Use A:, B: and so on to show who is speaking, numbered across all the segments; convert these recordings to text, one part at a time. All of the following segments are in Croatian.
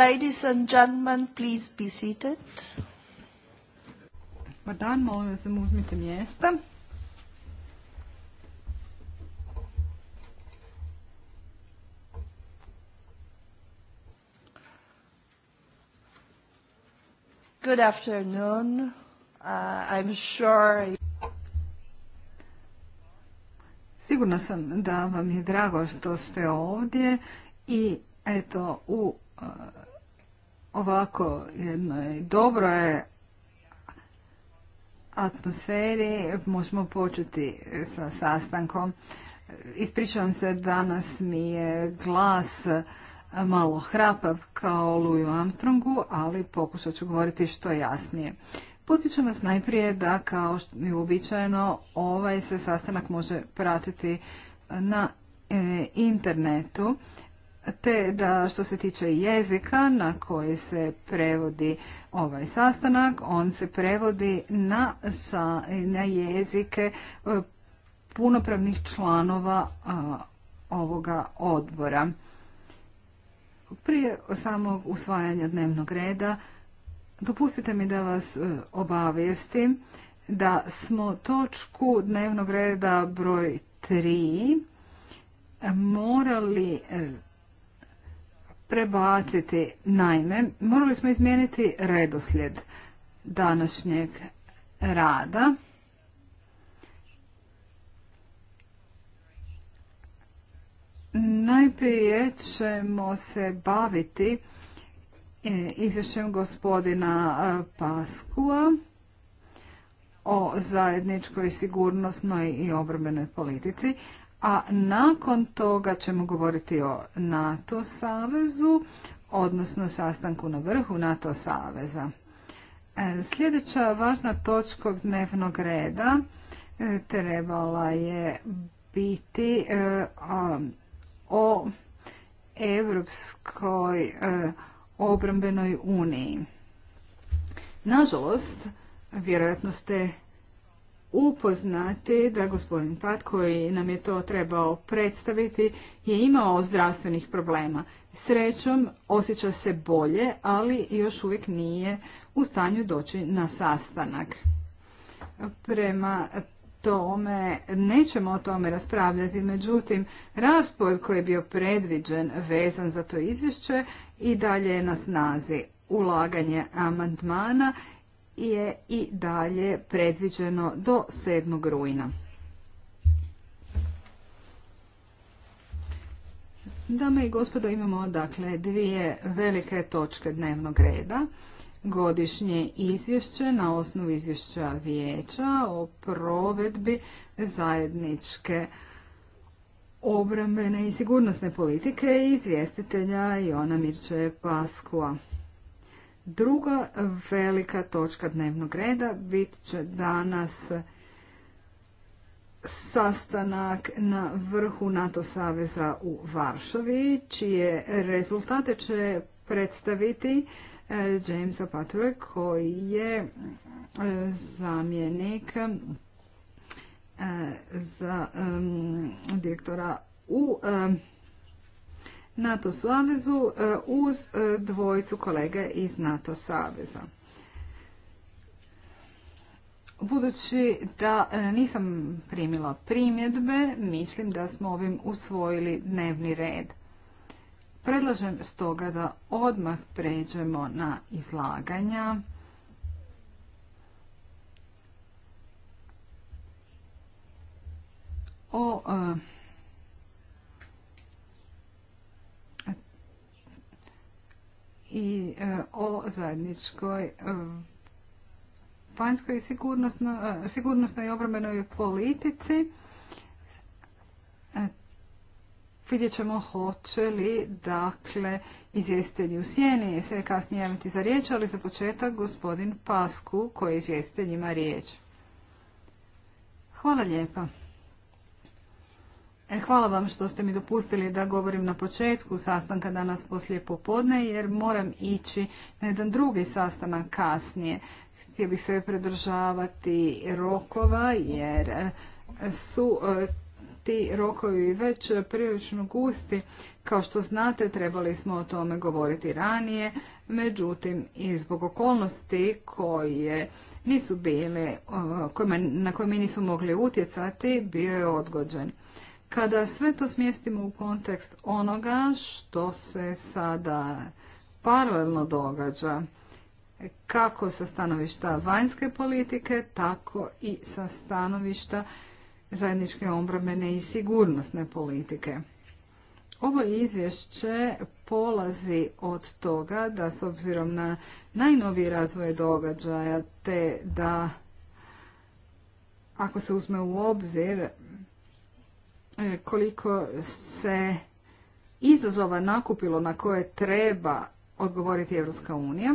A: Ladies and gentlemen, please be seated. Pa Dobar molim vas da uzmite mjesta. Good afternoon. Uh, I'm sure... Sigurno sam da vam je drago što ste ovdje i eto u uh, ovako dobro je atmosferi možemo početi sa sastankom. Ispričavam se, danas mi je glas malo hrapav kao Louis Armstrongu, ali pokušat ću govoriti što jasnije. Podsjećam vas najprije da kao mi uobičajeno ovaj se sastanak može pratiti na e, internetu te da što se tiče jezika na koji se prevodi ovaj sastanak, on se prevodi na, na jezike e, punopravnih članova ovoga odbora. Prije samog usvajanja dnevnog reda, dopustite mi da vas e, obavijestim da smo točku dnevnog reda broj 3 morali e, prebaciti. Naime, morali smo izmijeniti redoslijed današnjeg rada. Najprije ćemo se baviti e, izvješćem gospodina e, Paskua o zajedničkoj sigurnosnoj i obrambenoj politici, a nakon toga ćemo govoriti o NATO savezu, odnosno sastanku na vrhu NATO saveza. E, sljedeća važna točka dnevnog reda e, trebala je biti e, o Europskoj obrambenoj uniji. Nažalost, vjerojatno ste upoznati da gospodin Pat koji nam je to trebao predstaviti je imao zdravstvenih problema. Srećom osjeća se bolje, ali još uvijek nije u stanju doći na sastanak. Prema tome nećemo o tome raspravljati, međutim raspored koji je bio predviđen vezan za to izvješće i dalje je na snazi ulaganje amandmana je i dalje predviđeno do 7. rujna. Dame i gospodo, imamo dakle dvije velike točke dnevnog reda. Godišnje izvješće na osnovu izvješća vijeća o provedbi zajedničke obrambene i sigurnosne politike i izvjestitelja Jona Mirče Paskua. Druga velika točka dnevnog reda bit će danas sastanak na vrhu NATO saveza u Varšavi, čije rezultate će predstaviti e, James Patrick koji je e, zamjenik e, za direktora u NATO savezu e, uz e, dvojicu kolege iz NATO saveza. Budući da e, nisam primila primjedbe, mislim da smo ovim usvojili dnevni red. Predlažem stoga da odmah pređemo na izlaganja. O i e, o zajedničkoj e, vanjskoj e, sigurnosnoj i obrambenoj politici. Vidjet ćemo hoće li dakle izvjestitelji u sjeni se kasnije javiti za riječ, ali za početak gospodin Pasku koji je izvjestitelj ima riječ. Hvala lijepa. E, hvala vam što ste mi dopustili da govorim na početku sastanka danas poslije popodne jer moram ići na jedan drugi sastanak kasnije. Htio bih se predržavati rokova jer e, su e, ti rokovi već prilično gusti. Kao što znate, trebali smo o tome govoriti ranije, međutim i zbog okolnosti koje nisu bile, na koje mi nismo mogli utjecati, bio je odgođen. Kada sve to smjestimo u kontekst onoga što se sada paralelno događa, kako sa stanovišta vanjske politike, tako i sa stanovišta zajedničke obrambene i sigurnosne politike. Ovo izvješće polazi od toga da s obzirom na najnoviji razvoj događaja te da ako se uzme u obzir E, koliko se izazova nakupilo na koje treba odgovoriti Evropska unija.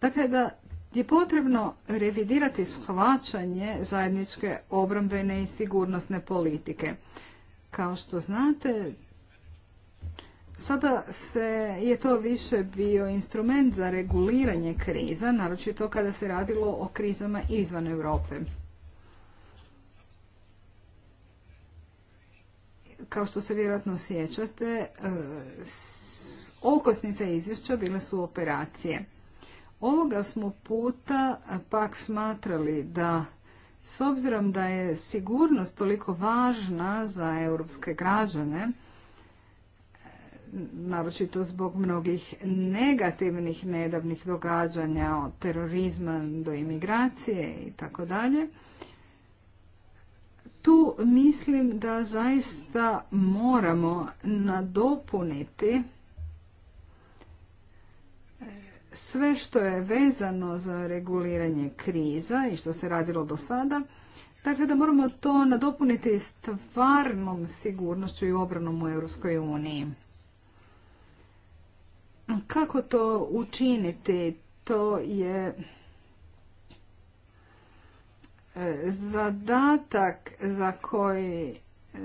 A: Dakle, da je potrebno revidirati shvaćanje zajedničke obrambene i sigurnosne politike. Kao što znate, sada se je to više bio instrument za reguliranje kriza, naročito kada se radilo o krizama izvan Europe. kao što se vjerojatno sjećate, e, okosnica izvješća bile su operacije. Ovoga smo puta pak smatrali da s obzirom da je sigurnost toliko važna za europske građane, e, naročito zbog mnogih negativnih nedavnih događanja od terorizma do imigracije i tako dalje, tu mislim da zaista moramo nadopuniti eh, sve što je vezano za reguliranje kriza i što se radilo do sada, dakle da moramo to nadopuniti stvarnom sigurnošću i obranom u Europskoj uniji. Kako to učiniti? To je Zadatak za koji e,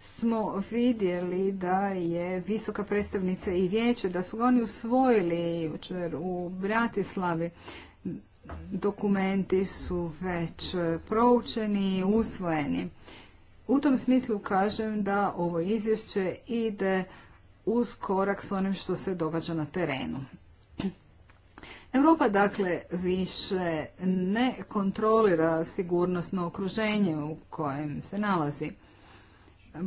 A: smo vidjeli da je visoka predstavnica i vijeće, da su ga oni usvojili jučer u Bratislavi. Dokumenti su već proučeni i usvojeni. U tom smislu kažem da ovo izvješće ide uz korak s onim što se događa na terenu. Europa dakle više ne kontrolira sigurnosno okruženje u kojem se nalazi.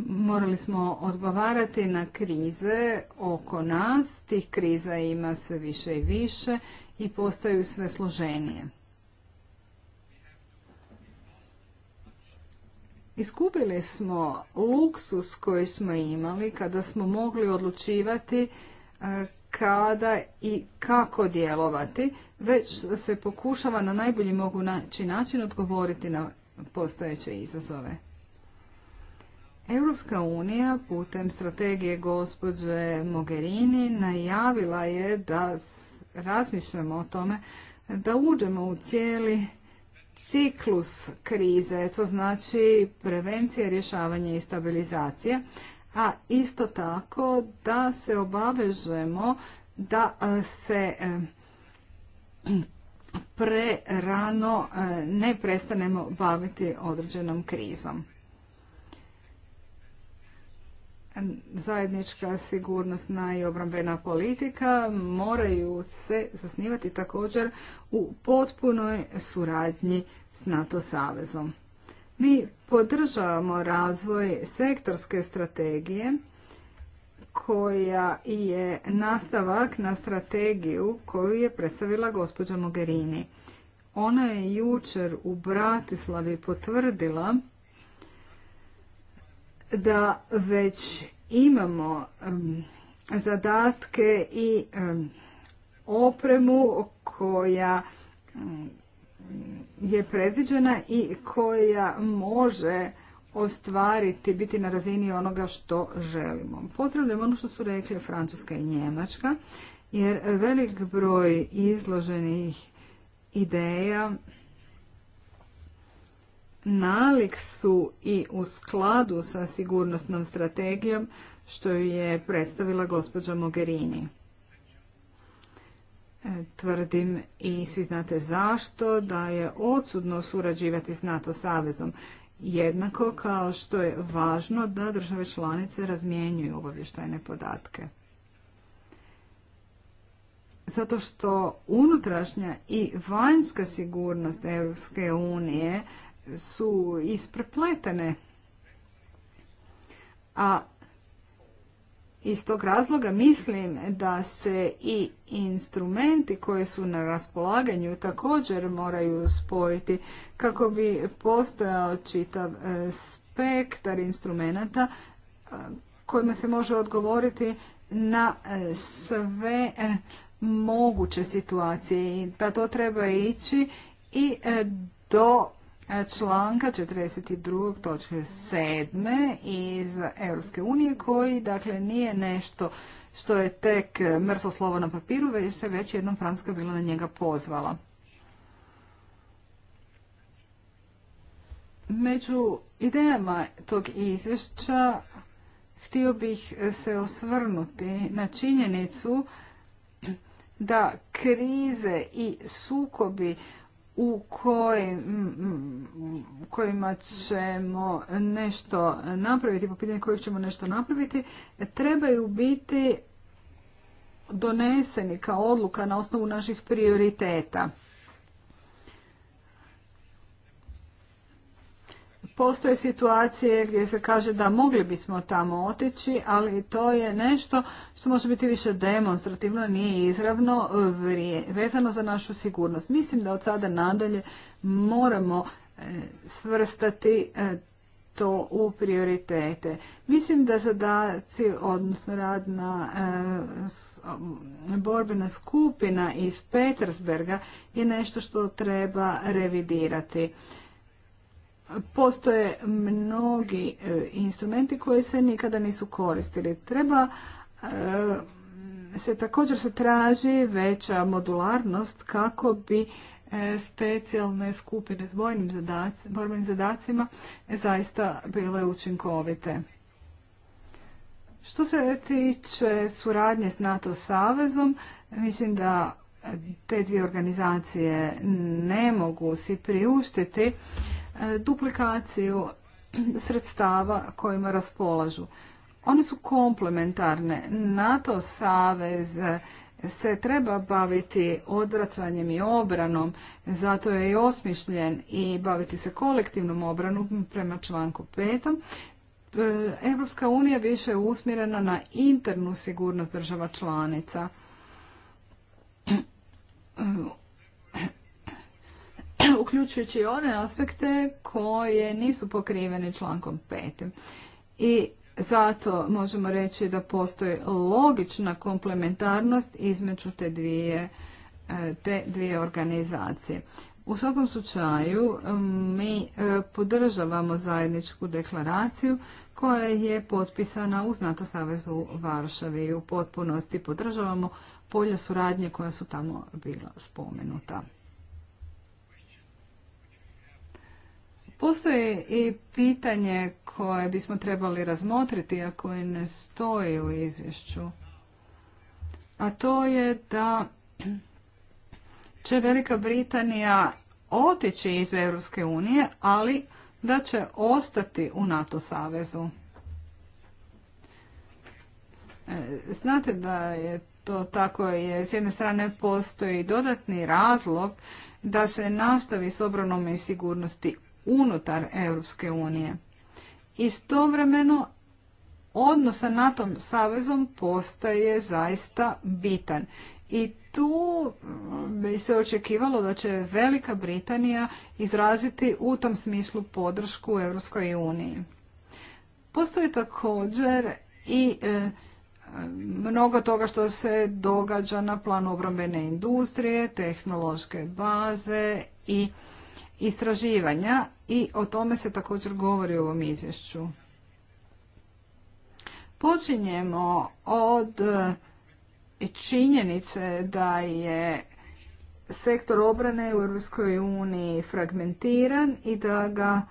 A: Morali smo odgovarati na krize oko nas, tih kriza ima sve više i više i postaju sve složenije. Iskupili smo luksus koji smo imali kada smo mogli odlučivati e, kada i kako djelovati, već se pokušava na najbolji mogući način odgovoriti na postojeće izazove. Europska unija putem strategije gospođe Mogherini najavila je da razmišljamo o tome da uđemo u cijeli ciklus krize, to znači prevencija, rješavanje i stabilizacija, a isto tako da se obavežemo da se prerano e, ne prestanemo baviti određenom krizom. Zajednička sigurnosna i obrambena politika moraju se zasnivati također u potpunoj suradnji s NATO savezom. Mi podržavamo razvoj sektorske strategije koja je nastavak na strategiju koju je predstavila gospođa Mogherini. Ona je jučer u Bratislavi potvrdila da već imamo zadatke i opremu koja je predviđena i koja može ostvariti, biti na razini onoga što želimo. Potrebno ono što su rekli Francuska i Njemačka, jer velik broj izloženih ideja nalik su i u skladu sa sigurnosnom strategijom što ju je predstavila gospođa Mogherini. E, tvrdim i svi znate zašto, da je odsudno surađivati s NATO savezom. Jednako kao što je važno da države članice razmjenjuju obavještajne podatke. Zato što unutrašnja i vanjska sigurnost Europske unije su isprepletene. A iz tog razloga mislim da se i instrumenti koji su na raspolaganju također moraju spojiti kako bi postojao čitav e, spektar instrumenta e, kojima se može odgovoriti na e, sve moguće situacije. Pa to treba ići i do članka 42. točke 7. iz Europske unije koji dakle nije nešto što je tek mrso slovo na papiru, već se već jednom Francuska bila na njega pozvala. Među idejama tog izvješća htio bih se osvrnuti na činjenicu da krize i sukobi u kojima ćemo nešto napraviti, po pitanju kojih ćemo nešto napraviti, trebaju biti doneseni kao odluka na osnovu naših prioriteta. Postoje situacije gdje se kaže da mogli bismo tamo otići, ali to je nešto što može biti više demonstrativno, nije izravno vezano za našu sigurnost. Mislim da od sada nadalje moramo e, svrstati e, to u prioritete. Mislim da zadaci, odnosno radna e, borbena skupina iz Petersberga je nešto što treba revidirati postoje mnogi e, instrumenti koji se nikada nisu koristili. Treba e, se također se traži veća modularnost kako bi e, specijalne skupine s vojnim zadacima, borbenim zadacima zaista bile učinkovite. Što se tiče suradnje s NATO savezom, mislim da te dvije organizacije ne mogu si priuštiti duplikaciju sredstava kojima raspolažu. One su komplementarne. NATO savez se treba baviti odvraćanjem i obranom, zato je i osmišljen i baviti se kolektivnom obranom prema članku 5. Evropska unija više je usmjerena na internu sigurnost država članica uključujući one aspekte koje nisu pokrivene člankom 5. I zato možemo reći da postoji logična komplementarnost između te dvije, e, te dvije organizacije. U svakom slučaju mi e, podržavamo zajedničku deklaraciju koja je potpisana u NATO Savezu u Varšavi i u potpunosti podržavamo polje suradnje koja su tamo bila spomenuta. Postoji i pitanje koje bismo trebali razmotriti, a koje ne stoji u izvješću. A to je da će Velika Britanija otići iz Europske unije, ali da će ostati u NATO savezu. E, znate da je to tako jer s jedne strane postoji dodatni razlog da se nastavi s obranom i sigurnosti unutar Europske unije. Istovremeno odnos sa NATO savezom postaje zaista bitan i tu mm, bi se očekivalo da će Velika Britanija izraziti u tom smislu podršku Europskoj uniji. Postoji također i e, mnogo toga što se događa na planu obrambene industrije, tehnološke baze i istraživanja, i o tome se također govori u ovom izvješću. Počinjemo od e, činjenice da je sektor obrane u EU fragmentiran i da ga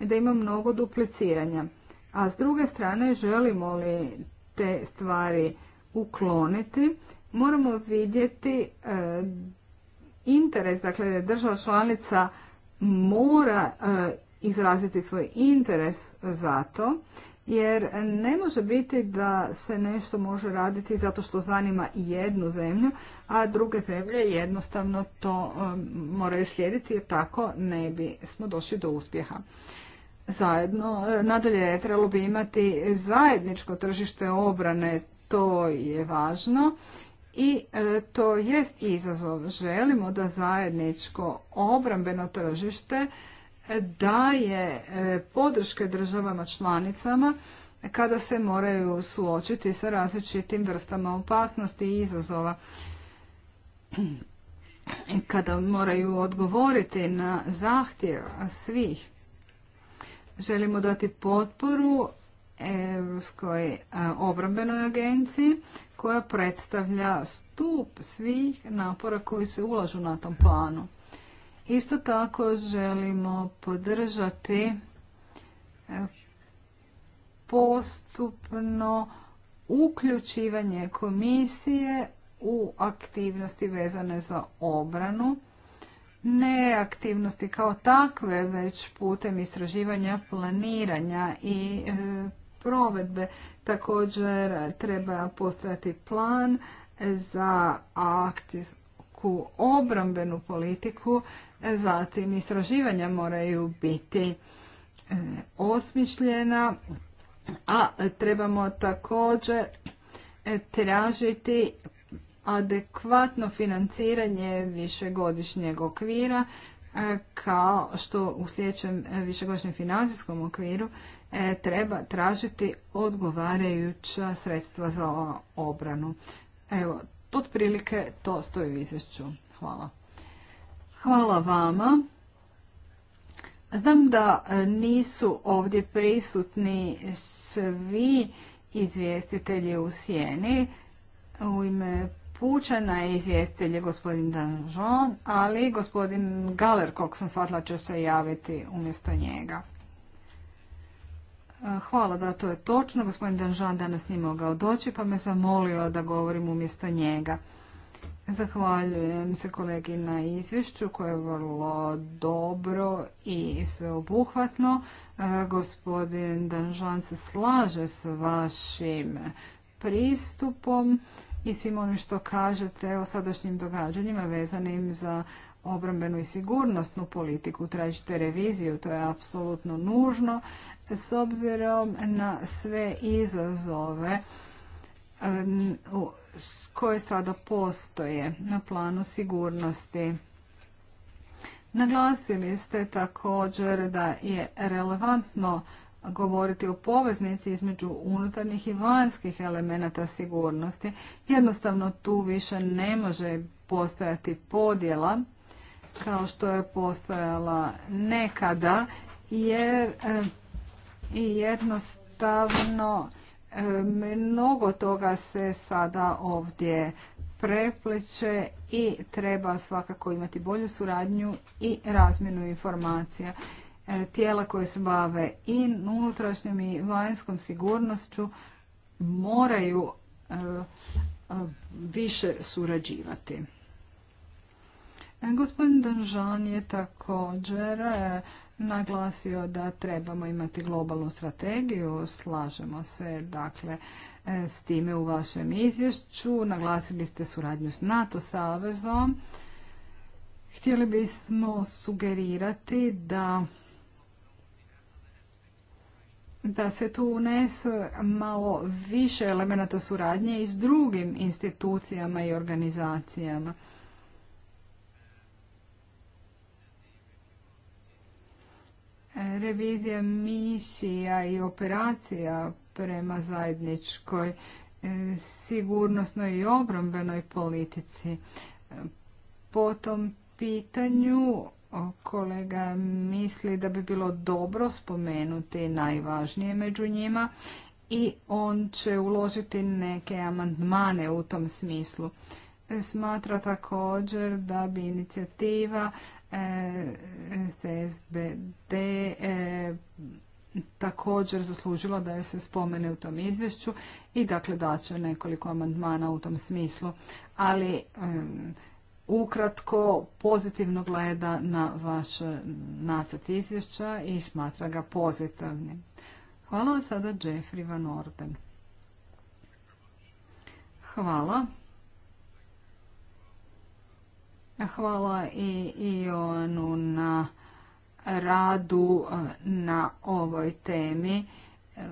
A: da ima mnogo dupliciranja. A s druge strane želimo li te stvari ukloniti, moramo vidjeti e, interes dakle država članica mora e, izraziti svoj interes za to, jer ne može biti da se nešto može raditi zato što zanima jednu zemlju, a druge zemlje jednostavno to e, moraju slijediti jer tako ne bi smo došli do uspjeha. Zajedno, e, nadalje trebalo bi imati zajedničko tržište obrane, to je važno i e, to jest izazov. Želimo da zajedničko obrambeno tržište daje e, podrške državama članicama kada se moraju suočiti sa različitim vrstama opasnosti i izazova kada moraju odgovoriti na zahtjev svih. Želimo dati potporu Europskoj e, obrambenoj agenciji koja predstavlja stup svih napora koji se ulažu na tom planu. Isto tako želimo podržati e, postupno uključivanje komisije u aktivnosti vezane za obranu, ne aktivnosti kao takve, već putem istraživanja, planiranja i e, provedbe. Također e, treba postojati plan za akcijsku obrambenu politiku, e, zatim istraživanja moraju biti e, osmišljena, a trebamo također tražiti adekvatno financiranje višegodišnjeg okvira kao što u sljedećem višegodišnjem financijskom okviru E, treba tražiti odgovarajuća sredstva za obranu. Evo, prilike, to stoji u izvješću. Hvala. Hvala vama. Znam da e, nisu ovdje prisutni svi izvjestitelji u sjeni. U ime Pučana je izvjestitelj gospodin Danžon, ali gospodin Galer, koliko sam shvatila, će se javiti umjesto njega. Hvala, da, to je točno. Gospodin Danžan danas nije mogao doći, pa me zamolio da govorim umjesto njega. Zahvaljujem se kolegi na izvješću koje je vrlo dobro i sveobuhvatno. Gospodin Danžan se slaže s vašim pristupom i svim onim što kažete o sadašnjim događanjima vezanim za obrambenu i sigurnosnu politiku. Tražite reviziju, to je apsolutno nužno s obzirom na sve izazove koje sada postoje na planu sigurnosti. Naglasili ste također da je relevantno govoriti o poveznici između unutarnjih i vanjskih elemenata sigurnosti. Jednostavno tu više ne može postojati podjela kao što je postojala nekada jer i jednostavno e, mnogo toga se sada ovdje prepleće i treba svakako imati bolju suradnju i razmjenu informacija. E, tijela koje se bave i unutrašnjom i vanjskom sigurnošću moraju e, više surađivati. Gospodin Danžan je također naglasio da trebamo imati globalnu strategiju, slažemo se dakle e, s time u vašem izvješću, naglasili ste suradnju s NATO savezom. Htjeli bismo sugerirati da da se tu unese malo više elemenata suradnje i s drugim institucijama i organizacijama. revizija misija i operacija prema zajedničkoj e, sigurnosnoj i obrambenoj politici. Po tom pitanju kolega misli da bi bilo dobro spomenuti najvažnije među njima i on će uložiti neke amandmane u tom smislu. Smatra također da bi inicijativa CSBD e, također zaslužilo da joj se spomene u tom izvješću i dakle daće nekoliko amandmana u tom smislu. Ali ukratko pozitivno gleda na vaš nacrt izvješća i smatra ga pozitivnim. Hvala vam sada Jeffrey Van Orden. Hvala. Hvala i Ionu na radu e, na ovoj temi e,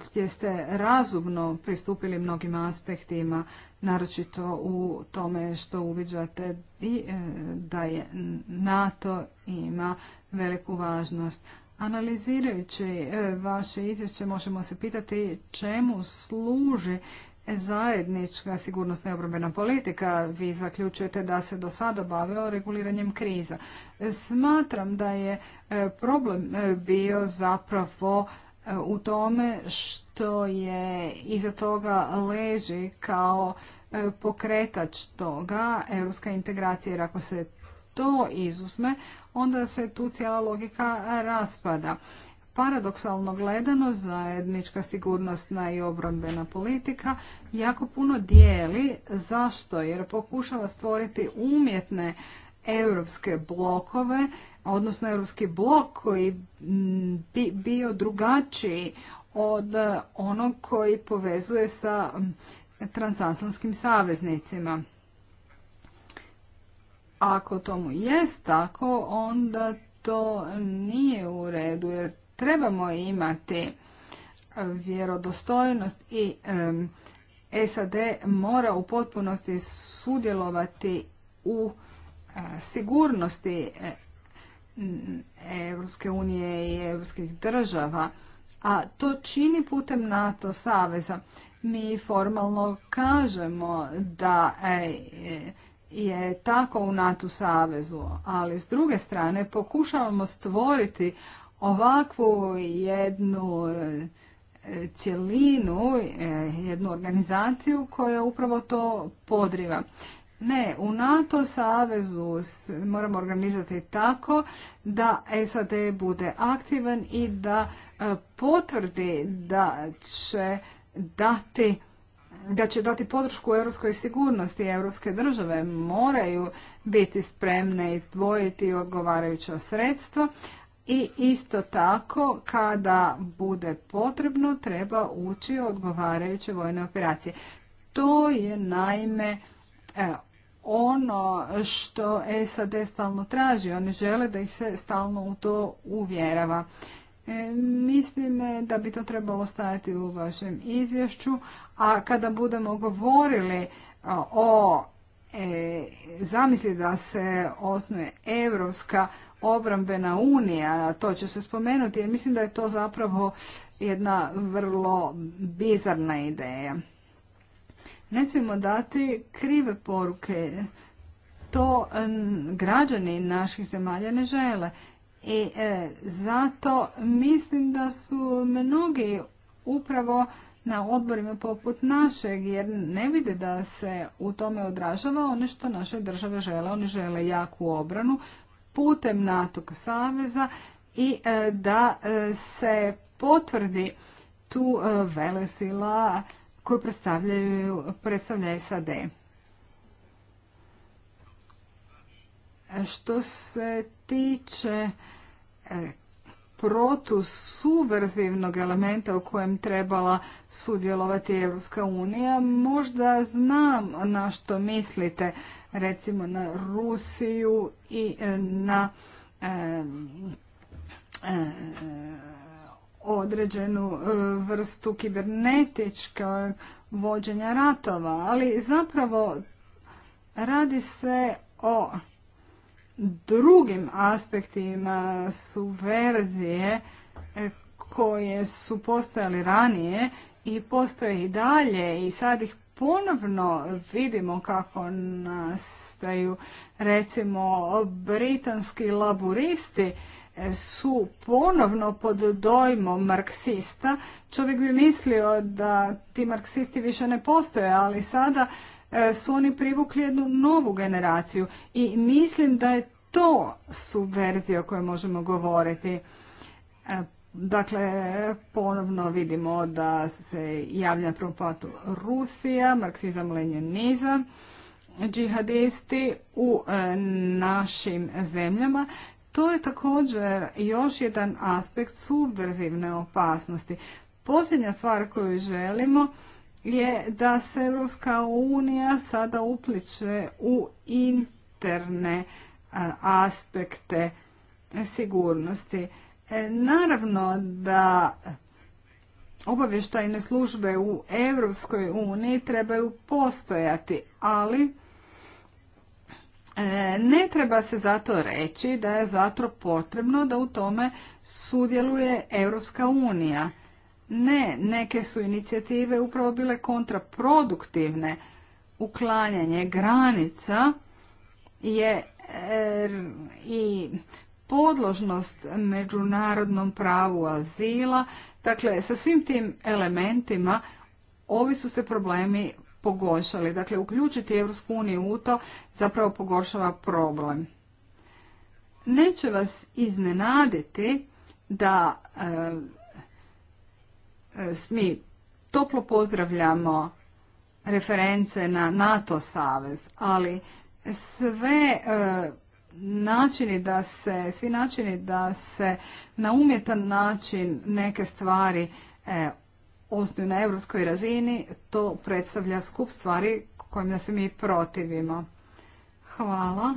A: gdje ste razumno pristupili mnogim aspektima, naročito u tome što uviđate i e, da je NATO ima veliku važnost. Analizirajući vaše izvješće možemo se pitati čemu služi zajednička sigurnosna i obrambena politika. Vi zaključujete da se do sada o reguliranjem kriza. Smatram da je e, problem e, bio zapravo e, u tome što je iza toga leži kao pokretač toga evropska integracija. Jer ako se to izuzme, onda se tu cijela logika raspada paradoksalno gledano zajednička sigurnosna i obrambena politika jako puno dijeli. Zašto? Jer pokušava stvoriti umjetne europske blokove, odnosno europski blok koji bi bio drugačiji od e, onog koji povezuje sa transatlantskim saveznicima. Ako tomu jest tako, onda to nije u redu, jer trebamo imati e, vjerodostojnost i e, SAD mora u potpunosti sudjelovati u e, sigurnosti Europske unije i europskih država, a to čini putem NATO saveza. Mi formalno kažemo da je tako u NATO savezu, ali s druge strane pokušavamo stvoriti ovakvu jednu e, cjelinu, e, jednu organizaciju koja upravo to podriva. Ne, u NATO savezu moramo organizati tako da SAD bude aktivan i da e, potvrdi da će dati da će dati podršku europskoj sigurnosti. Europske države moraju biti spremne izdvojiti odgovarajuća sredstva, i isto tako kada bude potrebno treba ući odgovarajuće vojne operacije. To je naime e, ono što SAD stalno traži. Oni žele da ih se stalno u to uvjerava. E, mislim e, da bi to trebalo stajati u vašem izvješću, a kada budemo govorili o zamisli da se osnuje Europska obrambena unija, to će se spomenuti jer mislim da je to zapravo jedna vrlo bizarna ideja. Nećemo dati krive poruke, to građani naših zemalja ne žele. I e, zato mislim da su mnogi upravo na odborima poput našeg, jer ne vide da se u tome odražava ono što naše države žele. Oni žele jaku obranu, putem NATO saveza i e, da e, se potvrdi tu e, velesila koju predstavljaju, predstavlja SAD. Što se tiče protusuverzivnog elementa u kojem trebala sudjelovati Europska unija, možda znam na što mislite recimo na Rusiju i e, na e, e, određenu vrstu kibernetičkog vođenja ratova, ali zapravo radi se o drugim aspektima suverzije koje su postojali ranije i postoje i dalje i sad ih ponovno vidimo kako nastaju recimo britanski laburisti e, su ponovno pod dojmom marksista. Čovjek bi mislio da ti marksisti više ne postoje, ali sada e, su oni privukli jednu novu generaciju i mislim da je to subverzija o kojoj možemo govoriti. E, Dakle, ponovno vidimo da se javlja propatu Rusija, marksizam, lenjenizam, džihadisti u e, našim zemljama. To je također još jedan aspekt subverzivne opasnosti. Posljednja stvar koju želimo je da se EU unija sada upliče u interne e, aspekte sigurnosti. E, naravno da obavještajne službe u Europskoj uniji trebaju postojati, ali e, ne treba se zato reći da je zato potrebno da u tome sudjeluje Europska unija. Ne, neke su inicijative upravo bile kontraproduktivne. Uklanjanje granica je e, i podložnost međunarodnom pravu azila. Dakle, sa svim tim elementima ovi su se problemi pogoršali. Dakle, uključiti Europsku uniju u to zapravo pogoršava problem. Neće vas iznenaditi da e, e, mi toplo pozdravljamo reference na NATO savez, ali sve e, načini da se, svi načini da se na umjetan način neke stvari e, osnuju na europskoj razini, to predstavlja skup stvari kojima se mi protivimo. Hvala.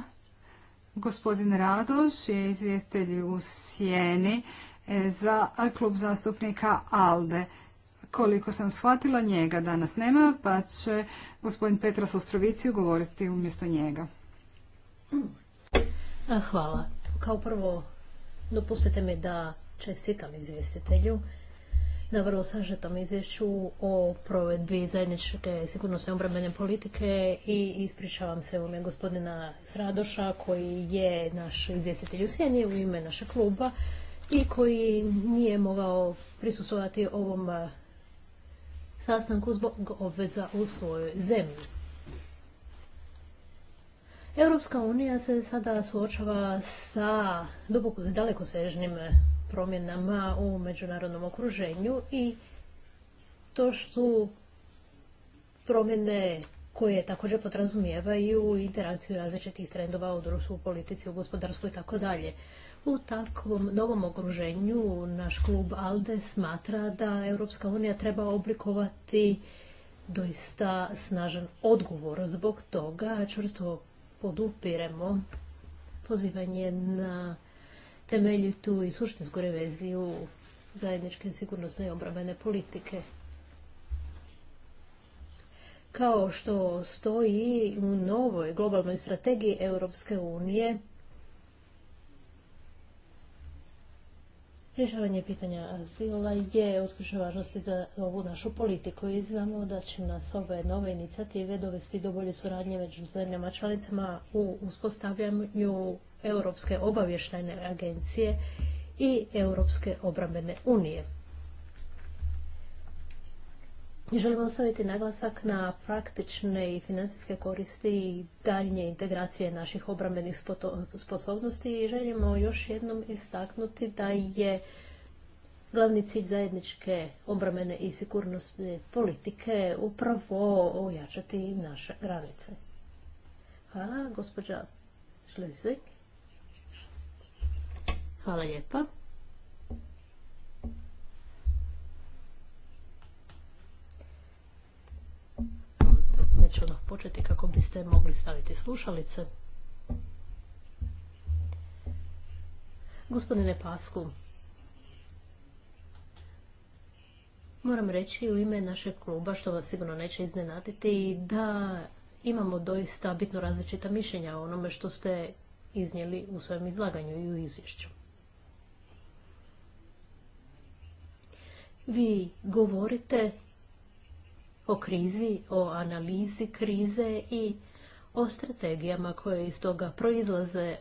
A: Gospodin Radoš je izvjestitelj u Sjeni e, za klub zastupnika ALDE. Koliko sam shvatila, njega danas nema, pa će gospodin Petra Sostroviciju govoriti umjesto njega.
B: Hvala. Kao prvo, dopustite mi da čestitam izvjestitelju na vrlo sažetom izvješću o provedbi zajedničke sigurnosne obrambene politike i ispričavam se u ime gospodina Sradoša koji je naš izvjestitelj u Sjeni u ime našeg kluba i koji nije mogao prisustovati ovom eh, sastanku zbog obveza u svojoj zemlji. Europska unija se sada suočava sa duboko dalekosežnim promjenama u međunarodnom okruženju i to što promjene koje također podrazumijevaju interakciju različitih trendova u društvu, u politici, u gospodarstvu i tako dalje. U takvom novom okruženju naš klub ALDE smatra da Europska unija treba oblikovati doista snažan odgovor. Zbog toga čvrsto podupiremo pozivanje na temeljitu i suštinsku reviziju zajedničke sigurnosne i obrambene politike. Kao što stoji u novoj globalnoj strategiji Europske unije, Rješavanje pitanja azila je od ključne važnosti za ovu našu politiku i znamo da će nas ove nove inicijative dovesti do bolje suradnje među zemljama članicama u uspostavljanju Europske obavještajne agencije i Europske obrambene unije. Želimo ostaviti naglasak na praktične i financijske koristi i daljnje integracije naših obrambenih sposobnosti i želimo još jednom istaknuti da je glavni cilj zajedničke obrambene i sigurnosne politike upravo ojačati naše granice. Hvala, gospođa Šlezik. Hvala lijepa. ću odmah početi kako biste mogli staviti slušalice. Gospodine Pasku, moram reći u ime našeg kluba, što vas sigurno neće iznenaditi, da imamo doista bitno različita mišljenja o onome što ste iznijeli u svojem izlaganju i u izvješću. Vi govorite o krizi, o analizi krize i o strategijama koje iz toga proizlaze,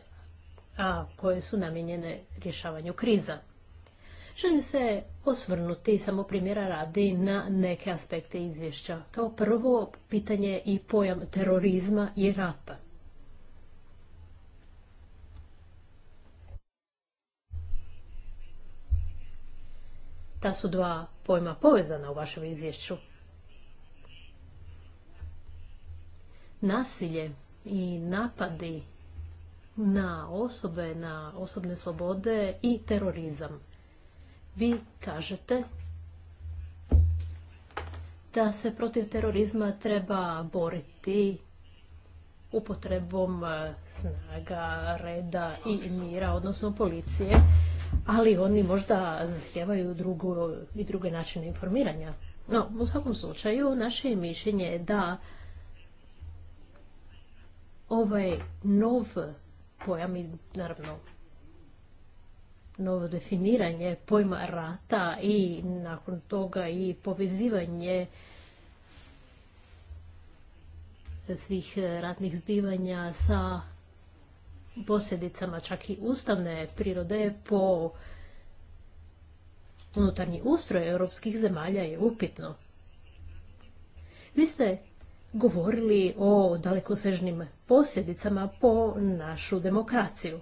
B: a koje su namijenjene rješavanju kriza. Želim se osvrnuti samo primjera radi na neke aspekte izvješća. Kao prvo, pitanje i pojam terorizma i rata. Ta su dva pojma povezana u vašem izvješću. Nasilje i napadi na osobe, na osobne slobode i terorizam. Vi kažete da se protiv terorizma treba boriti upotrebom e, snaga, reda i mira, odnosno policije, ali oni možda zahtijevaju i druge načine informiranja. No, u svakom slučaju, naše mišljenje je da ovaj nov pojam i naravno novo definiranje pojma rata i nakon toga i povezivanje svih ratnih zbivanja sa posljedicama čak i ustavne prirode po unutarnji ustroj europskih zemalja je upitno. Vi ste govorili o dalekosežnim posljedicama po našu demokraciju.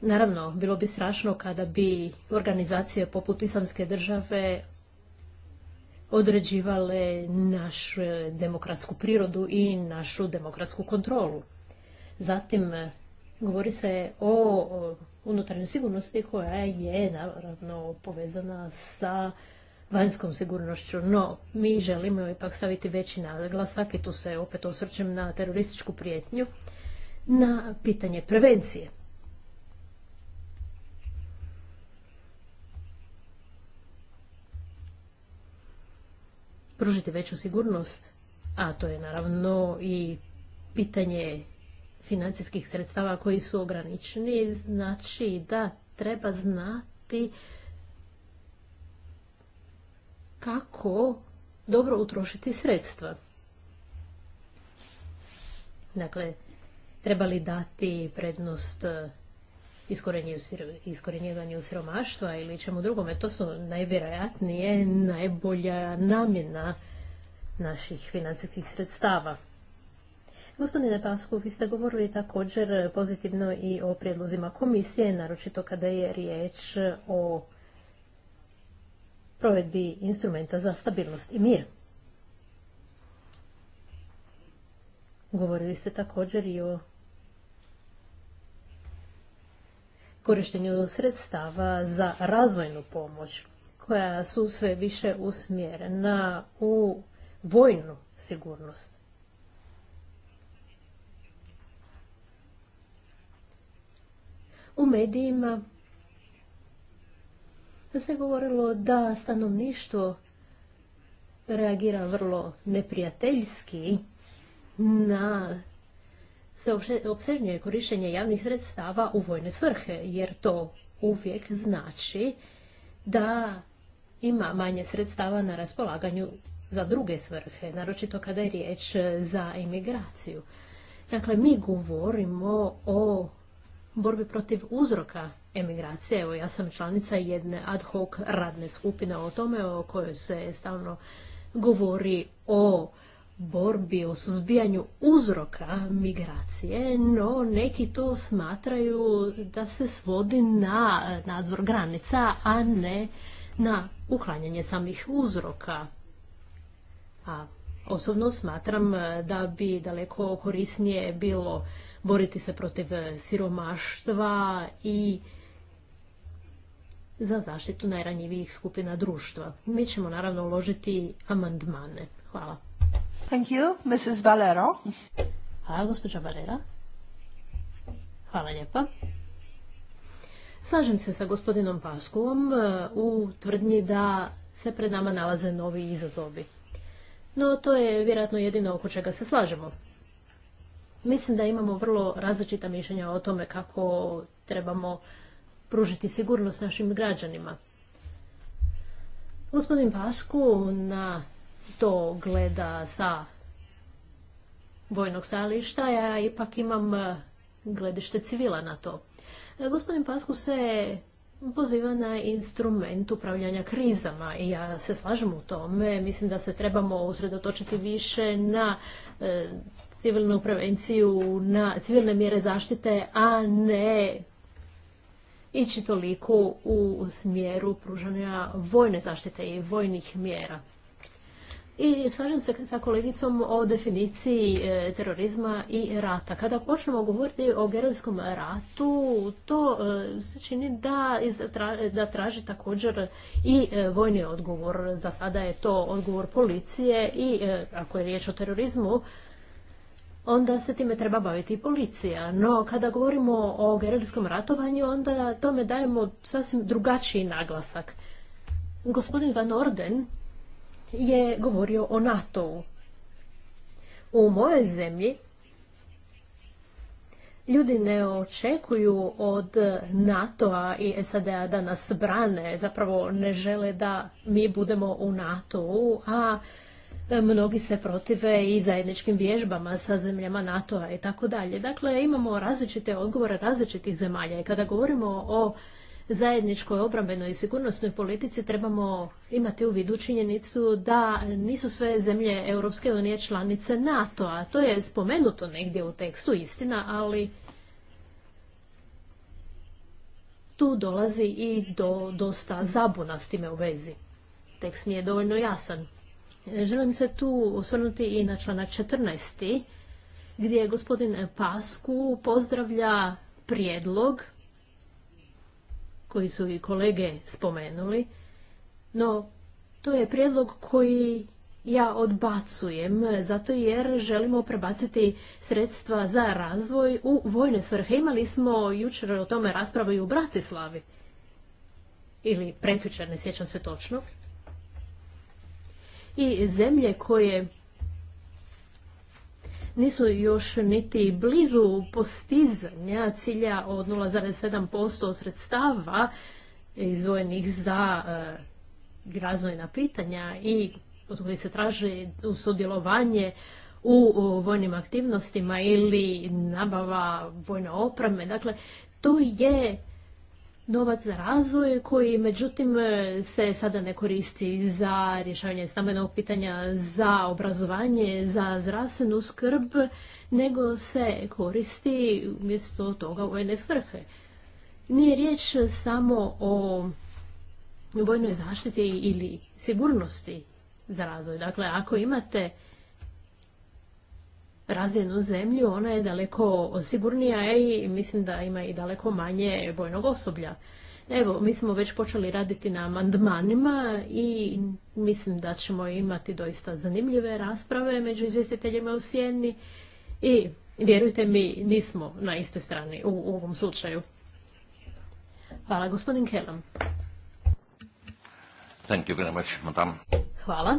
B: Naravno, bilo bi strašno kada bi organizacije poput Islamske države određivale našu demokratsku prirodu i našu demokratsku kontrolu. Zatim, govori se o unutarnjoj sigurnosti koja je naravno povezana sa vanjskom sigurnošću, no mi želimo ipak staviti veći naglasak i tu se opet osvrćem na terorističku prijetnju, na pitanje prevencije. Pružiti veću sigurnost, a to je naravno i pitanje financijskih sredstava koji su ograničeni, znači da treba znati kako dobro utrošiti sredstva. Dakle, treba li dati prednost e, iskorenjivanju siromaštva ili čemu drugome. To su najvjerojatnije najbolja namjena naših financijskih sredstava. Gospodine Pasku, vi ste govorili također pozitivno i o prijedlozima komisije, naročito kada je riječ o provedbi instrumenta za stabilnost i mir. Govorili ste također i o korištenju sredstava za razvojnu pomoć koja su sve više usmjerena u vojnu sigurnost. U medijima se govorilo da stanovništvo reagira vrlo neprijateljski na opsežnije korištenje javnih sredstava u vojne svrhe, jer to uvijek znači da ima manje sredstava na raspolaganju za druge svrhe, naročito kada je riječ za imigraciju. Dakle, mi govorimo o borbi protiv uzroka emigracije. Evo, ja sam članica jedne ad hoc radne skupine o tome o kojoj se stalno govori o borbi, o suzbijanju uzroka migracije, no neki to smatraju da se svodi na nadzor granica, a ne na uklanjanje samih uzroka. A osobno smatram da bi daleko korisnije bilo boriti se protiv e, siromaštva i za zaštitu najranjivijih skupina društva. Mi ćemo naravno uložiti amandmane. Hvala.
C: Thank you, Mrs.
B: Valero. Hvala, gospođa Valera. Hvala lijepa. Slažem se sa gospodinom Paskovom e, u tvrdnji da se pred nama nalaze novi izazovi. No to je vjerojatno jedino oko čega se slažemo. Mislim da imamo vrlo različita mišljenja o tome kako trebamo pružiti sigurnost našim građanima. Gospodin Pasku na to gleda sa vojnog stajališta, ja ipak imam gledište civila na to. Gospodin Pasku se poziva na instrument upravljanja krizama i ja se slažem u tome. Mislim da se trebamo usredotočiti više na e, civilnu prevenciju na civilne mjere zaštite, a ne ići toliko u smjeru pružanja vojne zaštite i vojnih mjera. I slažem se sa kolegicom o definiciji e, terorizma i rata. Kada počnemo govoriti o gerilskom ratu, to e, se čini da, da traži također i e, vojni odgovor. Za sada je to odgovor policije i ako je riječ o terorizmu, onda se time treba baviti i policija. No, kada govorimo o gerilskom ratovanju, onda tome dajemo sasvim drugačiji naglasak. Gospodin Van Orden je govorio o NATO-u. U mojoj zemlji ljudi ne očekuju od NATO-a i SAD-a da nas brane, zapravo ne žele da mi budemo u NATO-u, a E, mnogi se protive i zajedničkim vježbama sa zemljama NATO-a i tako dalje. Dakle, imamo različite odgovore različitih zemalja i kada govorimo o zajedničkoj obrambenoj i sigurnosnoj politici trebamo imati u vidu činjenicu da nisu sve zemlje Europske unije članice NATO-a. To je spomenuto negdje u tekstu, istina, ali tu dolazi i do dosta zabuna s time u vezi. Tekst nije dovoljno jasan. Želim se tu osvrnuti i na članak 14. gdje je gospodin Pasku pozdravlja prijedlog koji su i kolege spomenuli, no to je prijedlog koji ja odbacujem zato jer želimo prebaciti sredstva za razvoj u vojne svrhe. Imali smo jučer o tome raspravu i u Bratislavi ili prekjučer, ne sjećam se točno i zemlje koje nisu još niti blizu postizanja cilja od 0,7% sredstava izvojenih za e, razvojna pitanja i od koji se traži sudjelovanje u vojnim aktivnostima ili nabava vojne opreme. Dakle, to je novac za razvoj koji međutim se sada ne koristi za rješavanje stambenog pitanja, za obrazovanje, za zdravstvenu skrb, nego se koristi umjesto toga u vojne svrhe. Nije riječ samo o vojnoj zaštiti ili sigurnosti za razvoj. Dakle, ako imate razvijenu zemlju, ona je daleko sigurnija i mislim da ima i daleko manje vojnog osoblja. Evo, mi smo već počeli raditi na amandmanima i mislim da ćemo imati doista zanimljive rasprave među izvjestiteljima u Sjeni i vjerujte mi, nismo na istoj strani u, ovom slučaju. Hvala, gospodin Hvala.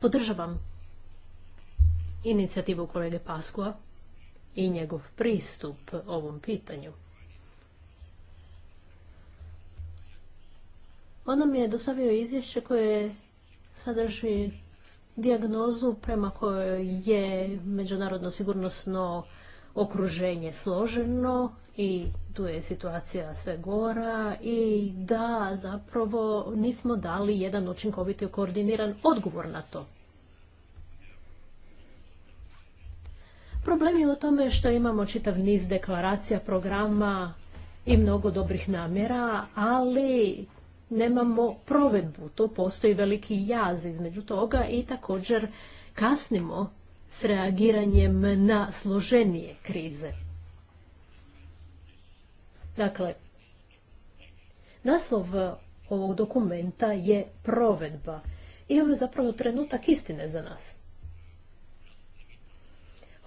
B: Podržavam inicijativu kolege Paskua i njegov pristup ovom pitanju. On nam je dostavio izvješće koje sadrži dijagnozu prema kojoj je međunarodno sigurnosno okruženje složeno i tu je situacija sve gora i da zapravo nismo dali jedan učinkoviti i koordiniran odgovor na to. Problem je u tome što imamo čitav niz deklaracija, programa i mnogo dobrih namjera, ali nemamo provedbu. To postoji veliki jaz između toga i također kasnimo s reagiranjem na složenije krize. Dakle, naslov ovog dokumenta je provedba i ovo je zapravo trenutak istine za nas.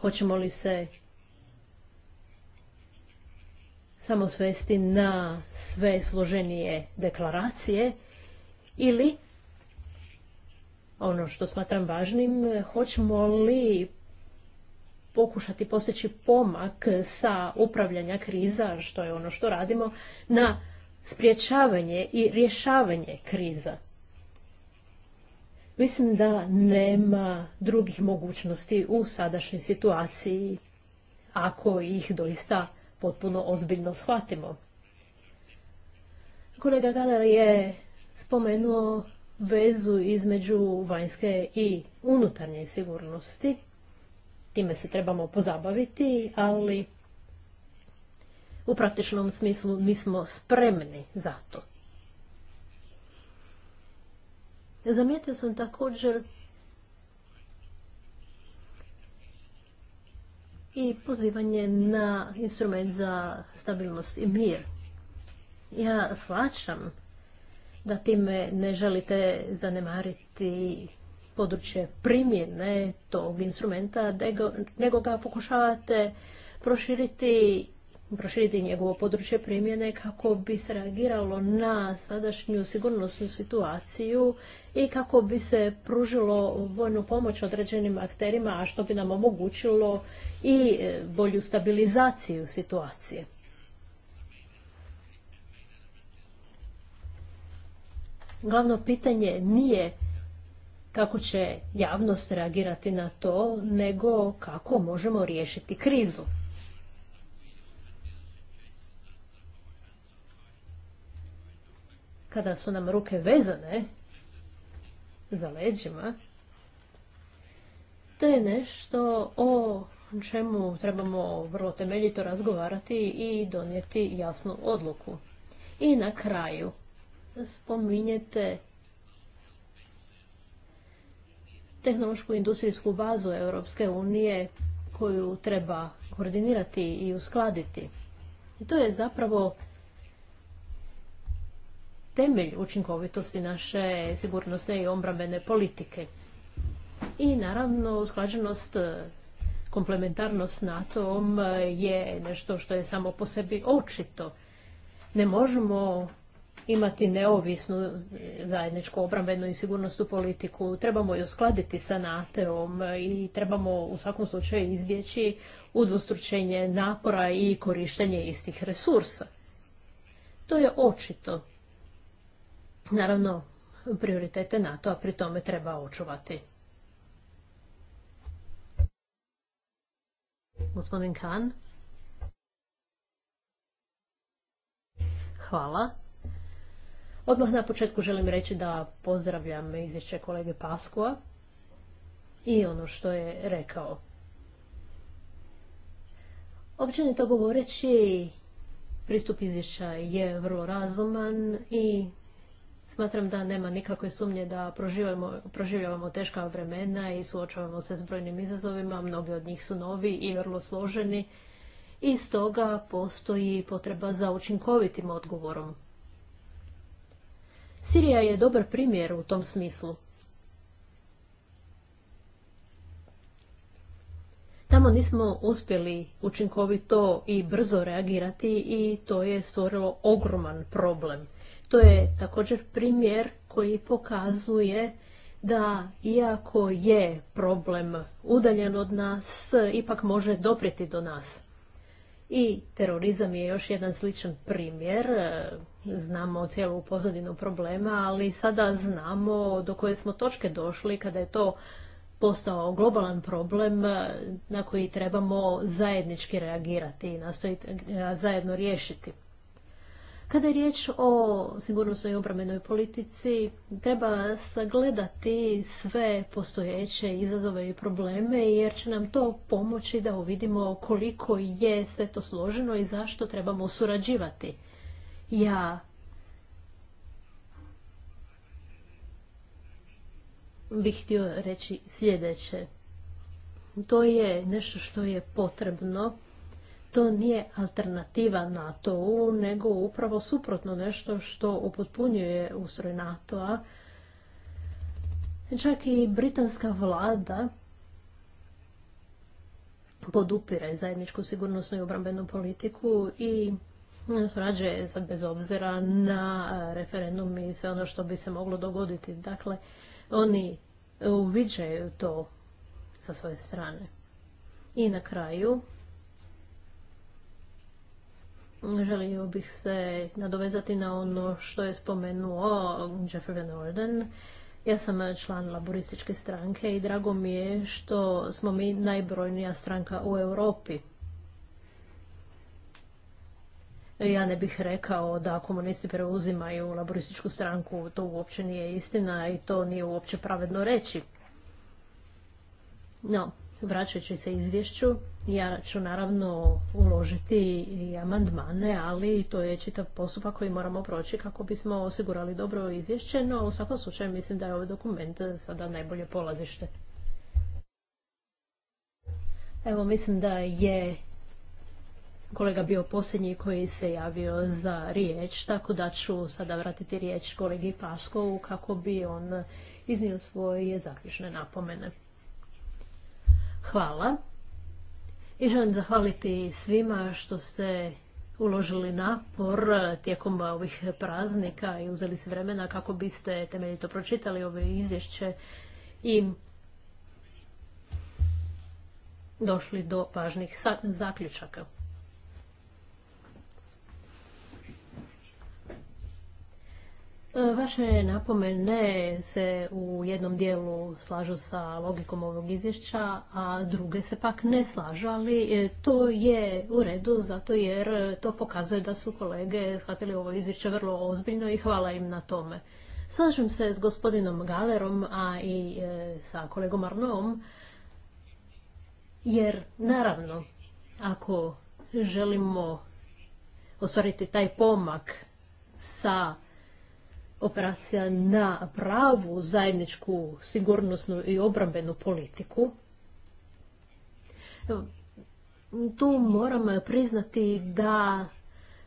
B: Hoćemo li se samo svesti na sve složenije deklaracije ili ono što smatram važnim, hoćemo li pokušati postići pomak sa upravljanja kriza, što je ono što radimo, na spriječavanje i rješavanje kriza. Mislim da nema drugih mogućnosti u sadašnjoj situaciji ako ih doista potpuno ozbiljno shvatimo. Kolega Galer je spomenuo vezu između vanjske i unutarnje sigurnosti. Time se trebamo pozabaviti, ali u praktičnom smislu nismo spremni za to. Zamijetio sam također i pozivanje na instrument za stabilnost i mir. Ja shvaćam da time ne želite zanemariti područje primjene tog instrumenta, nego ga pokušavate proširiti proširiti njegovo područje primjene kako bi se reagiralo na sadašnju sigurnosnu situaciju i kako bi se pružilo vojnu pomoć određenim akterima, a što bi nam omogućilo i e, bolju stabilizaciju situacije. Glavno pitanje nije kako će javnost reagirati na to, nego kako možemo riješiti krizu. Kada su nam ruke vezane za leđima, to je nešto o čemu trebamo vrlo temeljito razgovarati i donijeti jasnu odluku. I na kraju, spominjete tehnološku industrijsku bazu Europske unije koju treba koordinirati i uskladiti. I to je zapravo temelj učinkovitosti naše sigurnosne i obrambene politike. I naravno usklađenost komplementarnost NATO-om je nešto što je samo po sebi očito. Ne možemo imati neovisnu zajedničku obrambenu i sigurnosnu politiku. Trebamo ju uskladiti sa NATO-om i trebamo u svakom slučaju izbjeći udvostručenje napora i korištenje istih resursa. To je očito. Naravno, prioritete NATO-a pri tome treba očuvati. Gospodin Khan Hvala. Odmah na početku želim reći da pozdravljam izvješće kolege Paskova i ono što je rekao. Općenito govoreći, pristup izvješća je vrlo razuman i smatram da nema nikakve sumnje da proživljavamo teška vremena i suočavamo se s brojnim izazovima, mnogi od njih su novi i vrlo složeni i stoga postoji potreba za učinkovitim odgovorom. Sirija je dobar primjer u tom smislu. Tamo nismo uspjeli učinkovito i brzo reagirati i to je stvorilo ogroman problem. To je također primjer koji pokazuje da iako je problem udaljen od nas, ipak može dopriti do nas. I terorizam je još jedan sličan primjer. E, znamo cijelu pozadinu problema, ali sada znamo do koje smo točke došli kada je to postao globalan problem e, na koji trebamo zajednički reagirati i nastojiti zajedno riješiti. Kada je riječ o sigurnosnoj i obrambenoj politici, treba sagledati sve postojeće izazove i probleme, jer će nam to pomoći da uvidimo koliko je sve to složeno i zašto trebamo surađivati. Ja bih htio reći sljedeće. To je nešto što je potrebno to nije alternativa NATO-u, nego upravo suprotno nešto što upotpunjuje ustroj NATO-a. Čak i britanska vlada podupire zajedničku sigurnosnu i obrambenu politiku i rađe sad bez obzira na referendum i sve ono što bi se moglo dogoditi. Dakle, oni uviđaju to sa svoje strane. I na kraju, Želio bih se nadovezati na ono što je spomenuo Jeffrey Van Orden. Ja sam član laborističke stranke i drago mi je što smo mi najbrojnija stranka u Europi. Ja ne bih rekao da komunisti preuzimaju laborističku stranku, to uopće nije istina i to nije uopće pravedno reći. No, Vraćajući se izvješću, ja ću naravno uložiti i amandmane, ali to je čitav postupak koji moramo proći kako bismo osigurali dobro izvješće, no u svakom slučaju mislim da je ovaj dokument sada najbolje polazište. Evo, mislim da je kolega bio posljednji koji se javio za riječ, tako da ću sada vratiti riječ kolegi Paskovu kako bi on iznio svoje zaključne napomene. Hvala. I želim zahvaliti svima što ste uložili napor tijekom ovih praznika i uzeli se vremena kako biste temeljito pročitali ove izvješće i došli do važnih zaključaka. Vaše napomene se u jednom dijelu slažu sa logikom ovog izvješća, a druge se pak ne slažu, ali e, to je u redu zato jer to pokazuje da su kolege shvatili ovo izvješće vrlo ozbiljno i hvala im na tome. Slažem se s gospodinom Galerom, a i e, sa kolegom Arnom, jer naravno, ako želimo ostvariti taj pomak sa operacija na pravu zajedničku sigurnosnu i obrambenu politiku. Tu moram priznati da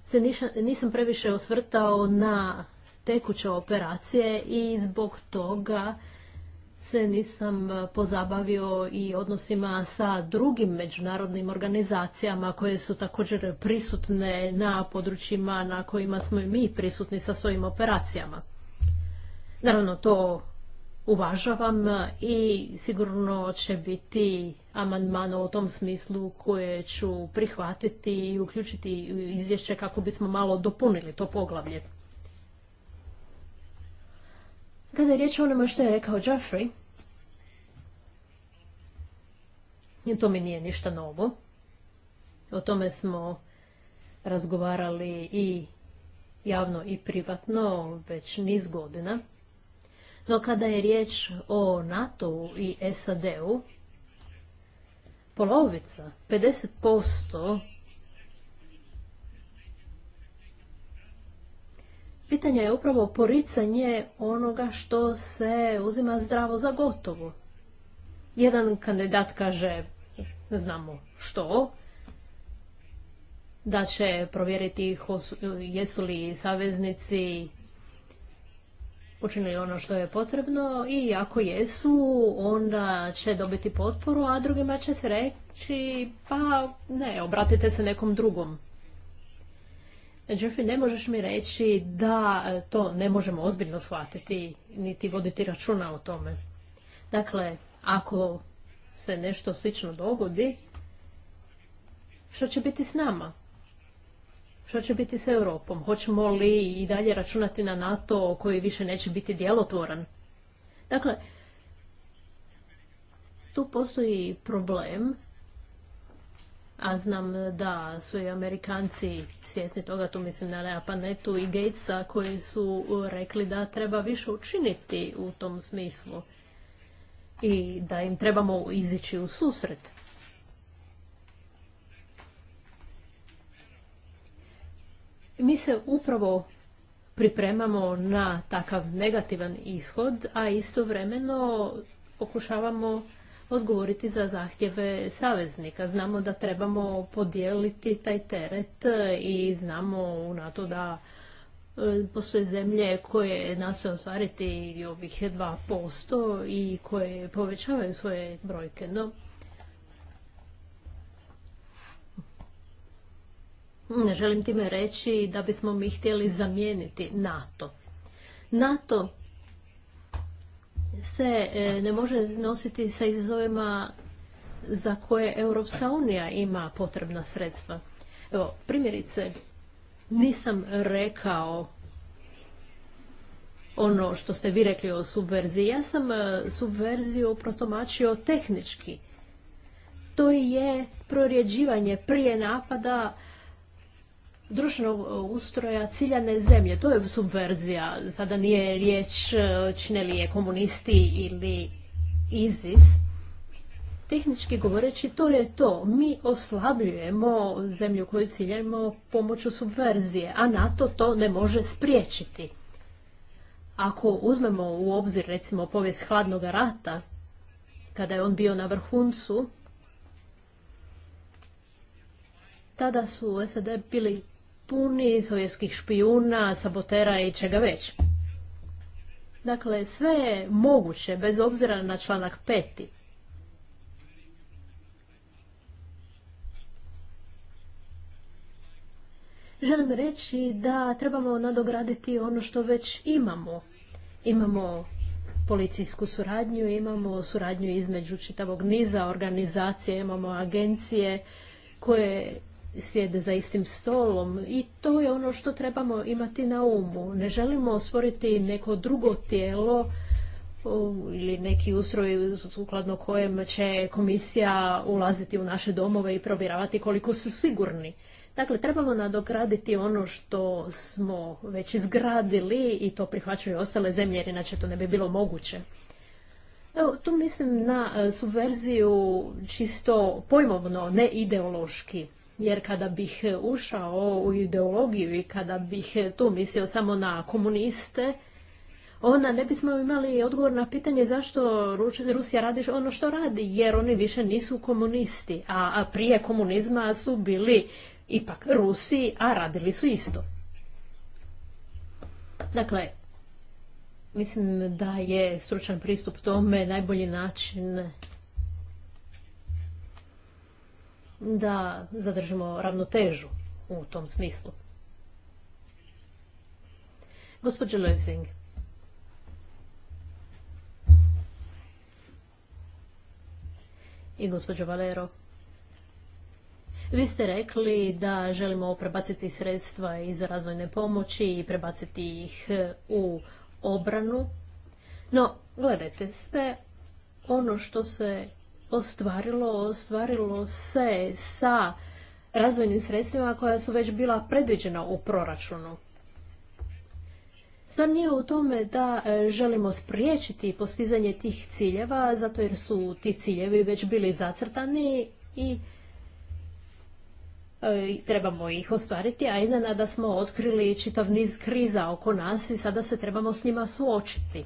B: se nisam previše osvrtao na tekuće operacije i zbog toga se nisam pozabavio i odnosima sa drugim međunarodnim organizacijama koje su također prisutne na područjima na kojima smo i mi prisutni sa svojim operacijama. Naravno, to uvažavam i sigurno će biti amandman u tom smislu koje ću prihvatiti i uključiti u izvješće kako bismo malo dopunili to poglavlje. Kada je riječ o onome što je rekao Jeffrey, to mi nije ništa novo. O tome smo razgovarali i javno i privatno već niz godina. No kada je riječ o NATO i SAD-u, polovica, 50% pitanje je upravo poricanje onoga što se uzima zdravo za gotovo. Jedan kandidat kaže, ne znamo što, da će provjeriti jesu li saveznici učinili ono što je potrebno i ako jesu, onda će dobiti potporu, a drugima će se reći pa ne, obratite se nekom drugom. Jeffrey, ne možeš mi reći da e, to ne možemo ozbiljno shvatiti, niti voditi računa o tome. Dakle, ako se nešto slično dogodi, što će biti s nama? Što će biti s Europom? Hoćemo li i dalje računati na NATO koji više neće biti djelotvoran? Dakle, tu postoji problem a znam e, da su i Amerikanci svjesni toga, tu mislim na Lea i Gatesa koji su e, rekli da treba više učiniti u tom smislu i da im trebamo izići u susret. Mi se upravo pripremamo na takav negativan ishod, a istovremeno pokušavamo odgovoriti za zahtjeve saveznika. Znamo da trebamo podijeliti taj teret e, i znamo na to da e, postoje zemlje koje nastoje ostvariti ovih 2% i koje povećavaju svoje brojke. No, ne želim time reći da bismo mi htjeli zamijeniti NATO. NATO se e, ne može nositi sa izazovima za koje Europska unija ima potrebna sredstva. Evo, primjerice, nisam rekao ono što ste vi rekli o subverziji. Ja sam e, subverziju protomačio tehnički. To je prorjeđivanje prije napada društvenog e, ustroja ciljane zemlje. To je subverzija. Sada nije riječ e, čine li je komunisti ili ISIS. Tehnički govoreći, to je to. Mi oslabljujemo zemlju koju ciljamo pomoću subverzije, a NATO to ne može spriječiti. Ako uzmemo u obzir, recimo, povijest hladnog rata, kada je on bio na vrhuncu, tada su SAD bili puni sovjetskih špijuna, sabotera i čega već. Dakle, sve je moguće, bez obzira na članak peti. Želim reći da trebamo nadograditi ono što već imamo. Imamo policijsku suradnju, imamo suradnju između čitavog niza organizacije, imamo agencije koje sjede za istim stolom i to je ono što trebamo imati na umu. Ne želimo stvoriti neko drugo tijelo ili neki ustroj sukladno kojem će komisija ulaziti u naše domove i probiravati koliko su sigurni. Dakle, trebamo nadograditi ono što smo već izgradili i to prihvaćaju ostale zemlje jer inače to ne bi bilo moguće. Evo, tu mislim na e, subverziju čisto pojmovno, ne ideološki. Jer kada bih ušao u ideologiju i kada bih tu mislio samo na komuniste, onda ne bismo imali odgovor na pitanje zašto Rusija radi ono što radi, jer oni više nisu komunisti, a prije komunizma su bili ipak Rusi, a radili su isto. Dakle, mislim da je stručan pristup tome najbolji način da zadržimo ravnotežu u tom smislu. Gospođo Lezing. I gospođo Valero. Vi ste rekli da želimo prebaciti sredstva iz razvojne pomoći i prebaciti ih e, u obranu. No, gledajte, sve ono što se ostvarilo, ostvarilo se sa razvojnim sredstvima koja su već bila predviđena u proračunu. Sam nije u tome da e, želimo spriječiti postizanje tih ciljeva, zato jer su ti ciljevi već bili zacrtani i e, trebamo ih ostvariti, a iznenada smo otkrili čitav niz kriza oko nas i sada se trebamo s njima suočiti.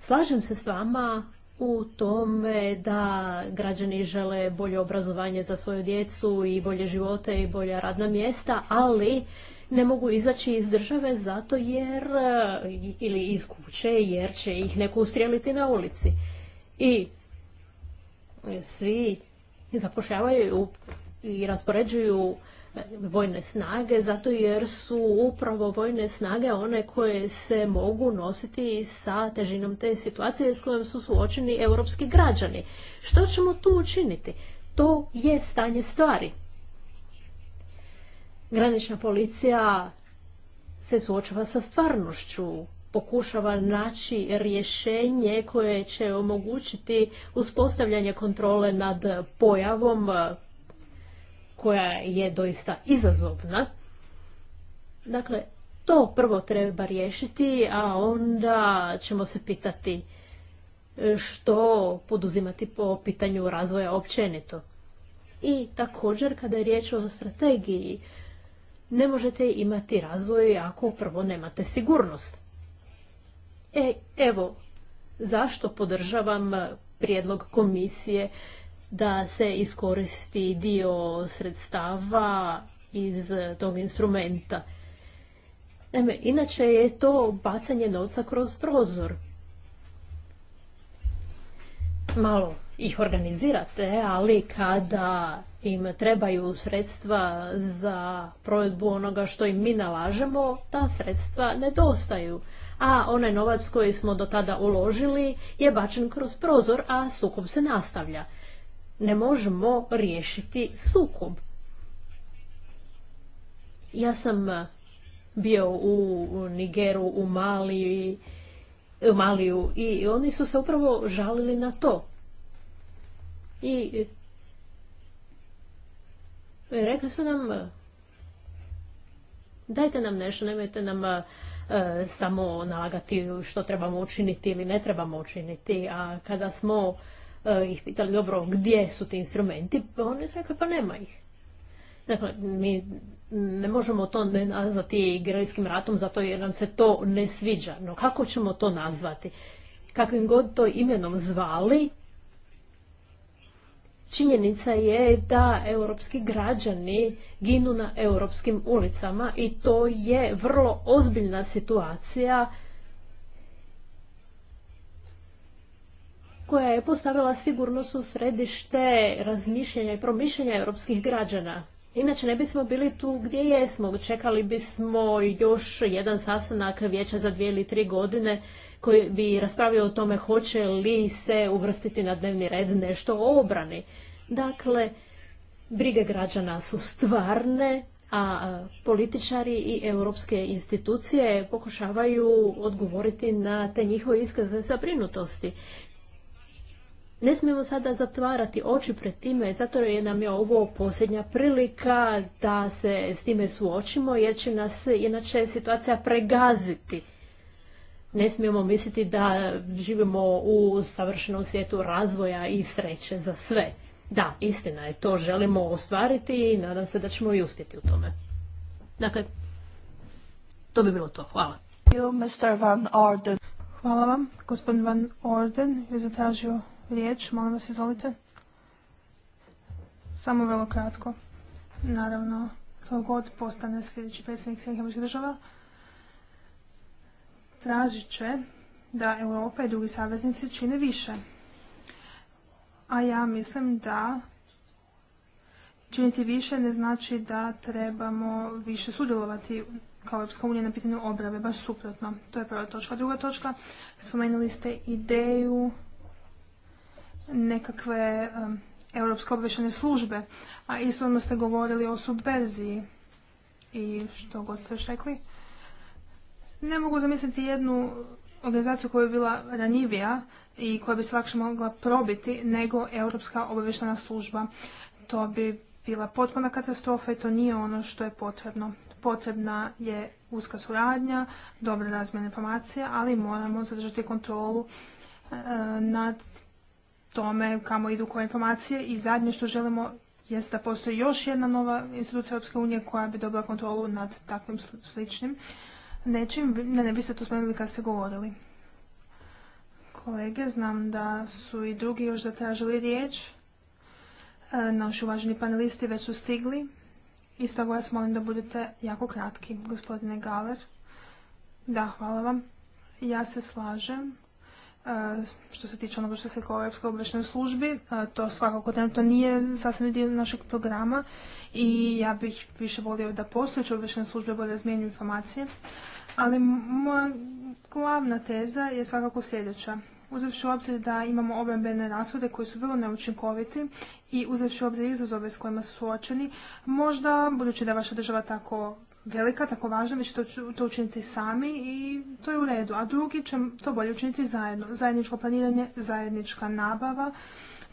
B: Slažem se s vama u tome da građani žele bolje obrazovanje za svoju djecu i bolje živote i bolja radna mjesta, ali ne mogu izaći iz države zato jer, ili iz kuće jer će ih neko ustrijeliti na ulici. I svi zapošljavaju i raspoređuju vojne snage, zato jer su upravo vojne snage one koje se mogu nositi sa težinom te situacije s kojom su suočeni europski građani. Što ćemo tu učiniti? To je stanje stvari. Granična policija se suočava sa stvarnošću, pokušava naći rješenje koje će omogućiti uspostavljanje kontrole nad pojavom koja je doista izazovna. Dakle, to prvo treba riješiti, a onda ćemo se pitati e, što poduzimati po pitanju razvoja općenito. I također, kada je riječ o strategiji, ne možete imati razvoj ako prvo nemate sigurnost. E, evo, zašto podržavam prijedlog komisije da se iskoristi dio sredstava iz tog instrumenta. Naime, inače je to bacanje novca kroz prozor. Malo ih organizirate, ali kada im trebaju sredstva za provedbu onoga što im mi nalažemo, ta sredstva nedostaju. A onaj novac koji smo do tada uložili je bačen kroz prozor, a sukob se nastavlja ne možemo riješiti sukob. Ja sam eh, bio u Nigeru, u maliju u Maliju i oni su se upravo žalili na to. I eh, rekli su nam eh, dajte nam nešto, nemojte nam samo nalagati što trebamo učiniti ili ne trebamo učiniti. A kada smo Eh, ih pitali dobro gdje su ti instrumenti, pa oni su rekli pa nema ih. Dakle, mi ne možemo to ne nazvati gerilskim ratom zato jer nam se to ne sviđa. No kako ćemo to nazvati? Kakvim god to imenom zvali, činjenica je da europski građani ginu na europskim ulicama i to je vrlo ozbiljna situacija koja je postavila sigurnost u središte razmišljanja i promišljanja europskih građana. Inače ne bismo bili tu gdje jesmo, čekali bismo još jedan sastanak vijeća za dvije ili tri godine koji bi raspravio o tome hoće li se uvrstiti na dnevni red nešto o obrani. Dakle, brige građana su stvarne, a političari i europske institucije pokušavaju odgovoriti na te njihove iskaze zabrinutosti. Ne smijemo sada zatvarati oči pred time, zato je nam je ovo posljednja prilika da se s time suočimo, jer će nas inače situacija pregaziti. Ne smijemo misliti da živimo u savršenom svijetu razvoja i sreće za sve. Da, istina je, to želimo ostvariti i nadam se da ćemo i uspjeti u tome. Dakle, to bi bilo to. Hvala.
C: Hvala vam. Gospodin Van Orden je zatražio riječ? Molim vas, izvolite. Samo vrlo kratko. Naravno, tko god postane sljedeći predsjednik Sjedinjenih država, tražit će da Europa i drugi saveznici čine više. A ja mislim da činiti više ne znači da trebamo više sudjelovati kao Europska unija na pitanju obrave, baš suprotno. To je prva točka. Druga točka, spomenuli ste ideju nekakve europske obvešene službe, a istodobno ste govorili o subverziji i što god ste još rekli. Ne mogu zamisliti jednu organizaciju koja je bila ranjivija i koja bi se lakše mogla probiti nego Europska obavještajna služba. To bi bila potpuna katastrofa i to nije ono što je potrebno. Potrebna je uska suradnja, dobra razmjena informacija, ali moramo zadržati kontrolu eh, nad tome kamo idu koje informacije i zadnje što želimo jest da postoji još jedna nova institucija Europske unije koja bi dobila kontrolu nad takvim sličnim nečim. Ne, ne biste to spomenuli kad ste govorili. Kolege, znam da su i drugi još zatražili riječ. E, naši uvaženi panelisti već su stigli. I stoga vas molim da budete jako kratki, gospodine Galer. Da, hvala vam. Ja se slažem što se tiče onoga što se kao europske obvešnoj službi. To svakako trenutno nije sasvim dio našeg programa i ja bih više volio da postojeće obvešne službe bolje razmijenju informacije. Ali moja glavna teza je svakako sljedeća. Uzevši u obzir da imamo obrambene rashode koji su vrlo neučinkoviti i uzavši u obzir izazove s kojima su suočeni, možda, budući da je vaša država tako velika, tako važna, vi ćete to učiniti sami i to je u redu. A drugi će to bolje učiniti zajedno. Zajedničko planiranje, zajednička nabava.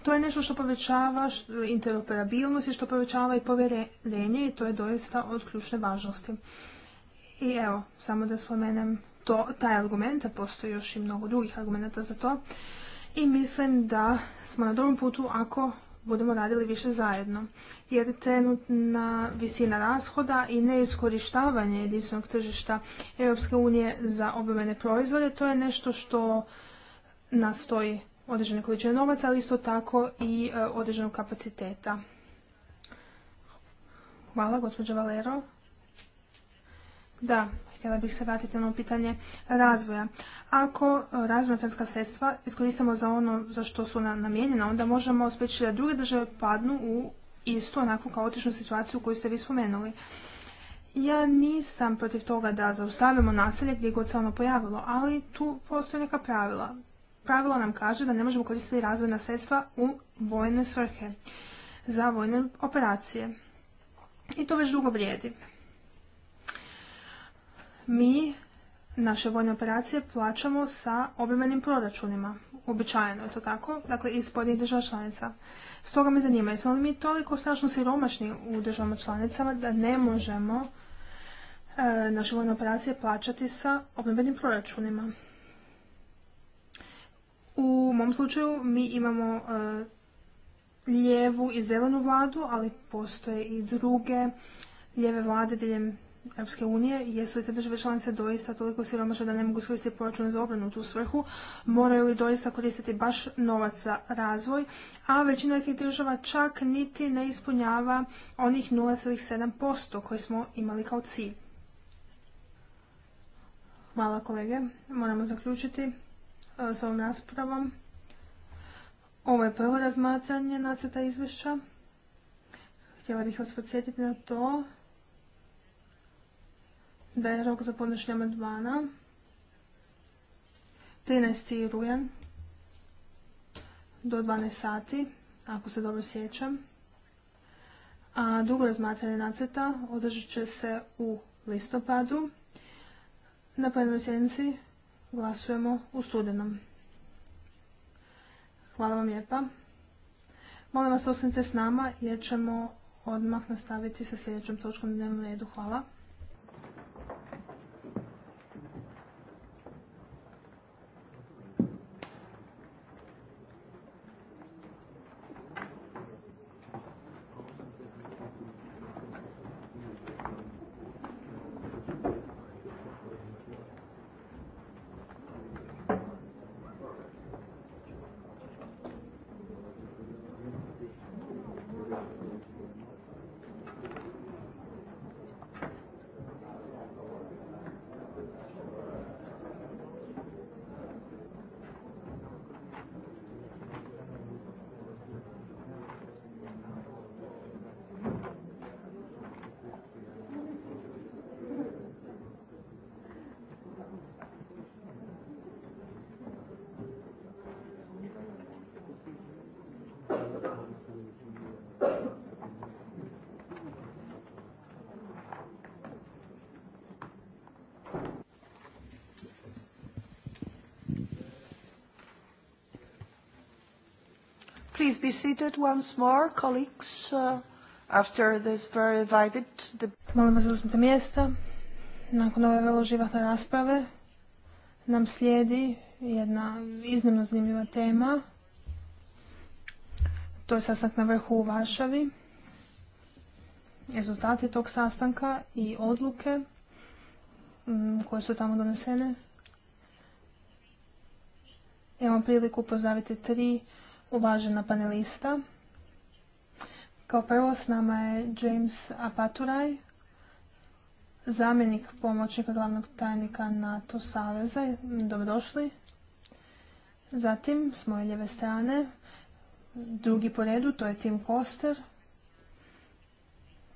C: To je nešto što povećava interoperabilnost i što povećava i povjerenje i to je doista od ključne važnosti. I evo, samo da spomenem to, taj argument, a postoji još i mnogo drugih argumenta za to. I mislim da smo na drugom putu ako budemo radili više zajedno jer trenutna visina rashoda i neiskorištavanje jedinstvenog tržišta Europske unije za obrambene proizvode, to je nešto što nastoji određene količine novaca, ali isto tako i e, određenog kapaciteta. Hvala, gospođo Valero. Da, htjela bih se vratiti na ono pitanje razvoja. Ako e, razvojna financijska sredstva iskoristimo za ono za što su nam namijenjena, onda možemo spriječiti da druge države padnu u Isto, onakvu kaotičnu situaciju koju ste vi spomenuli. Ja nisam protiv toga da zaustavimo nasilje gdje god se ono pojavilo, ali tu postoje neka pravila. Pravila nam kaže da ne možemo koristiti razvojna sredstva u vojne svrhe, za vojne operacije. I to već dugo vrijedi. Mi naše vojne operacije plaćamo sa objemenim proračunima uobičajeno to tako, dakle iz pojedinih država članica. Stoga me zanima, jesmo li mi toliko strašno siromašni u državama članicama da ne možemo e, naše vojne operacije plaćati sa obnovljenim proračunima? U mom slučaju mi imamo e, lijevu i zelenu vladu, ali postoje i druge lijeve vlade diljem Europske unije, jesu li te države članice doista toliko siromašne da ne mogu iskoristiti proračun za obranu u tu svrhu, moraju li doista koristiti baš novac za razvoj, a većina tih država čak niti ne ispunjava onih 0,7% koje smo imali kao cilj. Hvala kolege, moramo zaključiti e, s ovom raspravom. Ovo je prvo razmatranje nacrta izvješća. Htjela bih vas podsjetiti na to da je rok za podnošenje amandmana 13. rujan do 12 sati, ako se dobro sjećam. A drugo razmatranje nacrta održit će se u listopadu. Na plenarnoj sjednici glasujemo u studenom. Hvala vam lijepa. Molim vas ostanite s nama jer ćemo odmah nastaviti sa sljedećom točkom dnevnom redu. Hvala. please be once more, colleagues, uh, after this very debate. Molim vas da uzmite mjesta. Nakon ove vrlo živahne rasprave nam slijedi jedna iznimno zanimljiva tema. To je sastanak na vrhu u Varšavi. Rezultati tog sastanka i odluke mm, koje su tamo donesene. Imamo priliku pozdraviti tri uvažena panelista. Kao prvo s nama je James Apaturaj, zamjenik pomoćnika glavnog tajnika NATO Saveza. Dobrodošli. Zatim, s moje ljeve strane, drugi po redu, to je Tim Koster.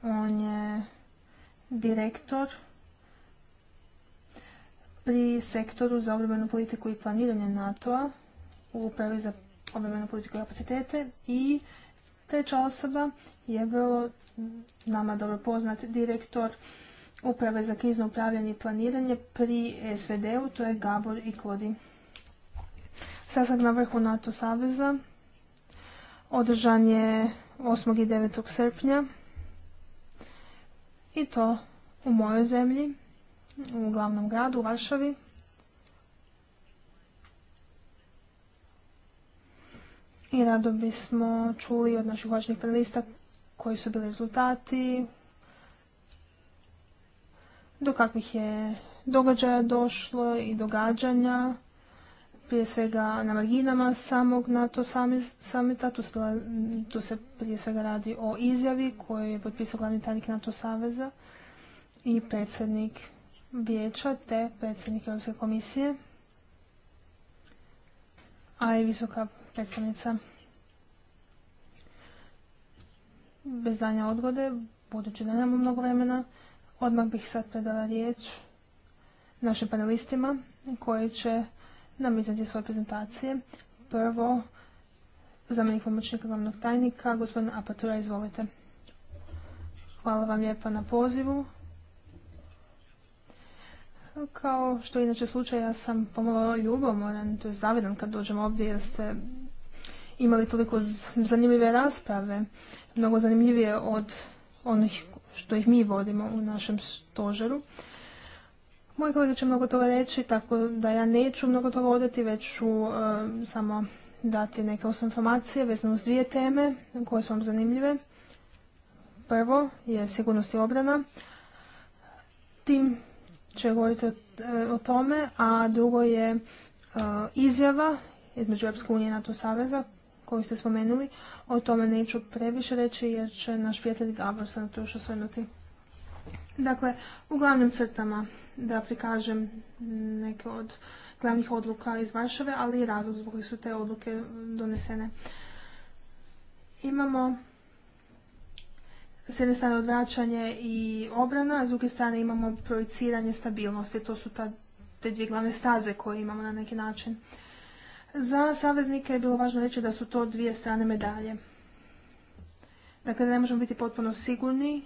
C: On je direktor pri sektoru za obrambenu politiku i planiranje NATO-a u upravi za obrambenu politiku kapacitete i treća osoba je vrlo nama dobro poznat direktor uprave za krizno upravljanje i planiranje pri SVD-u, to je Gabor i Kodi. Sasak na vrhu NATO Saveza održan je 8. i 9. srpnja i to u mojoj zemlji, u glavnom gradu, u Varšavi. i rado bismo čuli od naših važnih panelista koji su bili rezultati, do kakvih je događaja došlo i događanja, prije svega na marginama samog NATO samita, tu, tu se prije svega radi o izjavi koju je potpisao glavni tajnik NATO saveza i predsjednik vijeća te predsjednik Europske komisije, a i visoka predstavnica. Bez danja odgode, budući da nemamo mnogo vremena, odmah bih sad predala riječ našim panelistima koji će nam izdati svoje prezentacije. Prvo, zamjenik pomoćnika glavnog tajnika, gospodina Apatura, izvolite. Hvala vam lijepa na pozivu kao što inače slučaj, ja sam pomalo ljubomoran, to je zavedan kad dođem ovdje jer ste imali toliko zanimljive rasprave, mnogo zanimljivije od onih što ih mi vodimo u našem stožeru. Moj kolega će mnogo toga reći, tako da ja neću mnogo toga voditi, već ću e, samo dati neke osnovne informacije vezano uz dvije teme koje su vam zanimljive. Prvo je sigurnost i obrana. Tim će govoriti o, tome, a drugo je e, izjava između Europske unije i NATO saveza koju ste spomenuli. O tome neću previše reći jer će naš prijatelj Gabor se na to još osvrnuti. Dakle, u glavnim crtama da prikažem neke od glavnih odluka iz Varšave, ali i razlog zbog kojih su te odluke donesene. Imamo s jedne strane odvraćanje i obrana, a s druge strane imamo projiciranje stabilnosti. To su ta, te dvije glavne staze koje imamo na neki način. Za saveznike je bilo važno reći da su to dvije strane medalje. Dakle, ne možemo biti potpuno sigurni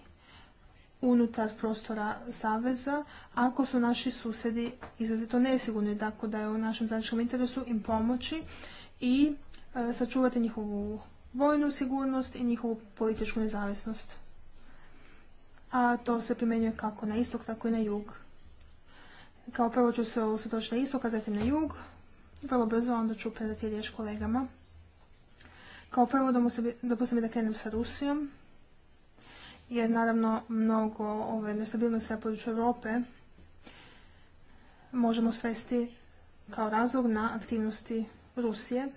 C: unutar prostora Saveza, ako su naši susjedi izrazito nesigurni, dakle da je u našem zajedničkom interesu im pomoći i e, sačuvati njihovu vojnu sigurnost i njihovu političku nezavisnost a to se primjenjuje kako na istok, tako i na jug. Kao prvo ću se usredočiti na istok, a zatim na jug. Vrlo brzo onda ću predati riječ kolegama. Kao prvo dopustite mi da krenem sa Rusijom, jer naravno mnogo ove nestabilnosti na području Europe možemo svesti kao razlog na aktivnosti Rusije.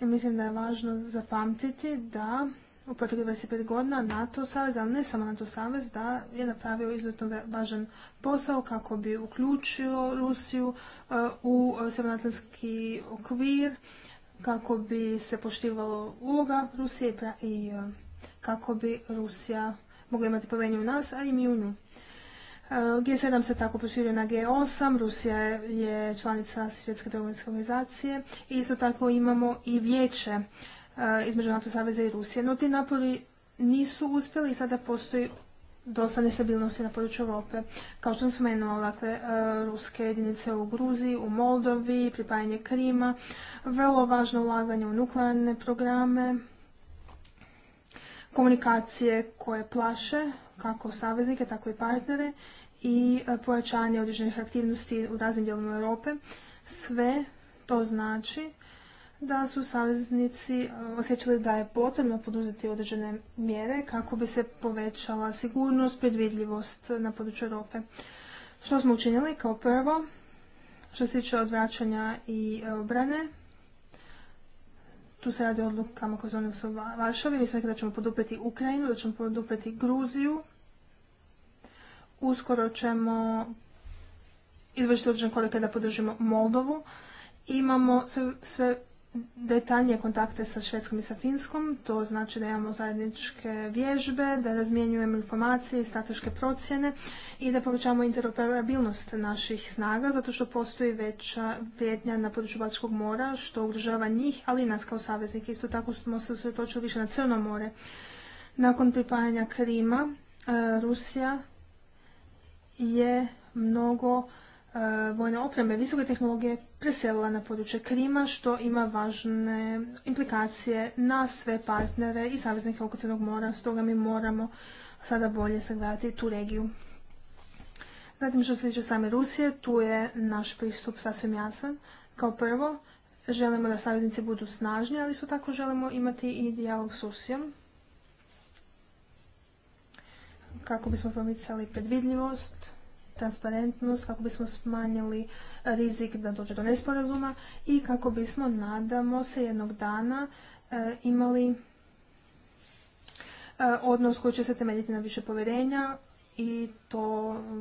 C: mislim da je važno zapamtiti da u proteklih 25 godina NATO savez, ali ne samo NATO savez, da je napravio izuzetno važan posao kako bi uključio Rusiju uh, u Sjevernoatlantski okvir, kako bi se poštivala uloga Rusije i uh, kako bi Rusija mogla imati povjerenje u nas, a i mi u nju. Uh, G7 se tako proširio na G8, Rusija je članica Svjetske trgovinske organizacije i isto tako imamo i vijeće E, između NATO saveza i Rusije. No ti napori nisu uspjeli i sada postoji dosta nestabilnosti na području Europe. Kao što sam spomenula, dakle, e, ruske jedinice u Gruziji, u Moldovi, pripajanje Krima, vrlo važno ulaganje u nuklearne programe, komunikacije koje plaše kako saveznike, tako i partnere i e, pojačanje određenih aktivnosti u raznim dijelovima Europe. Sve to znači da su saveznici e, osjećali da je potrebno poduzeti određene mjere kako bi se povećala sigurnost, predvidljivost na području Europe. Što smo učinili kao prvo? Što se tiče odvraćanja i e, obrane, tu se radi o odlukama koje zove su Varšavi. Mi smo rekli da ćemo poduprijeti Ukrajinu, da ćemo poduprijeti Gruziju. Uskoro ćemo izvršiti određene korake da podržimo Moldovu. Imamo sve detaljnije kontakte sa Švedskom i sa Finskom, to znači da imamo zajedničke vježbe, da razmjenjujemo informacije i strateške procjene i da povećamo interoperabilnost naših snaga, zato što postoji veća prijetnja na području Balčkog mora, što ugrožava njih, ali i nas kao saveznike. Isto tako smo se usredotočili više na Crno more. Nakon pripajanja Krima, e, Rusija je mnogo Eh, vojne opreme visoke tehnologije preselila na područje Krima, što ima važne implikacije na sve partnere i saveznike oko Crnog mora, stoga mi moramo sada bolje sagledati tu regiju. Zatim što se tiče same Rusije, tu je naš pristup sasvim jasan. Kao prvo, želimo da saveznici budu snažni, ali isto tako želimo imati i dijalog s Rusijom kako bismo promicali predvidljivost, transparentnost, kako bismo smanjili rizik da dođe do nesporazuma i kako bismo, nadamo se, jednog dana e, imali e, odnos koji će se temeljiti na više povjerenja i to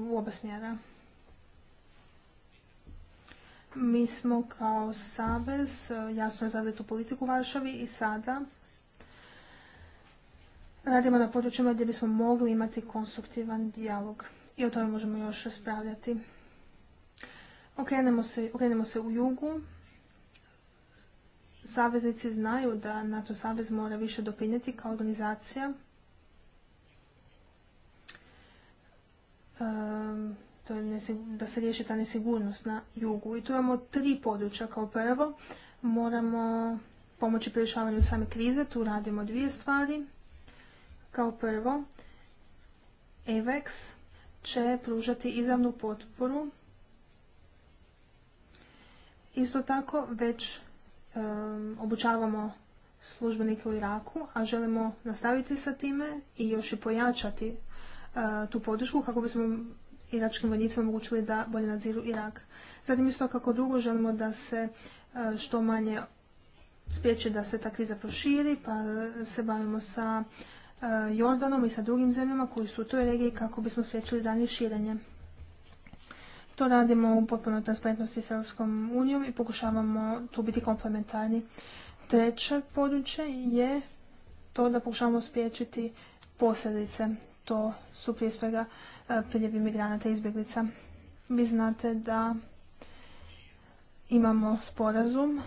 C: u oba smjera. Mi smo kao Savez e, jasno je tu politiku u Varšavi i sada radimo na područjima gdje bismo mogli imati konstruktivan dijalog i o tome možemo još raspravljati. Okrenemo se, se u jugu. Saveznici znaju da NATO savez mora više doprinijeti kao organizacija. Ehm, to je da se riješi ta nesigurnost na jugu. I tu imamo tri područja. Kao prvo, moramo pomoći pri rješavanju same krize. Tu radimo dvije stvari. Kao prvo, EVEX, će pružati izravnu potporu. Isto tako već obučavamo službenike u Iraku, a želimo nastaviti sa time i još i pojačati e, tu podršku kako bismo iračkim vojnicima omogućili da bolje nadziru Irak. Zatim isto kako drugo želimo da se e, što manje spriječi da se ta kriza proširi, pa se bavimo sa E, Jordanom i sa drugim zemljama koji su u toj regiji kako bismo spriječili dalje širenje. To radimo u potpunoj transparentnosti s Europskom unijom i pokušavamo tu biti komplementarni. Treće područje je to da pokušavamo spriječiti posljedice. To su prije svega e, priljevi migranata i izbjeglica. Vi znate da imamo sporazum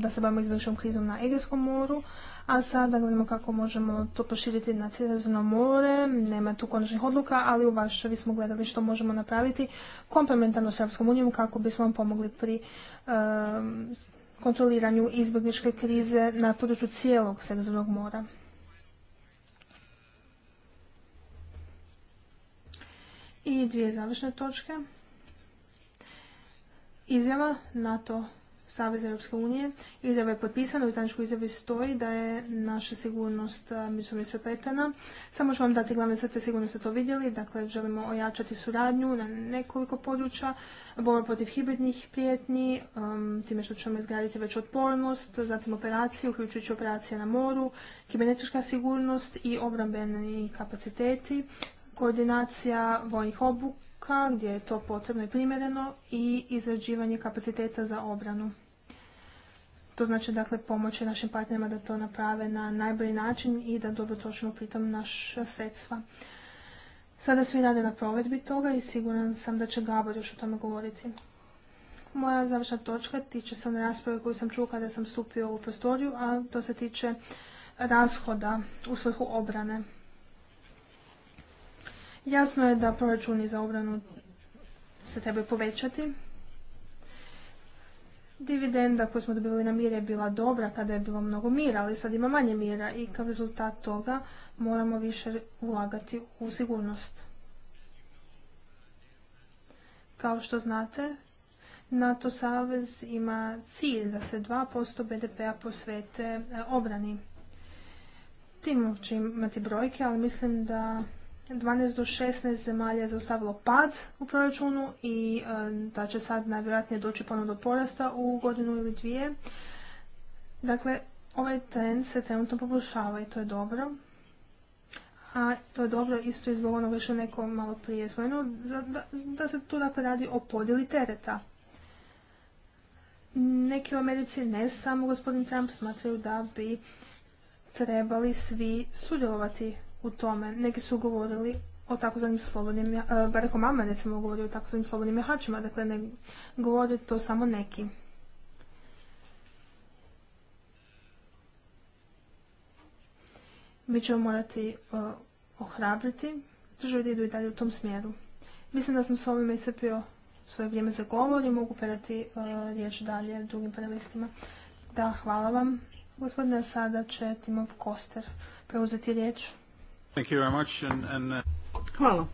C: da se bavimo izbjegličnom krizom na Egejskom moru, a sada gledamo kako možemo to proširiti na Sredozemno more, nema tu konačnih odluka, ali u Varšavi smo gledali što možemo napraviti komplementarno s Europskom kako bismo vam pomogli pri ehm, kontroliranju izbjegličke krize na području cijelog Sredozemnog mora. I dvije završne točke. Izjava NATO Saveza Europske unije. Izjava je potpisana, u zajedničkoj izjavi stoji da je naša sigurnost međusobno isprepletena. Samo ću vam dati glavne crte, sigurno ste to vidjeli. Dakle, želimo ojačati suradnju na nekoliko područja, borba protiv hibridnih prijetnji, um, time što ćemo izgraditi već otpornost, zatim operacije, uključujući operacije na moru, kibernetička sigurnost i obrambeni kapaciteti, koordinacija vojnih obuka, obuka gdje je to potrebno i primjereno i izrađivanje kapaciteta za obranu. To znači dakle pomoći našim partnerima da to naprave na najbolji način i da dobro trošimo pritom naša sredstva. Sada svi rade na provedbi toga i siguran sam da će Gabor još o tome govoriti. Moja završna točka tiče se na rasprave koju sam čuo kada sam stupio u prostoriju, a to se tiče rashoda u svrhu obrane. Jasno je da proračuni za obranu se trebaju povećati. Dividenda koju smo dobili na mire je bila dobra kada je bilo mnogo mira, ali sad ima manje mira i kao rezultat toga moramo više ulagati u sigurnost. Kao što znate, NATO savez ima cilj da se 2% BDP-a posvete e, obrani. Tim će imati brojke, ali mislim da 12 do 16 zemalja je zaustavilo pad u proračunu i e, da će sad najvjerojatnije doći ponovno do porasta u godinu ili dvije. Dakle, ovaj trend se trenutno poboljšava i to je dobro. A to je dobro isto i zbog onoga što neko malo prije spomenuo, da, se tu dakle radi o podjeli tereta. Neki u Americi, ne samo gospodin Trump, smatraju da bi trebali svi sudjelovati u tome. Neki su govorili o takozvanim slobodnim, eh, mama ne recimo govorio o takozvanim slobodnim jahačima, dakle ne govori to samo neki. Mi ćemo morati eh, ohrabriti drži da idu i dalje u tom smjeru. Mislim da sam s ovim iscrpio svoje vrijeme za govor i mogu predati eh, riječ dalje drugim panelistima. Da, hvala vam. Gospodine, sada će Timov Koster preuzeti riječ.
A: Thank you very much uh, Hvala.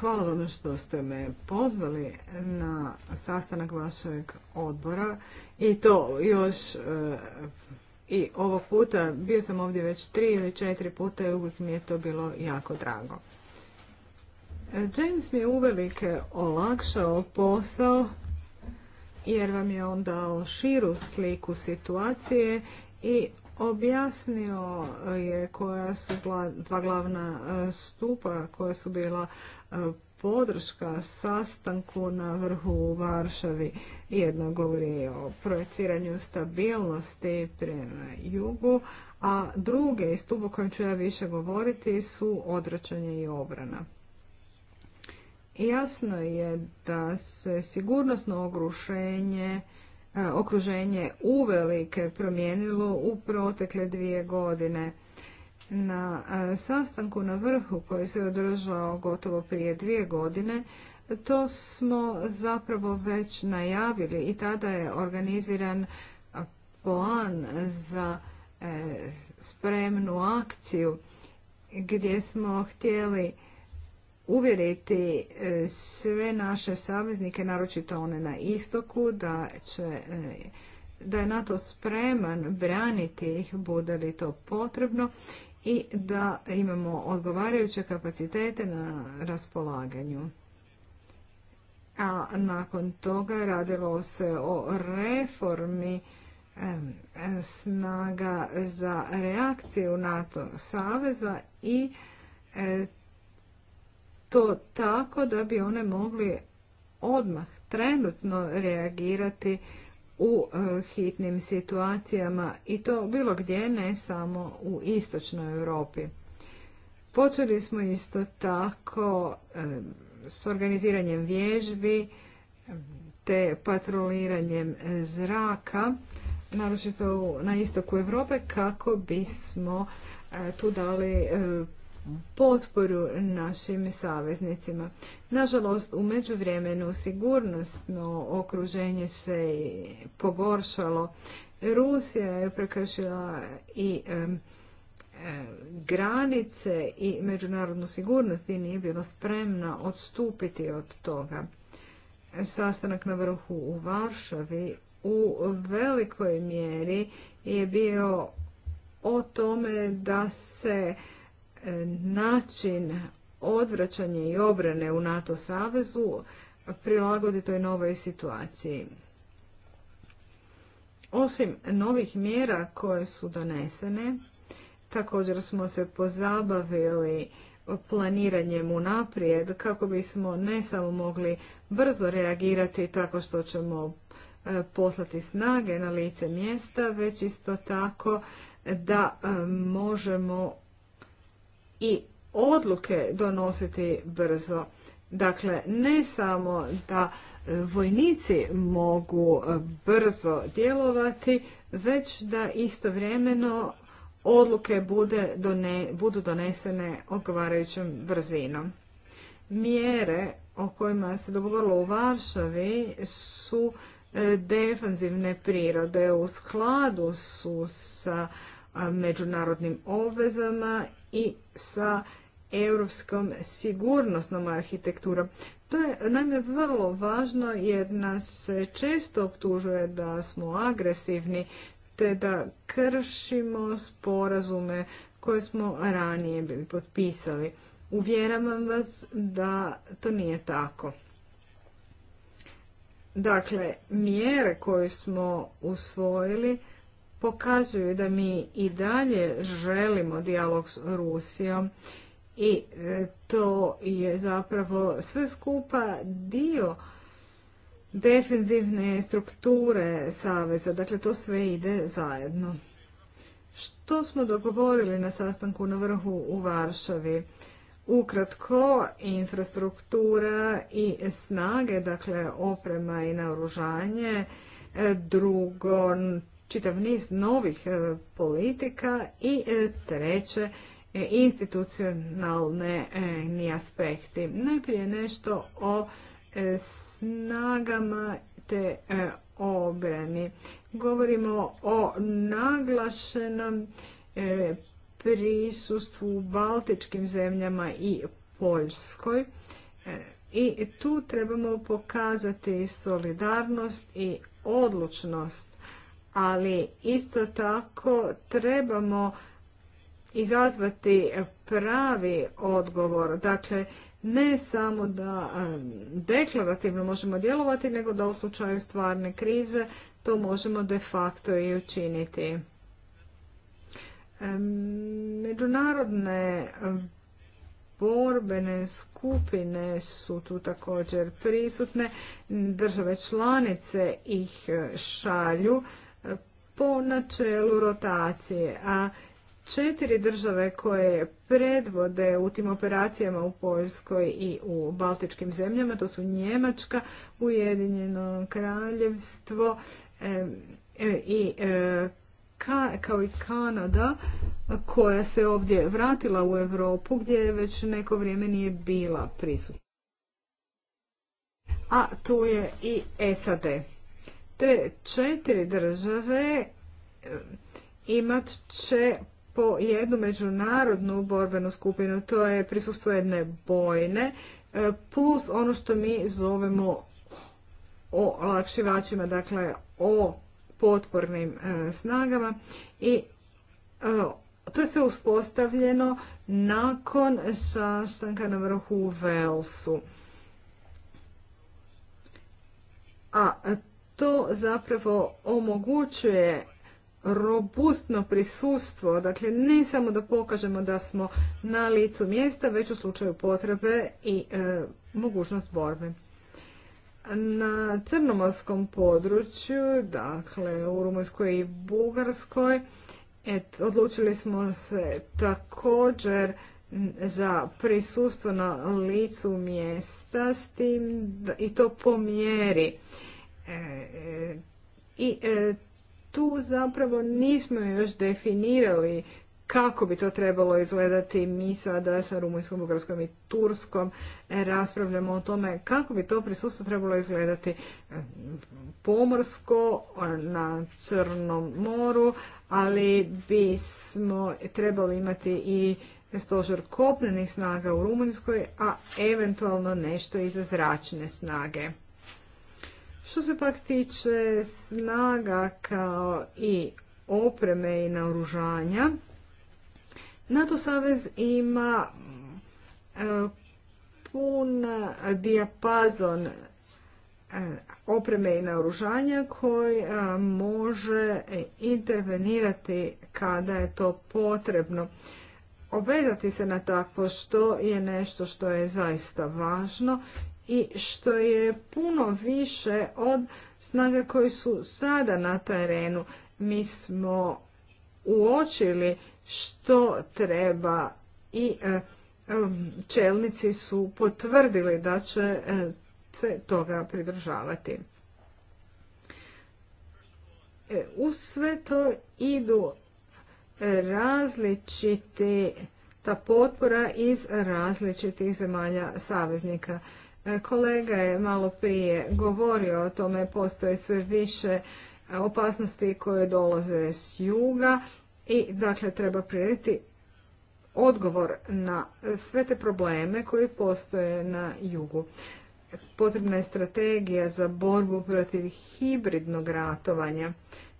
A: Hvala vam što ste me pozvali na sastanak vašeg odbora i to još e, i ovog puta. Bio sam ovdje već tri ili četiri puta i uvijek mi je to bilo jako drago. E, James mi je uvelike olakšao posao jer vam je on dao širu sliku situacije i objasnio e, je koja su dva glavna e, stupa koja su bila e, podrška sastanku na vrhu u Varšavi. Jedno govori o projeciranju stabilnosti prema jugu, a druge i stup o kojem ću ja više govoriti su odračanje i obrana. Jasno je da se sigurnosno ogrušenje okruženje uvelike promijenilo u protekle dvije godine. Na sastanku na vrhu koji se održao gotovo prije dvije godine, to smo zapravo već najavili i tada je organiziran plan za e, spremnu akciju gdje smo htjeli uvjeriti e, sve naše saveznike, naročito one na istoku, da će e, da je NATO spreman braniti ih, bude li to potrebno i da imamo odgovarajuće kapacitete na raspolaganju. A nakon toga radilo se o reformi snaga za reakciju NATO saveza i e, to tako da bi one mogli odmah trenutno reagirati u e, hitnim situacijama i to bilo gdje, ne samo u istočnoj Europi. Počeli smo isto tako e, s organiziranjem vježbi te patroliranjem zraka, naročito na istoku Europe, kako bismo e, tu dali potporu našim saveznicima. Nažalost, u međuvremenu sigurnosno okruženje se pogoršalo. Rusija je prekršila i granice i međunarodnu sigurnost i nije bila spremna odstupiti od toga. Sastanak na vrhu u Varšavi u velikoj mjeri je bio o tome da se način odvraćanja i obrane u NATO savezu prilagodi toj novoj situaciji. Osim novih mjera koje su donesene, također smo se pozabavili planiranjem unaprijed kako bismo ne samo mogli brzo reagirati tako što ćemo e, poslati snage na lice mjesta, već isto tako da e, možemo i odluke donositi brzo. Dakle, ne samo da vojnici mogu e, brzo djelovati, već da istovremeno odluke bude done, budu donesene odgovarajućom brzinom. Mjere o kojima se dogovorilo u Varšavi su e, defanzivne prirode u skladu su sa međunarodnim obvezama i sa europskom sigurnosnom arhitekturom. To je naime vrlo važno jer nas često optužuje da smo agresivni te da kršimo sporazume koje smo ranije bili potpisali. Uvjeravam vas da to nije tako. Dakle, mjere koje smo usvojili pokazuju da mi i dalje želimo dijalog s Rusijom i e, to je zapravo sve skupa dio defensivne strukture Saveza. Dakle, to sve ide zajedno. Što smo dogovorili na sastanku na vrhu u Varšavi? Ukratko, infrastruktura i snage, dakle oprema i naoružanje. E, drugo, čitav niz novih e, politika i e, treće e, institucionalni aspekti. Najprije nešto o snagama te obrani. Govorimo o naglašenom prisustvu u baltičkim zemljama i Poljskoj. I tu trebamo pokazati solidarnost i odlučnost ali isto tako trebamo izazvati pravi odgovor. Dakle, ne samo da deklarativno možemo djelovati, nego da u slučaju stvarne krize to možemo de facto i učiniti. Međunarodne borbene skupine su tu također prisutne, države članice ih šalju po načelu rotacije, a četiri države koje predvode u tim operacijama u Poljskoj i u Baltičkim zemljama, to su Njemačka, Ujedinjeno kraljevstvo e, i e, kao i Kanada koja se ovdje vratila u Europu gdje već neko vrijeme nije bila prisutna. A tu je i SAD te četiri države eh, imat će po jednu međunarodnu borbenu skupinu, to je prisustvo jedne bojne, eh, plus ono što mi zovemo o lakšivačima, dakle o potpornim eh, snagama i to je sve uspostavljeno nakon sastanka na vrhu Velsu. A to zapravo omogućuje robustno prisustvo, dakle ne samo da pokažemo da smo na licu mjesta, već u slučaju potrebe i e, mogućnost borbe. Na crnomorskom području, dakle u Rumunjskoj i Bugarskoj, odlučili smo se također za prisustvo na licu mjesta s tim i to po mjeri E, e, I e, tu zapravo nismo još definirali kako bi to trebalo izgledati. Mi sada sa Rumunjskom, Bugarskom i Turskom raspravljamo o tome kako bi to prisustvo trebalo izgledati pomorsko na Crnom moru, ali bismo trebali imati i stožer kopnenih snaga u Rumunjskoj, a eventualno nešto i za zračne snage. Što se pak tiče snaga kao i opreme i naoružanja, NATO savez ima e, pun dijapazon e, opreme i naoružanja koji e, može intervenirati kada je to potrebno. Obvezati se na takvo što je nešto što je zaista važno i što je puno više od snaga koje su sada na terenu. Mi smo uočili što treba i e, čelnici su potvrdili da će e, se toga pridržavati. E, U sve to idu različiti ta potpora iz različitih zemalja saveznika. Kolega je malo prije govorio o tome, postoje sve više opasnosti koje dolaze s juga i dakle treba prirediti odgovor na sve te probleme koji postoje na jugu. Potrebna je strategija za borbu protiv hibridnog ratovanja.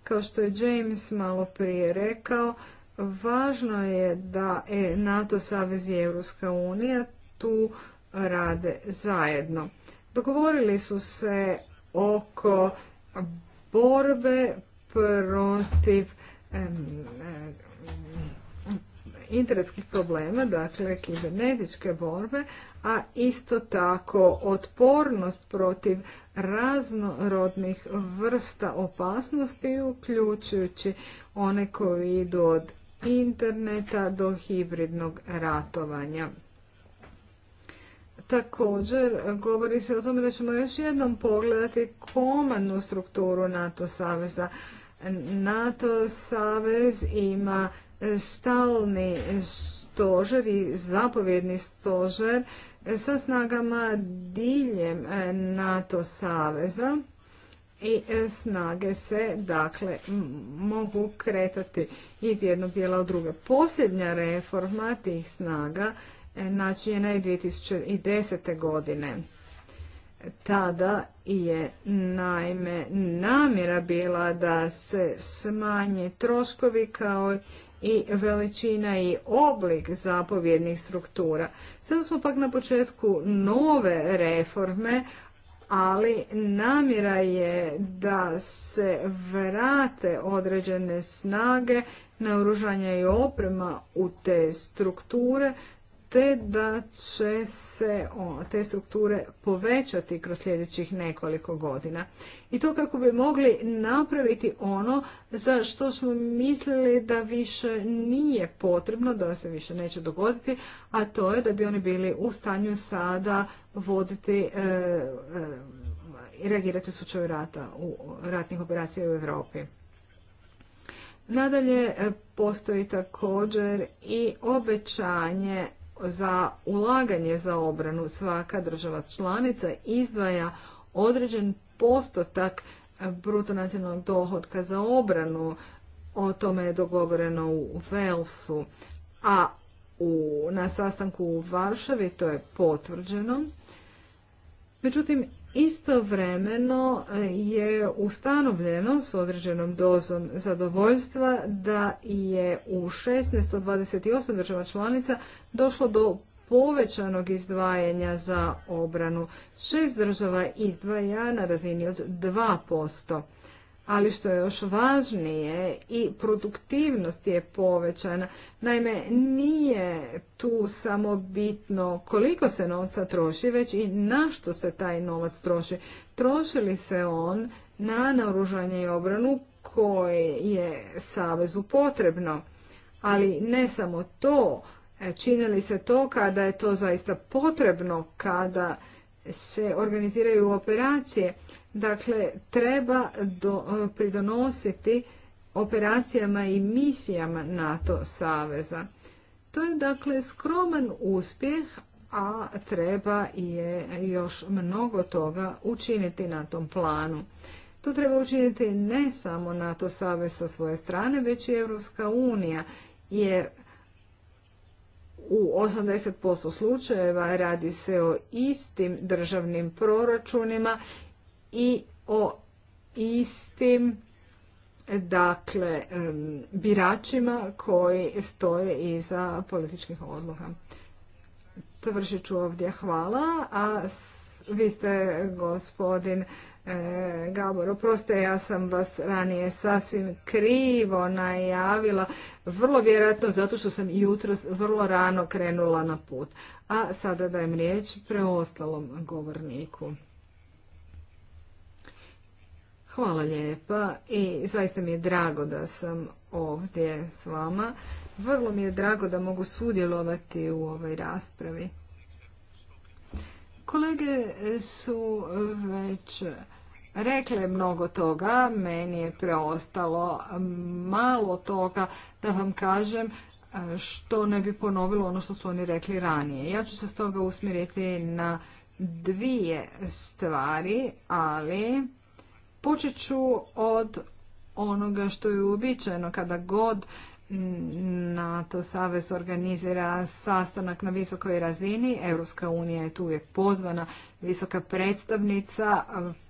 A: Kao što je James malo prije rekao, važno je da NATO savez i Europska unija tu rade zajedno. Dogovorili su se oko borbe protiv internetskih problema, dakle kibernetičke borbe, a isto tako otpornost protiv raznorodnih vrsta opasnosti, uključujući one koji idu od interneta do hibridnog ratovanja. Također govori se o tome da ćemo još jednom pogledati komandnu strukturu NATO saveza. NATO savez ima stalni stožer i zapovjedni stožer sa snagama diljem NATO saveza i snage se dakle mogu kretati iz jednog dijela u druge. Posljednja reforma tih snaga načinjena je 2010. godine. Tada je naime namjera bila da se smanje troškovi kao i veličina i oblik zapovjednih struktura. Sada smo pak na početku nove reforme, ali namjera je da se vrate određene snage, naoružanja i oprema u te strukture te da će se te strukture povećati kroz sljedećih nekoliko godina. I to kako bi mogli napraviti ono za što smo mislili da više nije potrebno, da se više neće dogoditi, a to je da bi oni bili u stanju sada voditi e, e, i reagirati u slučaju rata, u ratnih operacija u Europi. Nadalje, e, postoji također i obećanje za ulaganje za obranu svaka država članica izdvaja određen postotak bruto nacionalnog dohodka za obranu. O tome je dogovoreno u Velsu, a na sastanku u Varšavi to je potvrđeno. Međutim, Istovremeno e, je ustanovljeno s određenom dozom zadovoljstva da je u 1628 od država članica došlo do povećanog izdvajanja za obranu. Šest država izdvaja na razini od 2% ali što je još važnije i produktivnost je povećana. Naime, nije tu samo bitno koliko se novca troši, već i na što se taj novac troši. Troši li se on na naoružanje i obranu koje je Savezu potrebno. Ali ne samo to, e, čini li se to kada je to zaista potrebno, kada se organiziraju operacije, Dakle, treba do, e, pridonositi operacijama i misijama NATO saveza. To je dakle skroman uspjeh, a treba je još mnogo toga učiniti na tom planu. To treba učiniti ne samo NATO savez sa svoje strane, već i Europska unija, jer u 80% slučajeva radi se o istim državnim proračunima i o istim dakle biračima koji stoje iza političkih odluka. Završit ću ovdje hvala, a vi ste gospodin e, Gabor, oproste, ja sam vas ranije sasvim krivo najavila, vrlo vjerojatno zato što sam jutros vrlo rano krenula na put. A sada dajem riječ preostalom govorniku. Hvala lijepa i zaista mi je drago da sam ovdje s vama. Vrlo mi je drago da mogu sudjelovati u ovoj raspravi. Kolege su već rekle mnogo toga, meni je preostalo malo toga da vam kažem što ne bi ponovilo ono što su oni rekli ranije. Ja ću se toga usmjeriti na dvije stvari, ali Počet ću od onoga što je uobičajeno kada god NATO savez organizira sastanak na visokoj razini. Europska unija je tu uvijek pozvana. Visoka predstavnica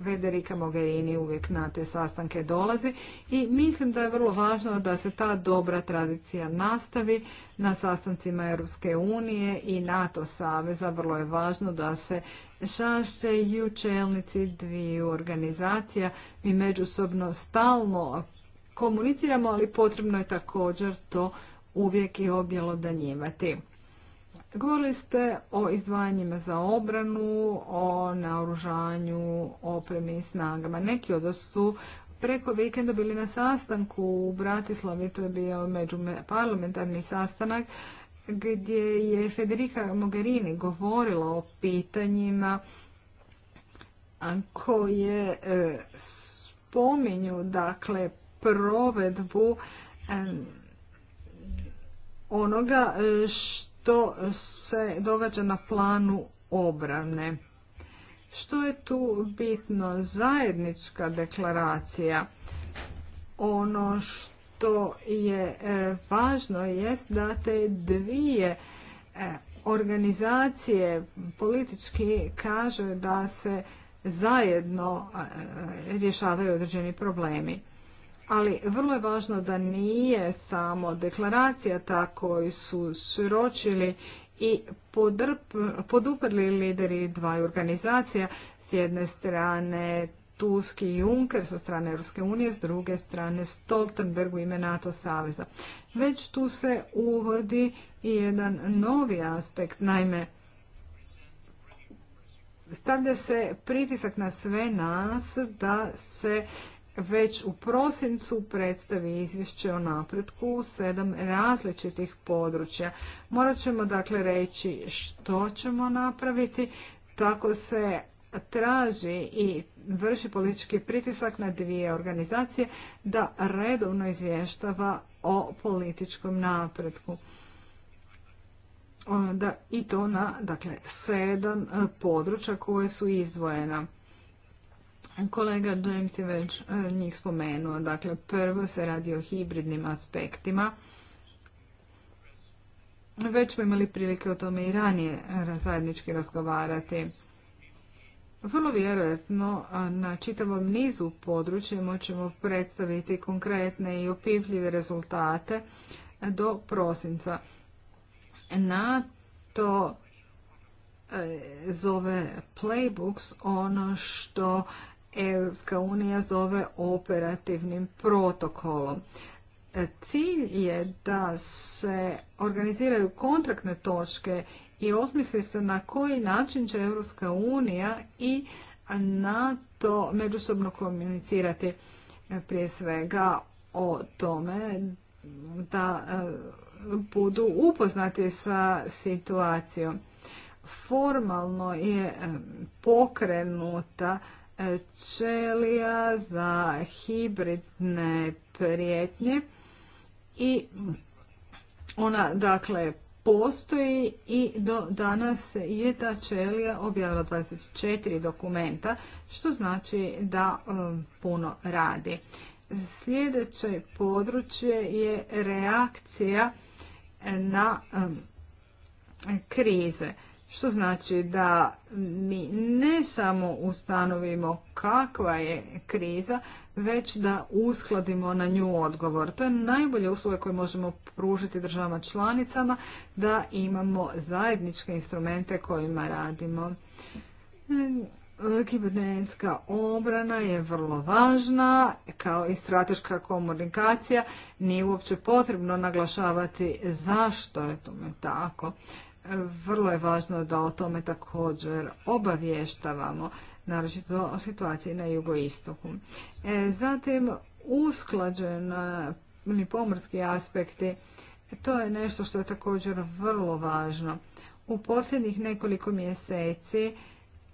A: Federica Mogherini uvijek na te sastanke dolazi i mislim da je vrlo važno da se ta dobra tradicija nastavi na sastancima Europske unije i NATO saveza. Vrlo je važno da se šašteju čelnici dviju organizacija i međusobno stalno komuniciramo, ali potrebno je također to uvijek i objelodanjivati. Govorili ste o izdvajanjima za obranu, o naoružanju, opremi i snagama. Neki od vas su preko vikenda bili na sastanku u Bratislavi, to je bio međuparlamentarni sastanak, gdje je Federica Mogherini govorila o pitanjima koje e, spominju dakle provedbu onoga e, što se događa na planu obrane. Što je tu bitno? Zajednička deklaracija. Ono što je e, važno jest da te dvije e, organizacije politički kažu da se zajedno rješavaju određeni problemi ali vrlo je važno da nije samo deklaracija ta koju su sročili i poduprli lideri dvaju organizacija, s jedne strane Tuski i Juncker sa strane Europske unije, s druge strane Stoltenberg u ime NATO saveza. Već tu se uvodi i jedan novi aspekt, naime stavlja se pritisak na sve nas da se već u prosincu predstavi izvješće o napretku u sedam različitih područja. Morat ćemo dakle reći što ćemo napraviti, tako se traži i vrši politički pritisak na dvije organizacije da redovno izvještava o političkom napretku. Da, I to na dakle, sedam područja koje su izdvojena. Kolega James je već e, njih spomenuo. Dakle, prvo se radi o hibridnim aspektima. Već smo imali prilike o tome i ranije zajednički razgovarati. Vrlo vjerojatno na čitavom nizu područja moćemo predstaviti konkretne i opipljive rezultate do prosinca. Na to e, zove playbooks ono što Europska unija zove operativnim protokolom. E, cilj je da se organiziraju kontraktne točke i osmisli se na koji način će Europska unija i NATO međusobno komunicirati e, prije svega o tome da e, budu upoznati sa situacijom. Formalno je pokrenuta čelija za hibridne prijetnje i ona dakle postoji i do danas je ta čelija objavila 24 dokumenta, što znači da um, puno radi. Sljedeće područje je reakcija na um, krize. Što znači da mi ne samo ustanovimo kakva je kriza, već da uskladimo na nju odgovor. To je najbolje usluge koje možemo pružiti državama članicama, da imamo zajedničke instrumente kojima radimo. Kibernetska obrana je vrlo važna, kao i strateška komunikacija. Nije uopće potrebno naglašavati zašto je tome tako vrlo je važno da o tome također obavještavamo, naročito o situaciji na jugoistoku. E, zatim, usklađeni pomorski aspekti, to je nešto što je također vrlo važno. U posljednjih nekoliko mjeseci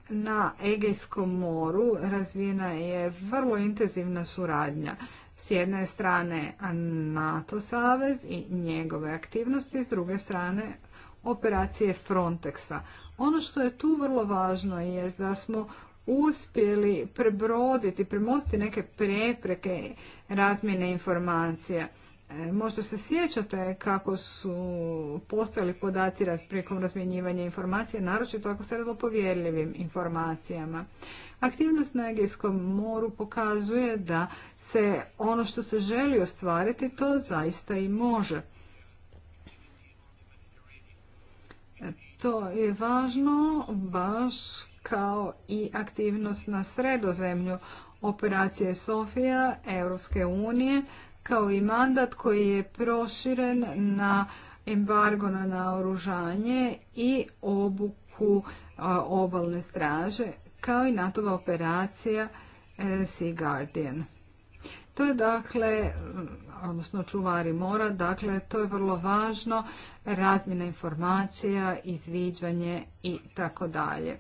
A: na Egejskom moru razvijena je vrlo intenzivna suradnja. S jedne strane NATO savez i njegove aktivnosti, s druge strane operacije Frontexa. Ono što je tu vrlo važno je da smo uspjeli prebroditi, premostiti neke prepreke razmjene informacija. E, možda se sjećate kako su postojali podaci prilikom razmjenjivanja informacija, naročito ako se radilo povjerljivim informacijama. Aktivnost na Egejskom moru pokazuje da se ono što se želi ostvariti, to zaista i može. To je važno baš kao i aktivnost na sredozemlju operacije Sofija Europske unije kao i mandat koji je proširen na embargo na naoružanje i obuku obalne straže kao i NATO operacija e, Sea Guardian. To je dakle, odnosno čuvari mora, dakle to je vrlo važno, razmjena informacija, izviđanje i tako dalje.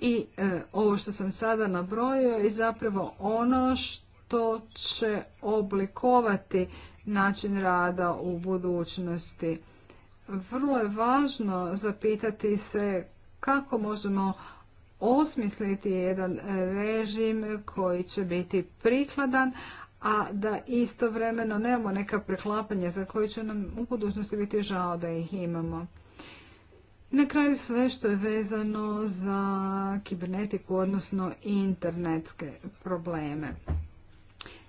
A: I e, ovo što sam sada nabrojio je zapravo ono što će oblikovati način rada u budućnosti. Vrlo je važno zapitati se kako možemo osmisliti jedan režim koji će biti prikladan, a da istovremeno nemamo neka preklapanja za koje će nam u budućnosti biti žao da ih imamo. Na kraju sve što je vezano za kibernetiku, odnosno internetske probleme.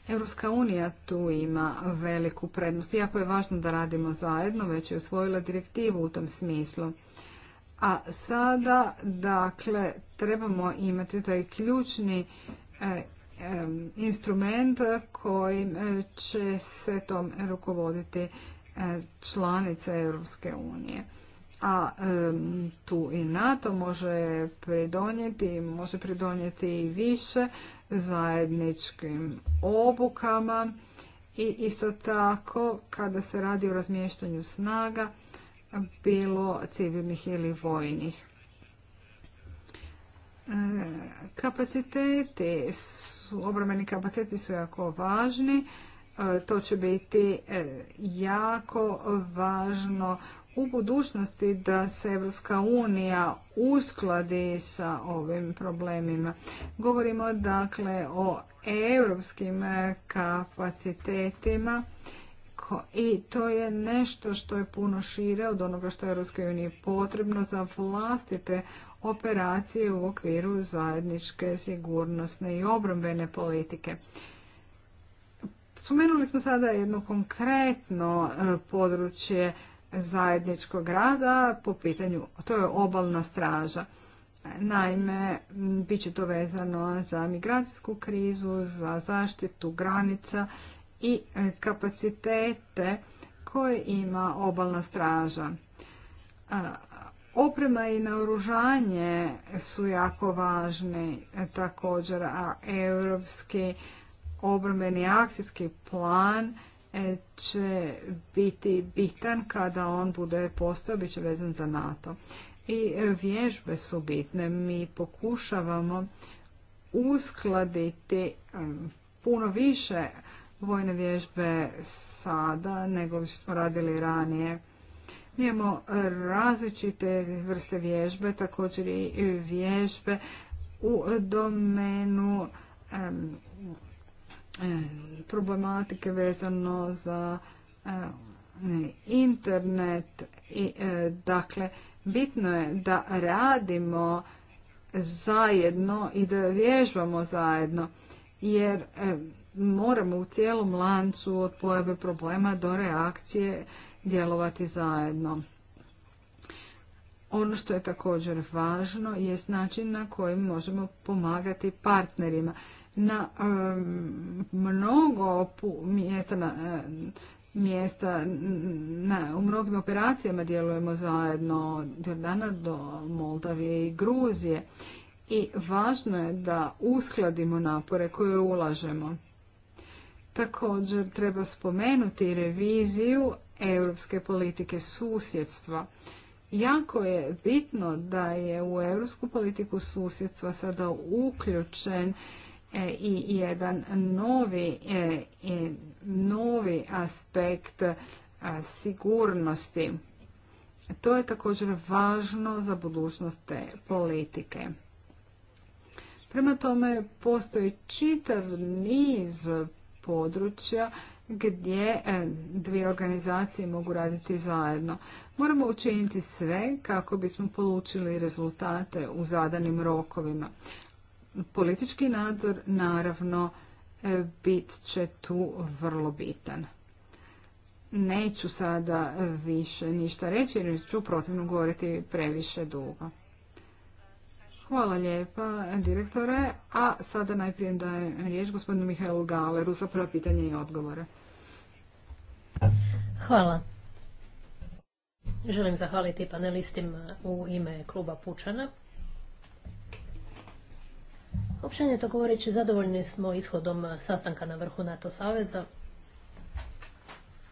A: Europska unija tu ima veliku prednost. Iako je važno da radimo zajedno, već je usvojila direktivu u tom smislu. A sada, dakle, trebamo imati taj ključni e, instrument kojim e, će se tom rukovoditi e, članice Europske unije. A tu i NATO može pridonijeti, može pridonijeti i više zajedničkim obukama i isto tako kada se radi o razmještanju snaga bilo civilnih ili vojnih. E, kapaciteti, su, obrameni kapaciteti su jako važni. E, to će biti e, jako važno u budućnosti da se Evropska unija uskladi sa ovim problemima. Govorimo dakle o europskim kapacitetima i to je nešto što je puno šire od onoga što je uniji potrebno za vlastite operacije u okviru zajedničke sigurnosne i obrambene politike. Spomenuli smo sada jedno konkretno e, područje zajedničkog grada po pitanju, to je obalna straža. Naime, bit će to vezano za migracijsku krizu, za zaštitu granica i e, kapacitete koje ima obalna straža. E, oprema i naoružanje su jako važni e, također, a europski obrambeni akcijski plan će biti bitan kada on bude postao, bit će vezan za NATO. I vježbe su bitne. Mi pokušavamo uskladiti puno više vojne vježbe sada nego što smo radili ranije. Mi imamo različite vrste vježbe, također i vježbe u domenu problematike vezano za internet i e, dakle bitno je da radimo zajedno i da vježbamo zajedno jer moramo u cijelom lancu od pojave problema do reakcije djelovati zajedno. Ono što je također važno je način na koji možemo pomagati partnerima. Na mnogo mjesta, na, mjesta na, u mnogim operacijama djelujemo zajedno od Jordana do Moldavije i Gruzije i važno je da uskladimo napore koje ulažemo. Također treba spomenuti reviziju europske politike susjedstva. Jako je bitno da je u europsku politiku susjedstva sada uključen e, i jedan novi, e, novi aspekt e, sigurnosti. To je također važno za budućnost te politike. Prema tome, postoji čitav niz područja gdje e, dvije organizacije mogu raditi zajedno. Moramo učiniti sve kako bismo polučili rezultate u zadanim rokovima. Politički nadzor naravno e, bit će tu vrlo bitan. Neću sada više ništa reći jer ću protivno govoriti previše dugo. Hvala lijepa, direktore. A sada najprije je riječ gospodinu Mihajlu Galeru za prvo pitanje i odgovore.
B: Hvala. Želim zahvaliti panelistima u ime kluba Pučana. Općenito govoreći, zadovoljni smo ishodom sastanka na vrhu NATO Saveza.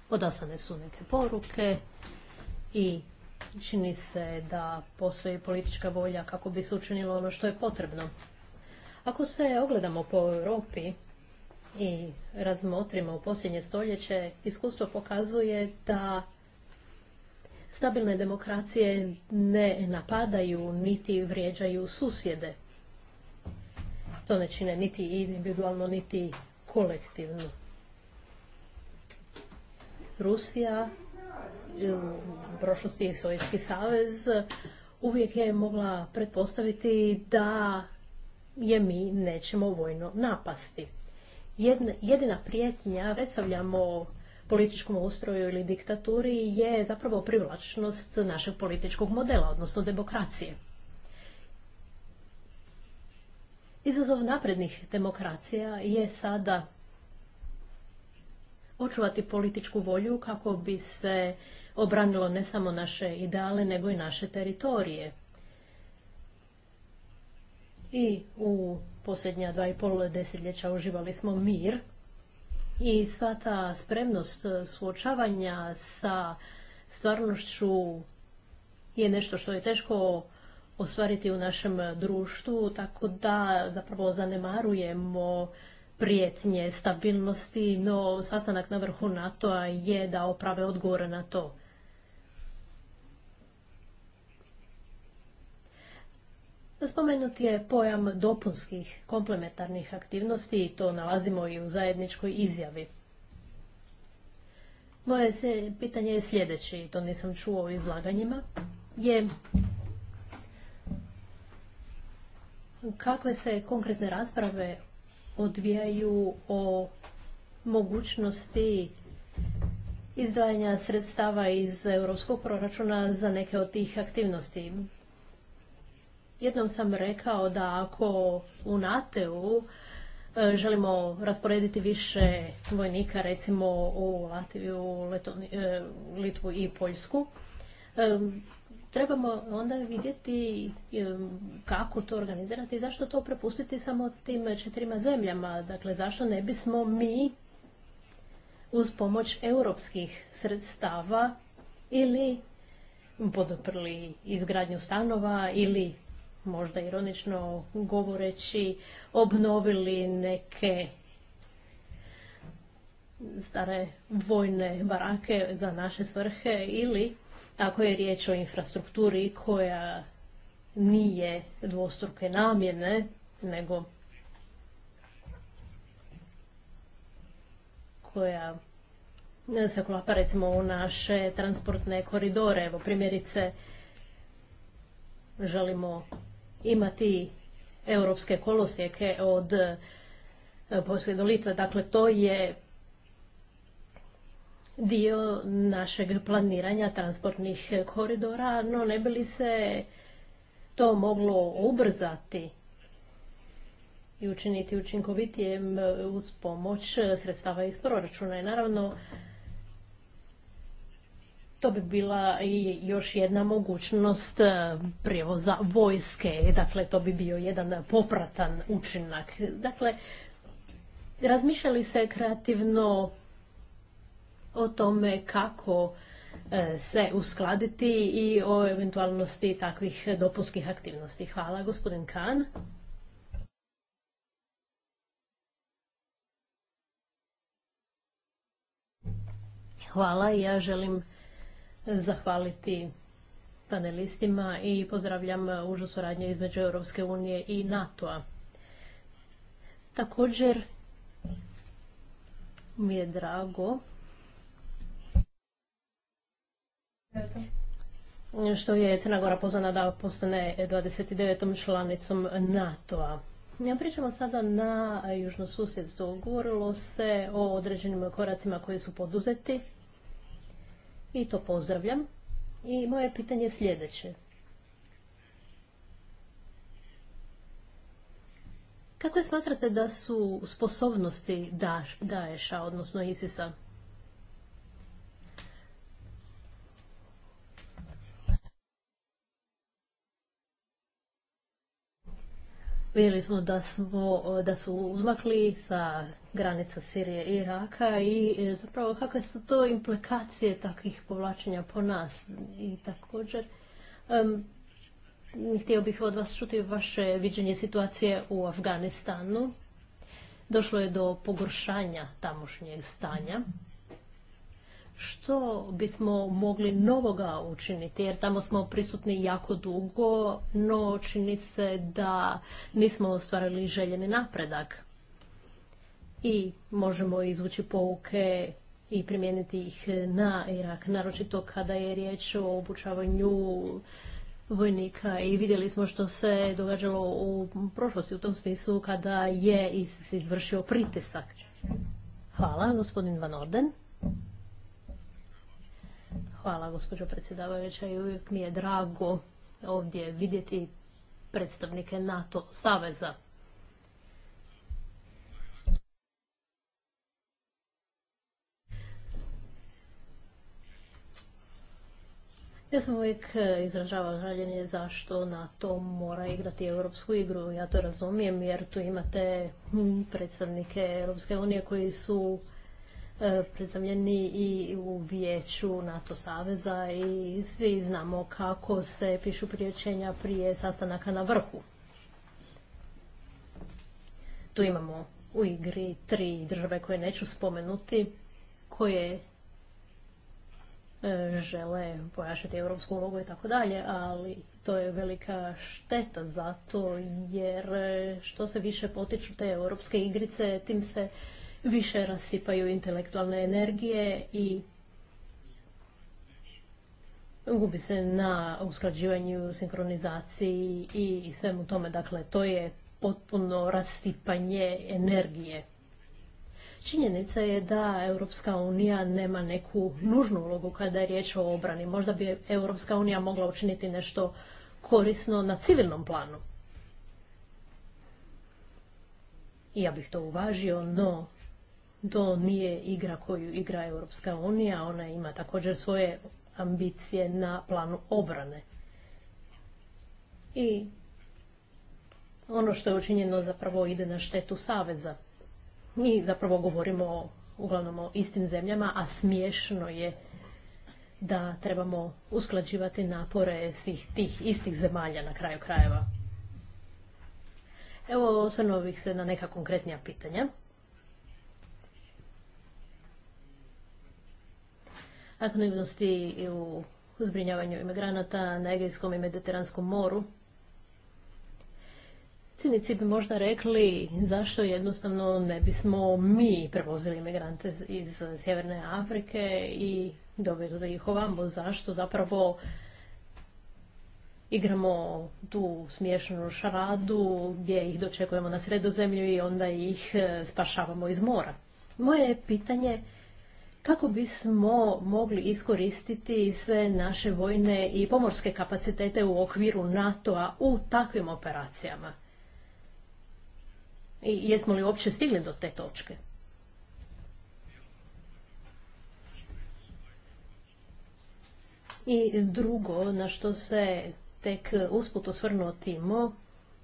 B: Odasane su neke poruke i čini se da postoji politička volja kako bi se učinilo ono što je potrebno. Ako se ogledamo po Europi i razmotrimo u posljednje stoljeće, iskustvo pokazuje da stabilne demokracije ne napadaju niti vrijeđaju susjede. To ne čine niti individualno, niti kolektivno. Rusija u prošlosti i Sovjetski savez, uvijek je mogla pretpostaviti da je mi nećemo vojno napasti. jedina prijetnja predstavljamo političkom ustroju ili diktaturi je zapravo privlačnost našeg političkog modela, odnosno demokracije. Izazov naprednih demokracija je sada očuvati političku volju kako bi se obranilo ne samo naše ideale, nego i naše teritorije. I u posljednja dva i pol desetljeća uživali smo mir i sva ta spremnost suočavanja sa stvarnošću je nešto što je teško ostvariti u našem društvu, tako da zapravo zanemarujemo prijetnje stabilnosti, no sastanak na vrhu NATO-a je dao prave odgovore na to. Spomenut je pojam dopunskih komplementarnih aktivnosti i to nalazimo i u zajedničkoj izjavi. Moje se pitanje je sljedeće, to nisam čuo u izlaganjima, je kakve se konkretne rasprave odvijaju o mogućnosti izdvajanja sredstava iz europskog proračuna za neke od tih aktivnosti. Jednom sam rekao da ako u NATO-u e, želimo rasporediti više vojnika, recimo u Latviju, e, Litvu i Poljsku, e, trebamo onda vidjeti kako to organizirati i zašto to prepustiti samo tim četirima zemljama. Dakle, zašto ne bismo mi uz pomoć europskih sredstava ili podoprli izgradnju stanova ili možda ironično govoreći, obnovili neke stare vojne barake za naše svrhe ili ako je riječ o infrastrukturi koja nije dvostruke namjene, nego koja se klapa recimo u naše transportne koridore. Evo primjerice želimo imati europske kolosijeke od e, Poljske Dakle, to je dio našeg planiranja transportnih koridora, no ne bi li se to moglo ubrzati i učiniti učinkovitijem e, uz pomoć sredstava iz proračuna. I naravno, to bi bila još jedna mogućnost e, prijevoza vojske, dakle to bi bio jedan popratan učinak. Dakle, razmišljali se kreativno o tome kako e, se uskladiti i o eventualnosti takvih dopunskih aktivnosti. Hvala, gospodin Kan. Hvala, ja želim zahvaliti panelistima i pozdravljam užu suradnju između Europske unije i NATO-a. Također mi je drago što je Crna Gora poznana da postane 29. članicom NATO-a. Ja pričamo sada na južno susjedstvo. Govorilo se o određenim koracima koji su poduzeti i to pozdravljam. I moje pitanje je sljedeće. Kako smatrate da su sposobnosti daješa, odnosno isis Vidjeli smo da, da su uzmakli sa granica Sirije i Iraka i e, zapravo kakve su to implikacije takvih povlačenja po nas. I također, um, htio bih od vas čuti vaše viđenje situacije u Afganistanu. Došlo je do pogoršanja tamošnjeg stanja što bismo mogli novoga učiniti, jer tamo smo prisutni jako dugo, no čini se da nismo ostvarili željeni napredak. I možemo izvući pouke i primijeniti ih na Irak, naročito kada je riječ o obučavanju vojnika i vidjeli smo što se događalo u prošlosti u tom smislu kada je izvršio pritisak. Hvala, gospodin Van Orden. Hvala, gospođo predsjedavajuća, i uvijek mi je drago ovdje vidjeti predstavnike NATO saveza. Ja sam uvijek e, izražava žaljenje zašto NATO mora igrati europsku igru. Ja to razumijem jer tu imate predstavnike Europske unije koji su E, predstavljeni i u vijeću NATO saveza i svi znamo kako se pišu priječenja prije sastanaka na vrhu. Tu imamo u igri tri države koje neću spomenuti, koje e, žele pojašati europsku ulogu i tako dalje, ali to je velika šteta zato jer e, što se više potiču te europske igrice, tim se više rasipaju intelektualne energije i gubi se na usklađivanju, sinkronizaciji i svemu tome. Dakle, to je potpuno rasipanje energije. Činjenica je da Europska unija nema neku nužnu ulogu kada je riječ o obrani. Možda bi Europska unija mogla učiniti nešto korisno na civilnom planu. I ja bih to uvažio, no to nije igra koju igra Europska unija, ona ima također svoje ambicije na planu obrane. I ono što je učinjeno zapravo ide na štetu Saveza. Mi zapravo govorimo uglavnom o istim zemljama, a smiješno je da trebamo usklađivati napore svih tih istih zemalja na kraju krajeva. Evo, osvrnuo bih se na neka konkretnija pitanja. aktivnosti u uzbrinjavanju imigranata na Egejskom i Mediteranskom moru. Cinici bi možda rekli zašto jednostavno ne bismo mi prevozili imigrante iz Sjeverne Afrike i da ih ovamo, zašto zapravo igramo tu smiješnu šaradu gdje ih dočekujemo na sredozemlju i onda ih e, spašavamo iz mora. Moje pitanje kako bismo mogli iskoristiti sve naše vojne i pomorske kapacitete u okviru NATO-a u takvim operacijama. I jesmo li uopće stigli do te točke? I drugo, na što se tek usput osvrnuo Timo,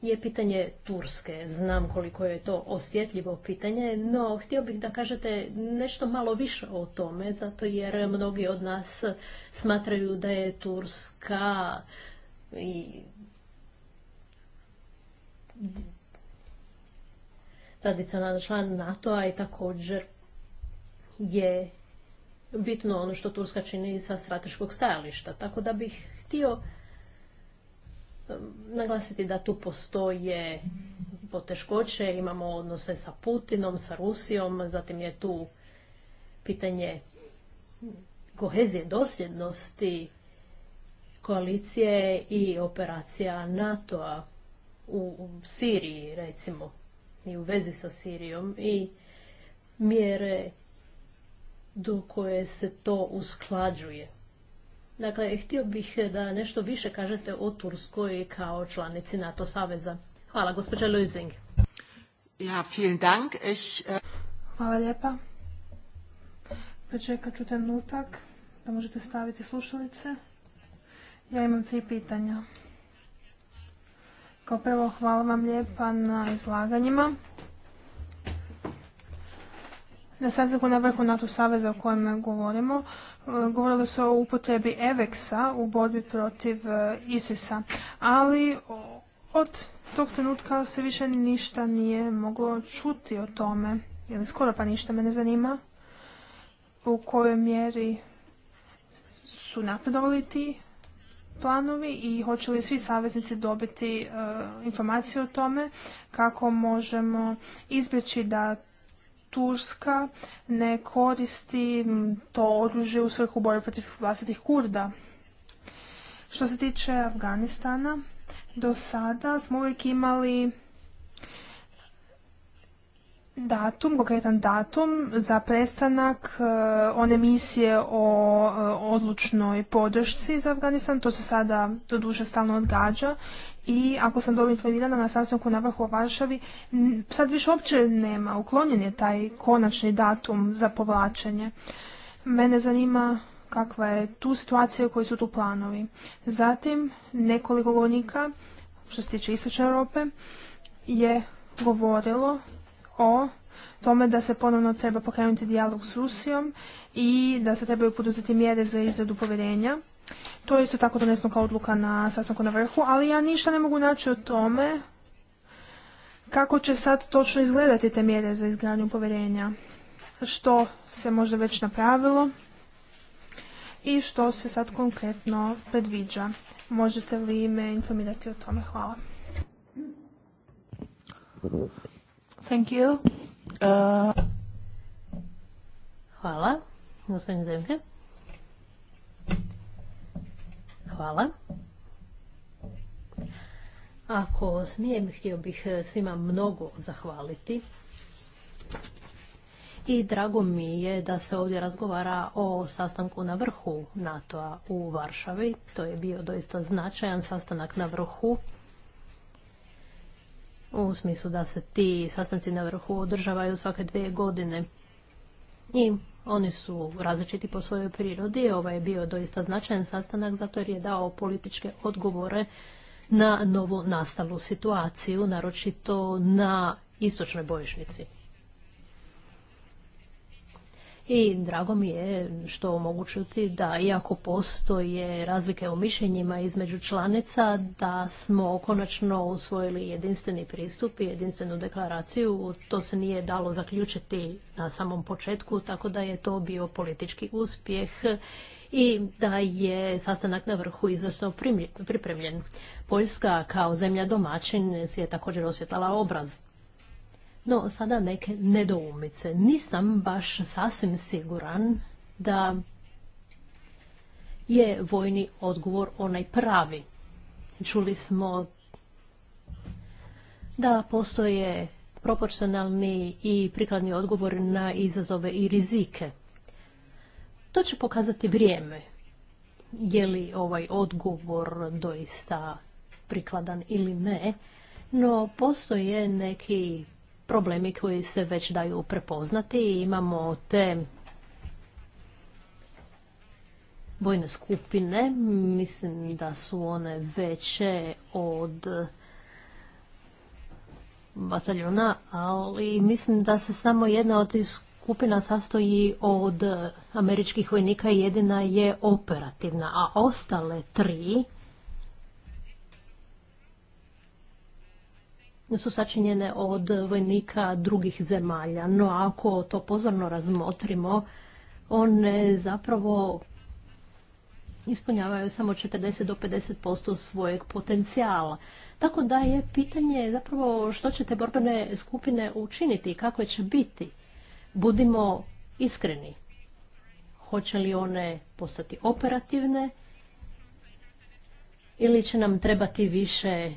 B: je pitanje Turske. Znam koliko je to osjetljivo pitanje, no htio bih da kažete nešto malo više o tome, zato jer mnogi od nas smatraju da je Turska i tradicionalan član NATO-a i također je bitno ono što Turska čini sa strateškog stajališta. Tako da bih htio naglasiti da tu postoje poteškoće, imamo odnose sa Putinom, sa Rusijom, zatim je tu pitanje kohezije dosljednosti koalicije i operacija NATO-a u Siriji recimo i u vezi sa Sirijom i mjere do koje se to usklađuje. Dakle, htio bih eh, da nešto više kažete o Turskoj kao članici NATO saveza. Hvala, gospođa Luizing. Ja, vielen Dank. Ich, uh...
C: Hvala lijepa. Pričekat ću trenutak da možete staviti slušalice. Ja imam tri pitanja. Kao prvo, hvala vam lijepa na izlaganjima. Na sastanku na vrhu NATO saveza o kojem govorimo, e, govorilo se o upotrebi eveksa u borbi protiv e, ISIS-a, ali od tog trenutka se više ništa nije moglo čuti o tome, ili skoro pa ništa me ne zanima, u kojoj mjeri su napredovali ti planovi i hoće li svi saveznici dobiti e, informaciju o tome kako možemo izbjeći da Turska ne koristi to oružje u svrhu borbe protiv vlastitih Kurda. Što se tiče Afganistana, do sada smo uvijek imali datum, konkretan datum za prestanak e, one misije o e, odlučnoj podršci za Afganistan. To se sada doduše stalno odgađa i ako sam dobro informirana na sastanku na vrhu u Varšavi, sad više uopće nema, uklonjen je taj konačni datum za povlačenje. Mene zanima kakva je tu situacija koji su tu planovi. Zatim, nekoliko govornika, što se tiče Istočne Europe, je govorilo o tome da se ponovno treba pokrenuti dijalog s Rusijom i da se trebaju poduzeti mjere za izradu povjerenja to je isto tako donesno kao odluka na sastanku na vrhu, ali ja ništa ne mogu naći o tome kako će sad točno izgledati te mjere za izgradnju povjerenja. Što se možda već napravilo i što se sad konkretno predviđa. Možete li me informirati o tome? Hvala.
B: Thank you. Uh... Hvala. Hvala. Ako smijem, htio bih e, svima mnogo zahvaliti. I drago mi je da se ovdje razgovara o sastanku na vrhu NATO-a u Varšavi. To je bio doista značajan sastanak na vrhu. U smislu da se ti sastanci na vrhu održavaju svake dvije godine. I oni su različiti po svojoj prirodi. Ovaj je bio doista značajan sastanak zato jer je dao političke odgovore na novu nastalu situaciju, naročito na istočnoj bojišnici. I drago mi je što mogu da iako postoje razlike u mišljenjima između članica, da smo konačno usvojili jedinstveni pristup i jedinstvenu deklaraciju. To se nije dalo zaključiti na samom početku, tako da je to bio politički uspjeh i da je sastanak na vrhu izvrsno pripremljen. Poljska kao zemlja domaćin si je također osvjetala obraz. No, sada neke nedoumice. Nisam baš sasvim siguran da je vojni odgovor onaj pravi. Čuli smo da postoje proporcionalni i prikladni odgovor na izazove i rizike. To će pokazati vrijeme. Je li ovaj odgovor doista prikladan ili ne, no postoje neki problemi koji se već daju prepoznati. Imamo te vojne skupine, mislim da su one veće od bataljona, ali mislim da se samo jedna od tih skupina sastoji od američkih vojnika i jedina je operativna, a ostale tri su sačinjene od vojnika drugih zemalja. No ako to pozorno razmotrimo, one zapravo ispunjavaju samo 40 do 50% svojeg potencijala. Tako da je pitanje zapravo što će te borbene skupine učiniti i kako će biti. Budimo iskreni. Hoće li one postati operativne ili će nam trebati više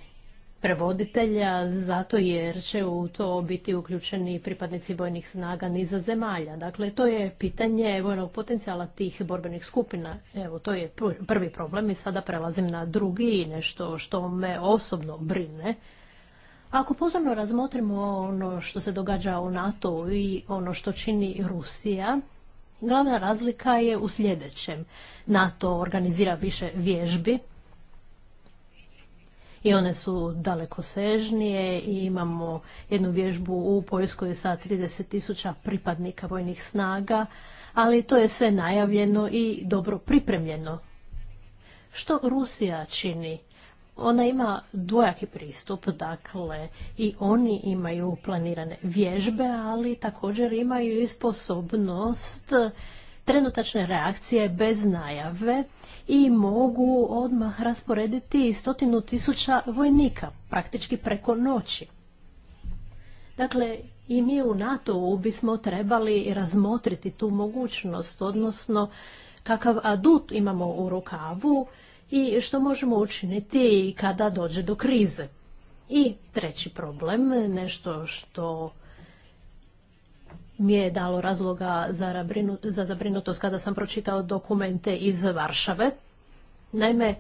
B: prevoditelja zato jer će u to biti uključeni pripadnici vojnih snaga niza zemalja. Dakle, to je pitanje vojnog potencijala tih borbenih skupina. Evo, to je prvi problem i sada prelazim na drugi i nešto što me osobno brine. Ako pozorno razmotrimo ono što se događa u NATO i ono što čini Rusija, glavna razlika je u sljedećem. NATO organizira više vježbi, i one su daleko sežnije i imamo jednu vježbu u Poljskoj sa 30.000 pripadnika vojnih snaga, ali to je sve najavljeno i dobro pripremljeno. Što Rusija čini? Ona ima dvojaki pristup, dakle i oni imaju planirane vježbe, ali također imaju i sposobnost trenutačne reakcije bez najave i mogu odmah rasporediti stotinu tisuća vojnika, praktički preko noći. Dakle, i mi u NATO-u bismo trebali razmotriti tu mogućnost, odnosno kakav adut imamo u rukavu i što možemo učiniti kada dođe do krize. I treći problem, nešto što mi je dalo razloga za zabrinutost kada sam pročitao dokumente iz Varšave. Naime,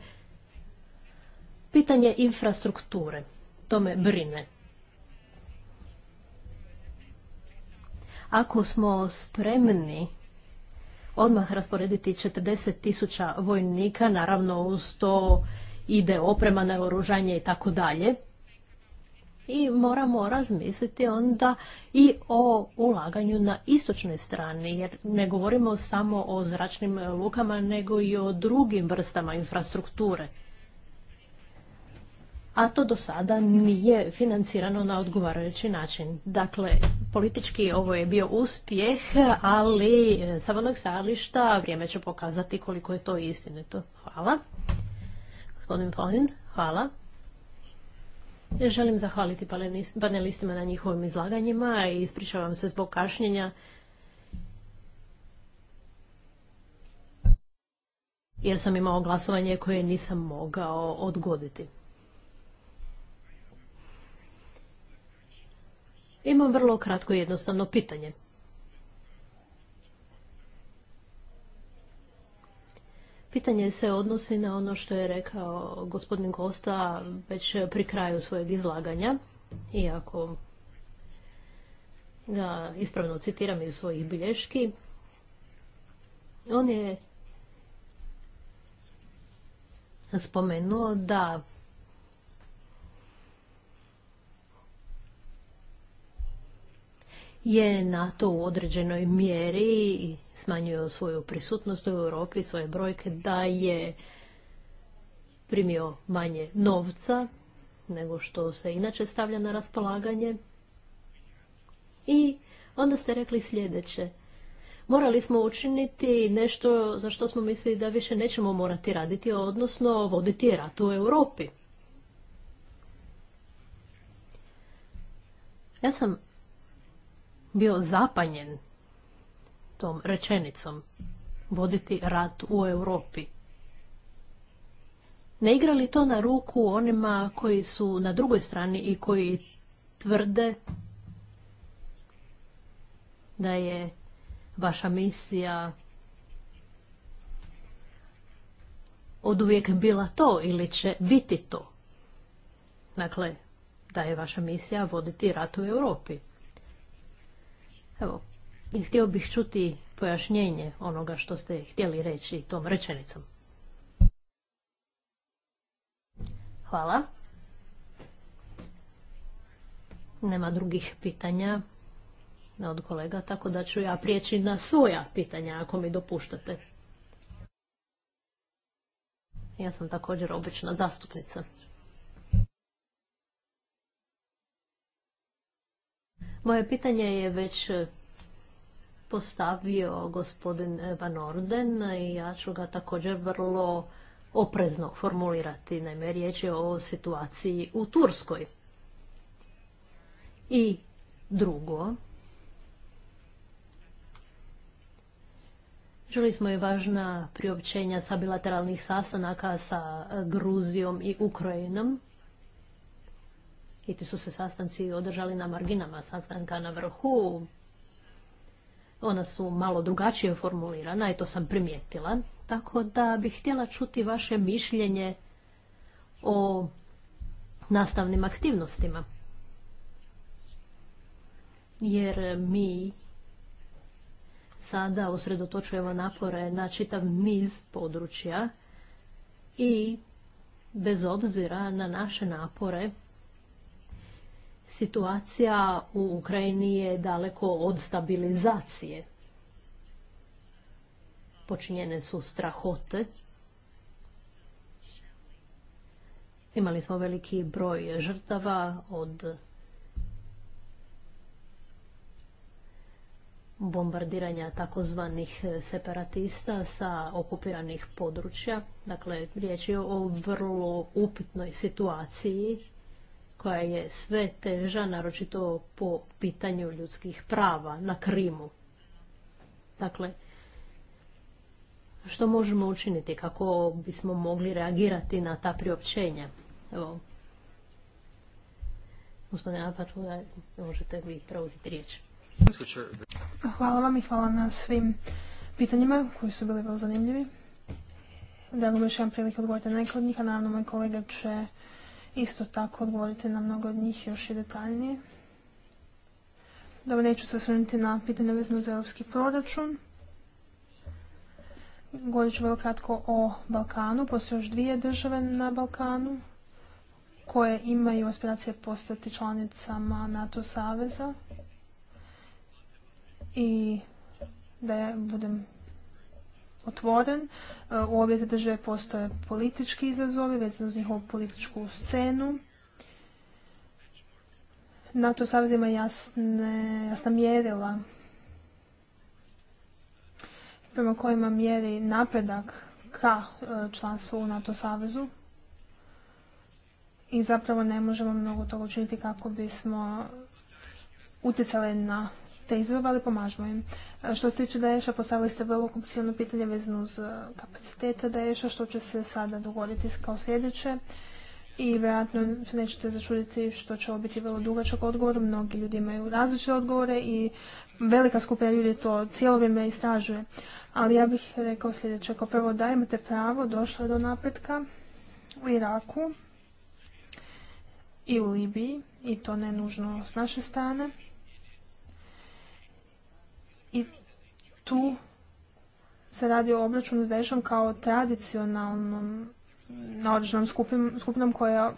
B: pitanje infrastrukture, to me brine. Ako smo spremni odmah rasporediti 40.000 tisuća vojnika, naravno uz to ide oprema na oružanje i tako dalje, i moramo razmisliti onda i o ulaganju na istočnoj strani, jer ne govorimo samo o zračnim lukama, nego i o drugim vrstama infrastrukture. A to do sada nije financirano na odgovarajući način. Dakle, politički ovo je bio uspjeh, ali e, sa onog stajališta vrijeme će pokazati koliko je to istinito. Hvala. Gospodin Ponin, hvala. Želim zahvaliti panelistima na njihovim izlaganjima i ispričavam se zbog kašnjenja. Jer sam imao glasovanje koje nisam mogao odgoditi. Imam vrlo kratko i jednostavno pitanje. Pitanje se odnosi na ono što je rekao gospodin Kosta već pri kraju svojeg izlaganja, iako ga ispravno citiram iz svojih bilješki. On je spomenuo da je NATO u određenoj mjeri smanjio svoju prisutnost u Europi, svoje brojke, da je primio manje novca nego što se inače stavlja na raspolaganje. I onda ste rekli sljedeće. Morali smo učiniti nešto za što smo mislili da više nećemo morati raditi, odnosno voditi rat u Europi. Ja sam bio zapanjen tom rečenicom voditi rat u Europi. Ne igra li to na ruku onima koji su na drugoj strani i koji tvrde da je vaša misija od uvijek bila to ili će biti to. Dakle, da je vaša misija voditi rat u Europi. Evo, i htio bih čuti pojašnjenje onoga što ste htjeli reći tom rečenicom. Hvala. Nema drugih pitanja od kolega, tako da ću ja prijeći na svoja pitanja, ako mi dopuštate. Ja sam također obična zastupnica. Moje pitanje je već postavio gospodin Van Orden i ja ću ga također vrlo oprezno formulirati. Naime, riječ je o situaciji u Turskoj. I drugo, Čuli smo i važna priopćenja sa bilateralnih sastanaka sa Gruzijom i Ukrajinom. I ti su se sastanci održali na marginama sastanka na vrhu. Ona su malo drugačije formulirana i to sam primijetila. Tako da bih htjela čuti vaše mišljenje o nastavnim aktivnostima. Jer mi sada usredotočujemo napore na čitav niz područja i bez obzira na naše napore situacija u Ukrajini je daleko od stabilizacije. Počinjene su strahote. Imali smo veliki broj žrtava od bombardiranja takozvanih separatista sa okupiranih područja. Dakle, riječ je o vrlo upitnoj situaciji koja je sve teža, naročito po pitanju ljudskih prava na Krimu. Dakle, što možemo učiniti, kako bismo mogli reagirati na ta priopćenja? Evo, gospodine Apatu, možete vi preuzeti riječ. Hvala vam i hvala
C: na svim
B: pitanjima koji
C: su bili vrlo zanimljivi. Drago mi je što vam prilike odgovoriti na neke od njih, a naravno moj kolega će isto tako odgovorite na mnogo od njih još i detaljnije. Dobro, neću se osvrnuti na pitanje vezano za europski proračun. Govorit ću vrlo kratko o Balkanu. Postoje još dvije države na Balkanu koje imaju aspiracije postati članicama NATO saveza. I da budem otvoren. E, u obje države postoje politički izazovi vezano uz njihovu političku scenu. NATO savez ima jasne, jasna mjerila prema kojima mjeri napredak ka e, članstvu u NATO savezu i zapravo ne možemo mnogo toga učiniti kako bismo utjecali na te izazove, ali pomažemo im. Što se tiče Daješa, postavili ste vrlo komplicirano pitanje vezano uz e, kapacitete Daješa, što će se sada dogoditi kao sljedeće. I vjerojatno se nećete začuditi što će ovo biti vrlo dugačak odgovor. Mnogi ljudi imaju različite odgovore i velika skupina ljudi to cijelo vrijeme istražuje. Ali ja bih rekao sljedeće. Kao prvo da imate pravo, došlo je do napretka u Iraku i u Libiji i to ne nužno s naše strane. tu se radi o obračunu s Daeshom kao tradicionalnom naoružanom skupinom koja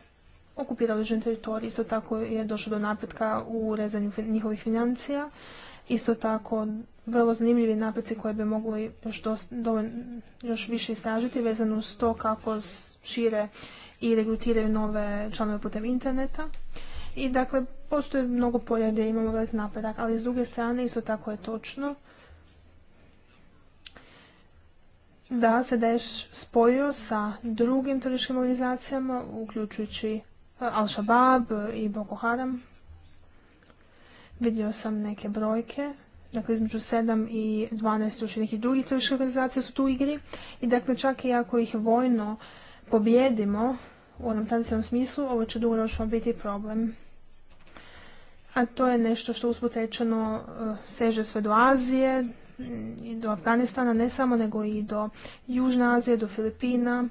C: okupira određen teritorij. Isto tako je došlo do napretka u rezanju njihovih financija. Isto tako vrlo zanimljivi napreci koje bi mogli još, više istražiti vezano uz to kako šire i regrutiraju nove članove putem interneta. I dakle, postoje mnogo polja gdje imamo velik napredak, ali s druge strane isto tako je točno da se Daesh spojio sa drugim terorističkim organizacijama, uključujući e, Al-Shabaab i Boko Haram. Vidio sam neke brojke, dakle između 7 i 12 još nekih drugih terorističkih organizacija su tu u igri i dakle čak i ako ih vojno pobjedimo u onom tradicionalnom smislu, ovo će dugoročno biti problem. A to je nešto što usput e, seže sve do Azije, i do Afganistana, ne samo, nego i do Južne Azije, do Filipina.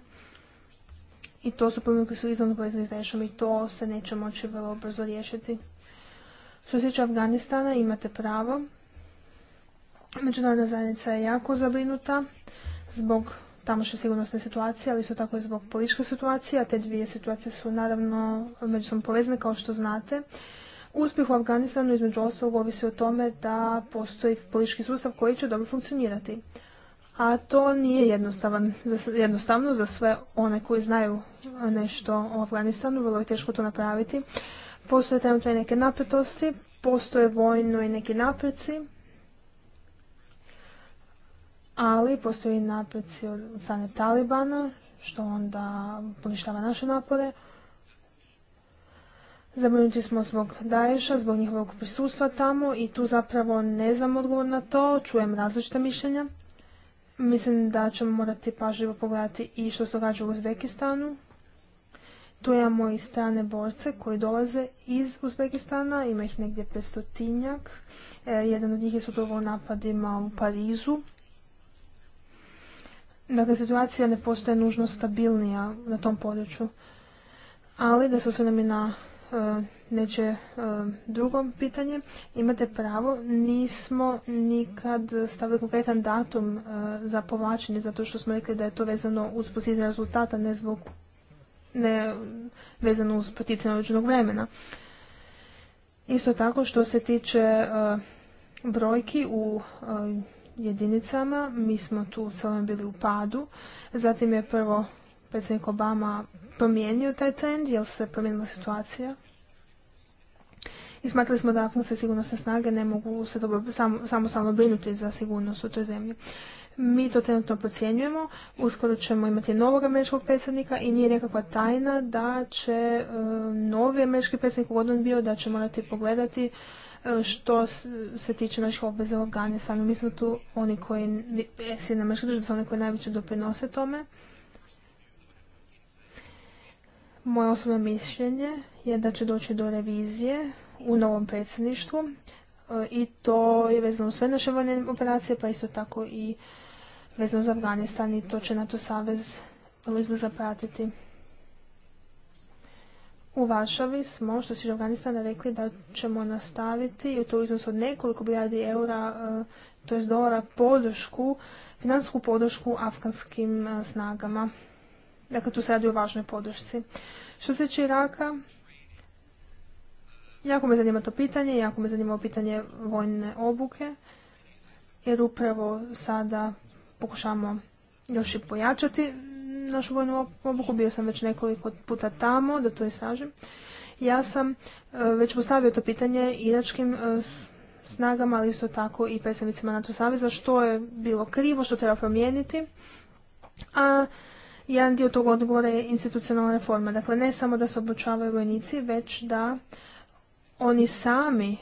C: I to su problemi koji su izravno povezani s i to se neće moći vrlo brzo riješiti. Što se tiče Afganistana, imate pravo. Međunarodna zajednica je jako zabrinuta zbog tamošnje sigurnosne situacije, ali isto tako i zbog političke situacije, a te dvije situacije su naravno međusobno povezane, kao što znate. Uspjeh u Afganistanu između ostalog ovisi o tome da postoji politički sustav koji će dobro funkcionirati. A to nije jednostavno za sve one koji znaju nešto o Afganistanu, vrlo je teško to napraviti. Postoje trenutno i neke napetosti, postoje vojno i neki napreci, ali postoji i napreci od strane Talibana, što onda poništava naše napore, Zabrinuti smo zbog Daješa, zbog njihovog prisustva tamo i tu zapravo ne znam odgovor na to, čujem različita mišljenja. Mislim da ćemo morati pažljivo pogledati i što se događa u Uzbekistanu. Tu imamo i strane borce koji dolaze iz Uzbekistana, ima ih negdje 500 e, Jedan od njih je u napadima u Parizu. Dakle, situacija ne postoje nužno stabilnija na tom području. Ali da se osvrnem i na E, neće e, drugo pitanje. Imate pravo, nismo nikad stavili konkretan datum e, za povlačenje, zato što smo rekli da je to vezano uz posljednje rezultata, ne zbog ne vezano uz poticanje određenog vremena. Isto tako što se tiče brojki u jedinicama, mi smo tu u bili u padu, zatim je prvo predsjednik Obama promijenio taj trend, jer se promijenila situacija i smatrali smo da funkcije sigurnosne snage ne mogu se dobro samo samostalno brinuti za sigurnost u toj zemlji. Mi to trenutno procjenjujemo, uskoro ćemo imati novog američkog predsjednika i nije nekakva tajna da će e, novi američki predsjednik ugodan bio da će morati pogledati e, što se tiče naših obveza u Afganistanu. Mi smo tu oni koji, e, na su oni koji najveće doprinose tome. Moje osobno mišljenje je da će doći do revizije u novom predsjedništvu e, i to je vezano sve naše vojne operacije, pa isto tako i vezano za Afganistan i to će NATO savez vrlo izbrzo pratiti. U Varšavi smo, što se Afganistana, rekli da ćemo nastaviti i to u iznosu od nekoliko milijardi eura, e, to je dolara, podršku, finansku podršku afganskim e, snagama. Dakle, tu se radi o važnoj podršci. Što se tiče Iraka, Jako me zanima to pitanje, jako me zanima pitanje vojne obuke, jer upravo sada pokušamo još i pojačati našu vojnu obuku. Bio sam već nekoliko puta tamo, da to istražim. Ja sam e, već postavio to pitanje iračkim e, snagama, ali isto tako i predstavnicima NATO saveza, što je bilo krivo, što treba promijeniti. A jedan dio tog odgovora je institucionalna reforma. Dakle, ne samo da se obučavaju vojnici, već da oni sami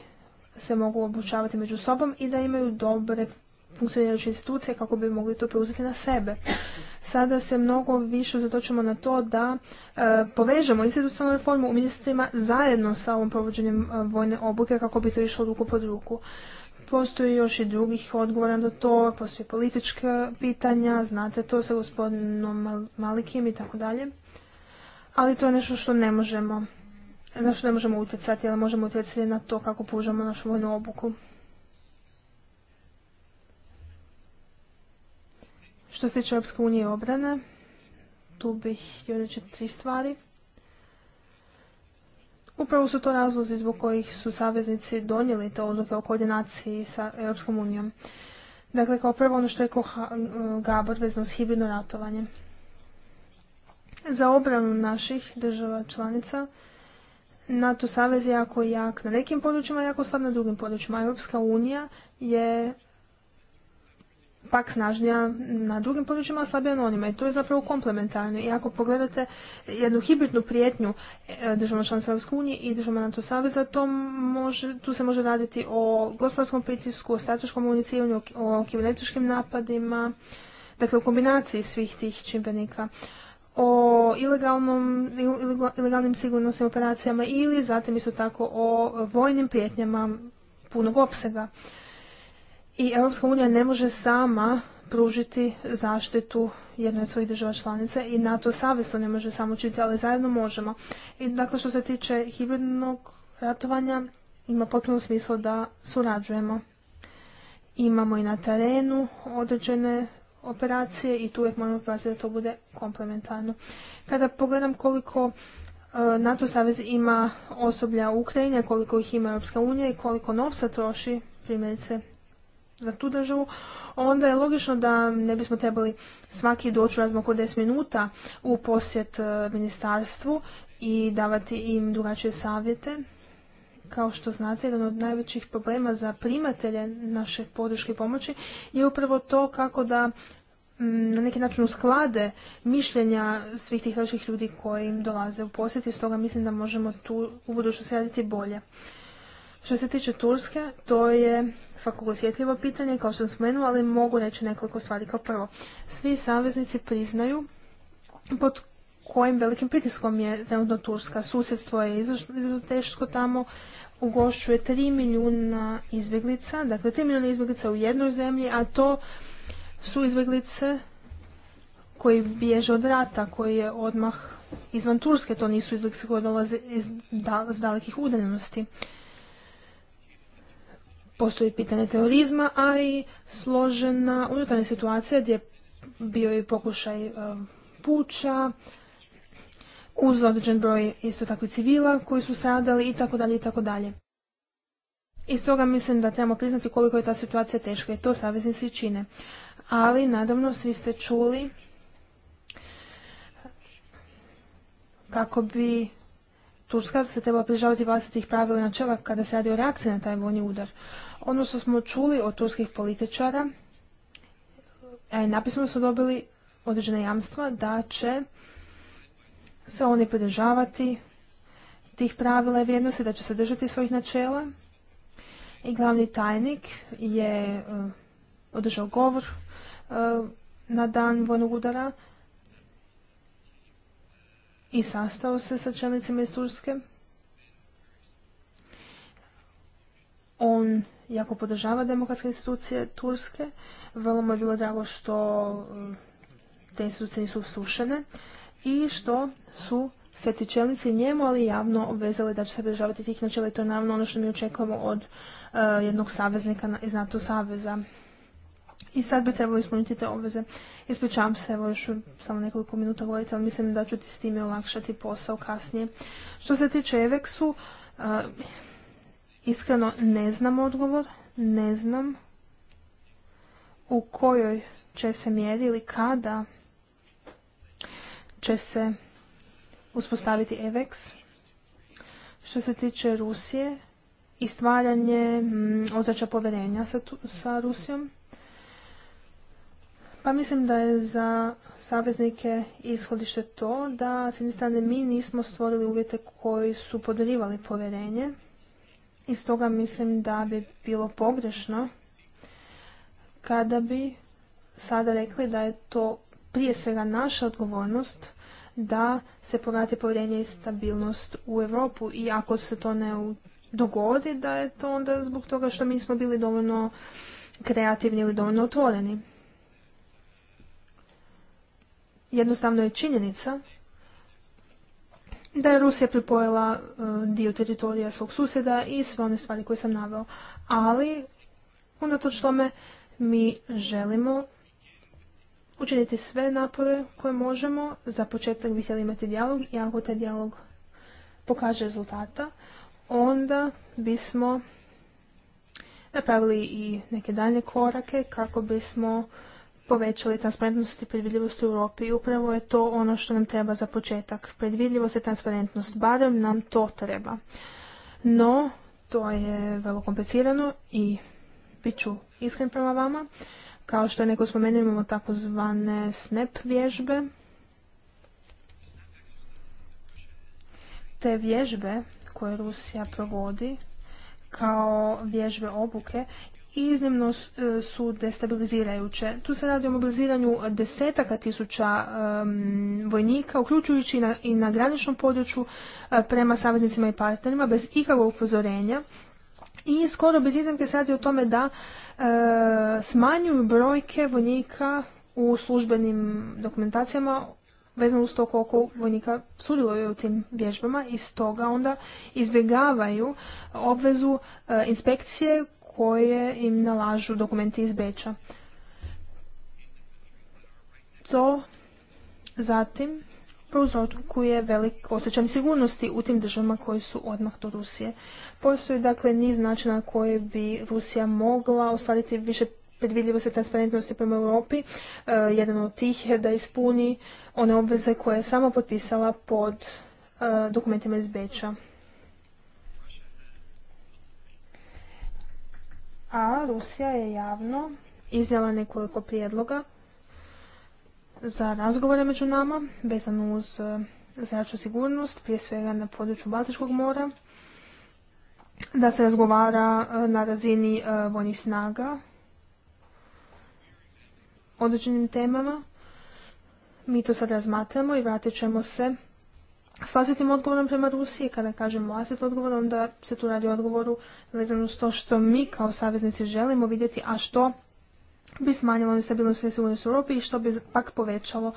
C: se mogu obučavati među sobom i da imaju dobre funkcionirajuće institucije kako bi mogli to preuzeti na sebe. Sada se mnogo više zatočimo na to da e, povežemo institucionalnu reformu u ministrima zajedno sa ovom provođenjem e, vojne obuke kako bi to išlo ruku pod ruku. Postoji još i drugih odgovora na to, postoje politička pitanja, znate to sa gospodinom Malikim i tako dalje. Ali to je nešto što ne možemo na što ne možemo utjecati, ali možemo utjecati na to kako pružamo našu vojnu obuku. Što se tiče Europske unije i obrane, tu bih htio reći tri stvari. Upravo su to razlozi zbog kojih su saveznici donijeli te odluke o koordinaciji sa Europskom unijom. Dakle, kao prvo ono što je koha, e, Gabor vezano s hibridno ratovanje. Za obranu naših država članica NATO savez je jako jak na nekim područjima, jako slab na drugim područjima. Europska unija je pak snažnija na drugim područjima, a slabija na onima. I to je zapravo komplementarno. I ako pogledate jednu hibridnu prijetnju e, državama članica Europske unije i državama NATO saveza, to tu se može raditi o gospodarskom pritisku, o strateškom uništivanju o kibernetičkim napadima, dakle u kombinaciji svih tih čimbenika o ilegalnom, ilegalnim sigurnosnim operacijama ili zatim isto tako o vojnim prijetnjama punog opsega. I Europska unija ne može sama pružiti zaštitu jednoj od svojih država članica i NATO savez ne može samo učiniti, ali zajedno možemo. I dakle što se tiče hibridnog ratovanja ima potpuno smislu da surađujemo. Imamo i na terenu određene operacije i tu uvijek moramo paziti da to bude komplementarno. Kada pogledam koliko e, NATO savez ima osoblja Ukrajine, koliko ih ima Europska unija i koliko novca troši, primjerice za tu državu, onda je logično da ne bismo trebali svaki doći u oko 10 minuta u posjet e, ministarstvu i davati im drugačije savjete. Kao što znate, jedan od najvećih problema za primatelje naše podrške pomoći je upravo to kako da mm, na neki način usklade mišljenja svih tih naših ljudi koji im dolaze u posjet i stoga mislim da možemo tu u budućnosti raditi bolje. Što se tiče Turske, to je svakog osjetljivo pitanje, kao što sam spomenula, ali mogu reći nekoliko stvari. Kao prvo, svi saveznici priznaju pod kojim velikim pritiskom je trenutno Turska. Susjedstvo je izuzetno teško tamo, ugošuje 3 milijuna izbjeglica, dakle 3 milijuna izbjeglica u jednoj zemlji, a to su izbjeglice koji bježe od rata, koji je odmah izvan Turske, to nisu izbjeglice koje dolaze iz dalekih udaljenosti. Postoji pitanje terorizma, a i složena unutarnja situacija gdje bio i pokušaj e, puča, uz određen broj isto tako i civila koji su sadali i tako dalje i tako dalje. I stoga mislim da trebamo priznati koliko je ta situacija teška i to saveznici čine. Ali, nadamno, svi ste čuli kako bi Turska se trebala prižavati vlastitih pravila i načela kada se radi o reakciji na taj vojni udar. Ono što smo čuli od turskih političara, a e, i napisno su dobili određene jamstva da će se oni podržavati tih pravila i vrijednosti, da će se držati svojih načela. I glavni tajnik je eh, održao govor eh, na dan vojnog udara i sastao se sa čelnicima iz Turske. On jako podržava demokratske institucije Turske. Vrlo mu je bilo drago što eh, te institucije nisu slušene i što su se ti čelnici njemu, ali javno obvezali da će se pridržavati tih načela i to je naravno ono što mi očekujemo od e, jednog saveznika iz NATO saveza. I sad bi trebalo ispuniti te obveze. Ispričavam se, evo još samo nekoliko minuta govoriti, ali mislim da ću ti s time olakšati posao kasnije. Što se tiče Eveksu, e, iskreno ne znam odgovor, ne znam u kojoj će se mjeri ili kada će se uspostaviti EVEX. Što se tiče Rusije i stvaranje mm, ozračja povjerenja sa, Rusijom, pa mislim da je za saveznike ishodište to da s jedne strane mi nismo stvorili uvjete koji su podarivali povjerenje i stoga mislim da bi bilo pogrešno kada bi sada rekli da je to prije svega naša odgovornost da se povrati povjerenje i stabilnost u Europu i ako se to ne dogodi, da je to onda zbog toga što mi smo bili dovoljno kreativni ili dovoljno otvoreni. Jednostavno je činjenica da je Rusija pripojela e, dio teritorija svog susjeda i sve one stvari koje sam naveo. Ali, unatoč tome, mi želimo učiniti sve napore koje možemo. Za početak bi htjeli imati dijalog i ako taj dijalog pokaže rezultata, onda bismo napravili i neke dalje korake kako bismo povećali transparentnost i predvidljivost u Europi. I upravo je to ono što nam treba za početak. Predvidljivost i transparentnost, barem nam to treba. No, to je vrlo komplicirano i bit ću iskren prema vama. Kao što je neko spomenuo, imamo takozvane SNEP vježbe. Te vježbe koje Rusija provodi kao vježbe obuke iznimno e, su destabilizirajuće. Tu se radi o mobiliziranju desetaka tisuća vojnika, uključujući i na, graničnom području e, prema saveznicima i partnerima, bez ikakvog upozorenja. I skoro bez iznimke se radi o tome da E, smanjuju brojke vojnika u službenim dokumentacijama vezano uz to koliko vojnika sudjeluju u tim vježbama i stoga onda izbjegavaju obvezu e, inspekcije koje im nalažu dokumenti iz Beča. To zatim prouzrokuje velik osjećaj sigurnosti u tim državama koji su odmah do Rusije. Postoji dakle niz načina koje bi Rusija mogla ostvariti više predvidljivosti i transparentnosti prema Europi. E, jedan od tih je da ispuni one obveze koje je sama potpisala pod e, dokumentima iz Beča. A Rusija je javno iznijela nekoliko prijedloga za razgovore među nama vezano uz e, zračnu sigurnost, prije svega na području Baltičkog mora, da se razgovara e, na razini e, vojnih snaga određenim temama. Mi to sad razmatramo i vratit ćemo se s vlastitim odgovorom prema Rusiji. Kada kažem vlastit odgovor, onda se tu radi o odgovoru vezano s to što mi kao saveznici želimo vidjeti, a što bi smanjilo nestabilnost i nesigurnost u Europi i što bi pak povećalo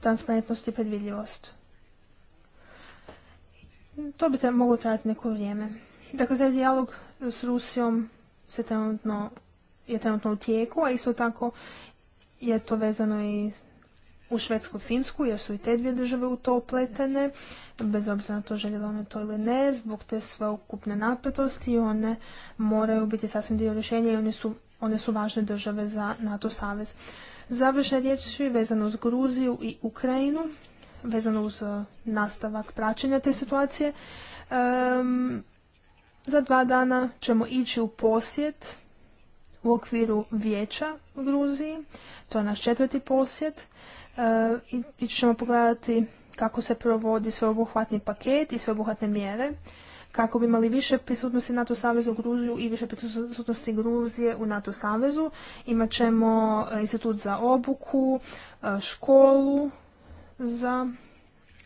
C: transparentnost i predvidljivost. To bi moglo trajati neko vrijeme. Dakle, taj dijalog s Rusijom se trenutno, je trenutno u tijeku, a isto tako je to vezano i u Švedsku i Finsku, jer su i te dvije države u to opletene, bez obzira na to željele one to ili ne, zbog te sveukupne napetosti one moraju biti sasvim dio rješenja i oni su one su važne države za NATO savez. Završne riječi vezano uz Gruziju i Ukrajinu, vezano uz e, nastavak praćenja te situacije. za dva dana ćemo ići u posjet u okviru vijeća u Gruziji. To je naš četvrti posjet. E, i ići ćemo pogledati kako se provodi sveobuhvatni paket i sveobuhvatne mjere kako bi imali više prisutnosti NATO savezu, u Gruziju i više prisutnosti Gruzije u NATO savezu. Imat ćemo e, institut za obuku, e, školu za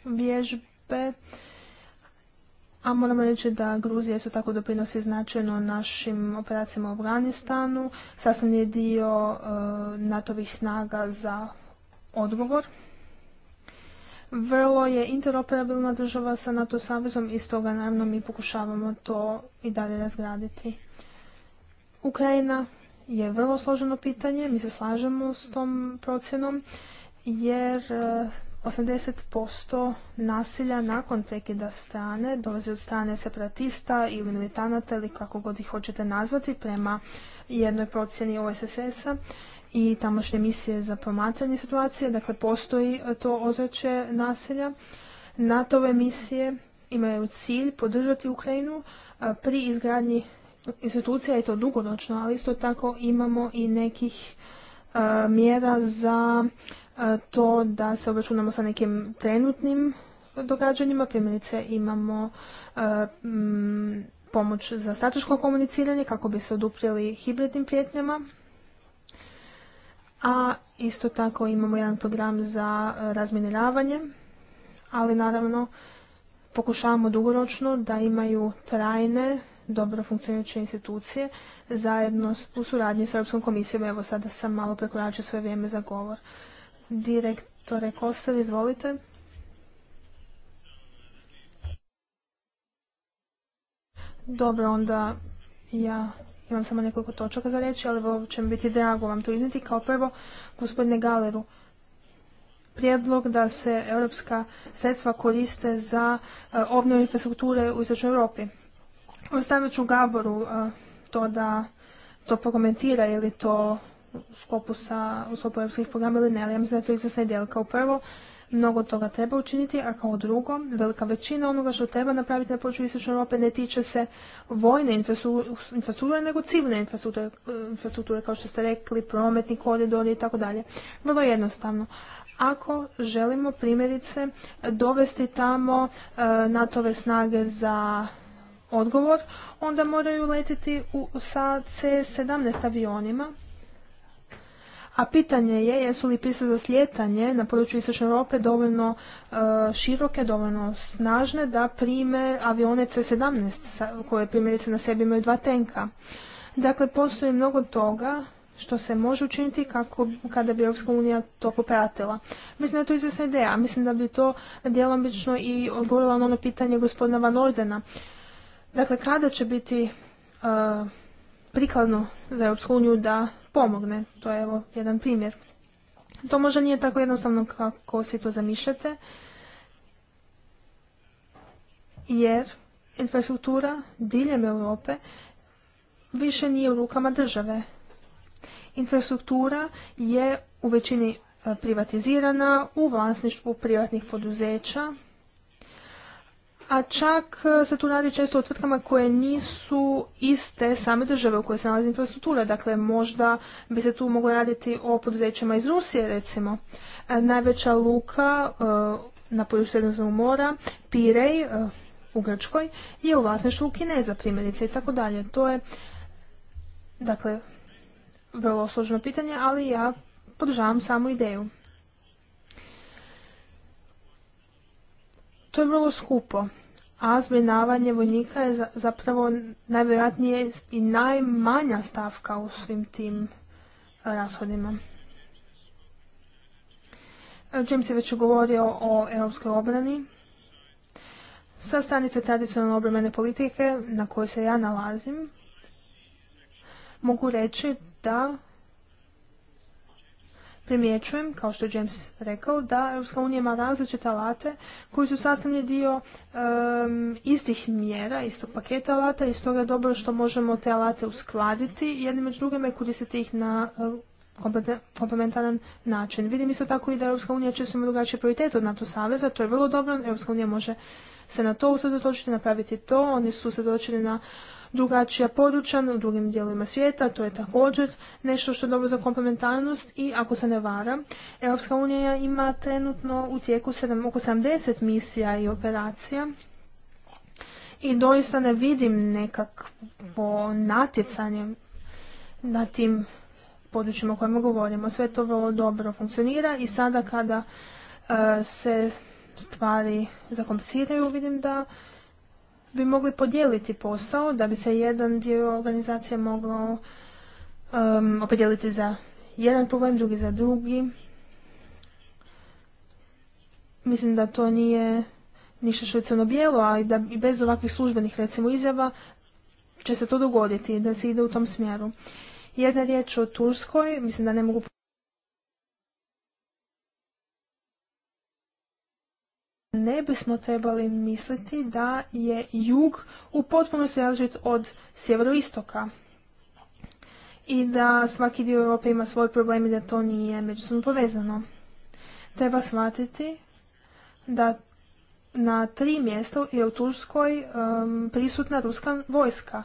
C: vježbe. A moramo reći da Gruzija isto tako doprinosi značajno našim operacijama u Afganistanu. sasvim je dio e, NATO-vih snaga za odgovor vrlo je interoperabilna država sa NATO savezom i stoga naravno mi pokušavamo to i dalje razgraditi. Ukrajina je vrlo složeno pitanje, mi se slažemo s tom procjenom jer 80% e, nasilja nakon prekida strane dolazi od strane separatista ili militanata ili kako god ih hoćete nazvati prema jednoj procjeni OSSS-a i tamošnje misije za promatranje situacije. Dakle, postoji to ozračje naselja. NATO-ve misije imaju cilj podržati Ukrajinu pri izgradnji institucija i to dugoročno, ali isto tako imamo i nekih mjera za to da se obračunamo sa nekim trenutnim događanjima. Primjerice imamo pomoć za strateško komuniciranje kako bi se oduprijeli hibridnim prijetnjama a isto tako imamo jedan program za e, razminiravanje, ali naravno pokušavamo dugoročno da imaju trajne, dobro funkcionirajuće institucije zajedno u suradnji sa Europskom komisijom. Evo sada sam malo prekoračio svoje vrijeme za govor. Direktore Kostel, izvolite. Dobro, onda ja imam samo nekoliko točaka za reći, ali ovo će mi biti drago vam to izniti. Kao prvo, gospodine Galeru, prijedlog da se europska sredstva koriste za eh, obnovu infrastrukture u Istočnoj Europi. Ostavit ću Gaboru eh, to da to prokomentira ili to u sklopu, u sklopu europskih programa ili ne, ali ja mislim da je to izvrsna ideja. Kao prvo, Mnogo toga treba učiniti, a kao drugo, velika većina onoga što treba napraviti na području Istočne Europe ne tiče se vojne infrastrukture, nego civilne infrastrukture, kao što ste rekli, prometni koridori i tako dalje. Vrlo jednostavno. Ako želimo primjerice dovesti tamo e, NATO-ve snage za odgovor, onda moraju letiti u, sa C-17 avionima, a pitanje je jesu li piste za slijetanje na području Istočne Europe dovoljno e, široke, dovoljno snažne da prime avione C-17 koje primjerice na sebi imaju dva tenka. Dakle, postoji mnogo toga što se može učiniti kako, kada bi Europska unija to popratila. Mislim da je to izvjesna ideja. Mislim da bi to djelomično i odgovorilo na ono pitanje gospodina Van Ordena. Dakle, kada će biti e, prikladno za Europsku uniju da pomogne. To je evo jedan primjer. To možda nije tako jednostavno kako si to zamišljate, jer infrastruktura diljem Europe više nije u rukama države. Infrastruktura je u većini e, privatizirana u vlasništvu privatnih poduzeća a čak e, se tu radi često o tvrtkama koje nisu iste same države u kojoj se nalazi infrastruktura. Dakle, možda bi se tu moglo raditi o poduzećima iz Rusije, recimo. E, najveća luka e, na polju Sredozemnog mora, Pirej u Grčkoj, je u vlasništvu Kineza, primjerice i tako dalje. To je, dakle, vrlo složeno pitanje, ali ja podržavam samu ideju. To je vrlo skupo, a zbrinjavanje vojnika je zapravo najvjerojatnije i najmanja stavka u svim tim e, rashodima. E, James se već govorio o europskoj obrani. Sa stranice tradicionalne obrambene politike na kojoj se ja nalazim, mogu reći da primjećujem, kao što je James rekao, da EU ima različite alate koji su sastavni dio istih mjera, istog paketa alata i stoga je dobro što možemo te alate uskladiti jedni među drugima i koristiti ih na e, komplementaran način. Vidim isto tako i da Europska unija često ima drugačije prioritete od NATO saveza, to je vrlo dobro, Europska može se na to usredotočiti, napraviti to, oni su usredotočeni na drugačija područja u drugim dijelovima svijeta, to je također nešto što je dobro za komplementarnost i ako se ne varam, Europska unija ima trenutno u tijeku oko 70 misija i operacija i doista ne vidim nekakvo natjecanje na tim područjima o kojima govorimo. Sve to vrlo dobro funkcionira i sada kada e, se stvari zakompliciraju vidim da bi mogli podijeliti posao, da bi se jedan dio organizacije mogao um, opodijeliti za jedan problem, drugi za drugi. Mislim da to nije ništa što je bijelo ali da i bez ovakvih službenih recimo izjava će se to dogoditi, da se ide u tom smjeru. Jedna riječ o Turskoj, mislim da ne mogu ne bismo trebali misliti da je jug u potpunosti različit od sjeveroistoka i da svaki dio Europe ima svoj problem i da to nije međusobno povezano. Treba shvatiti da na tri mjesta je u Turskoj prisutna ruska vojska.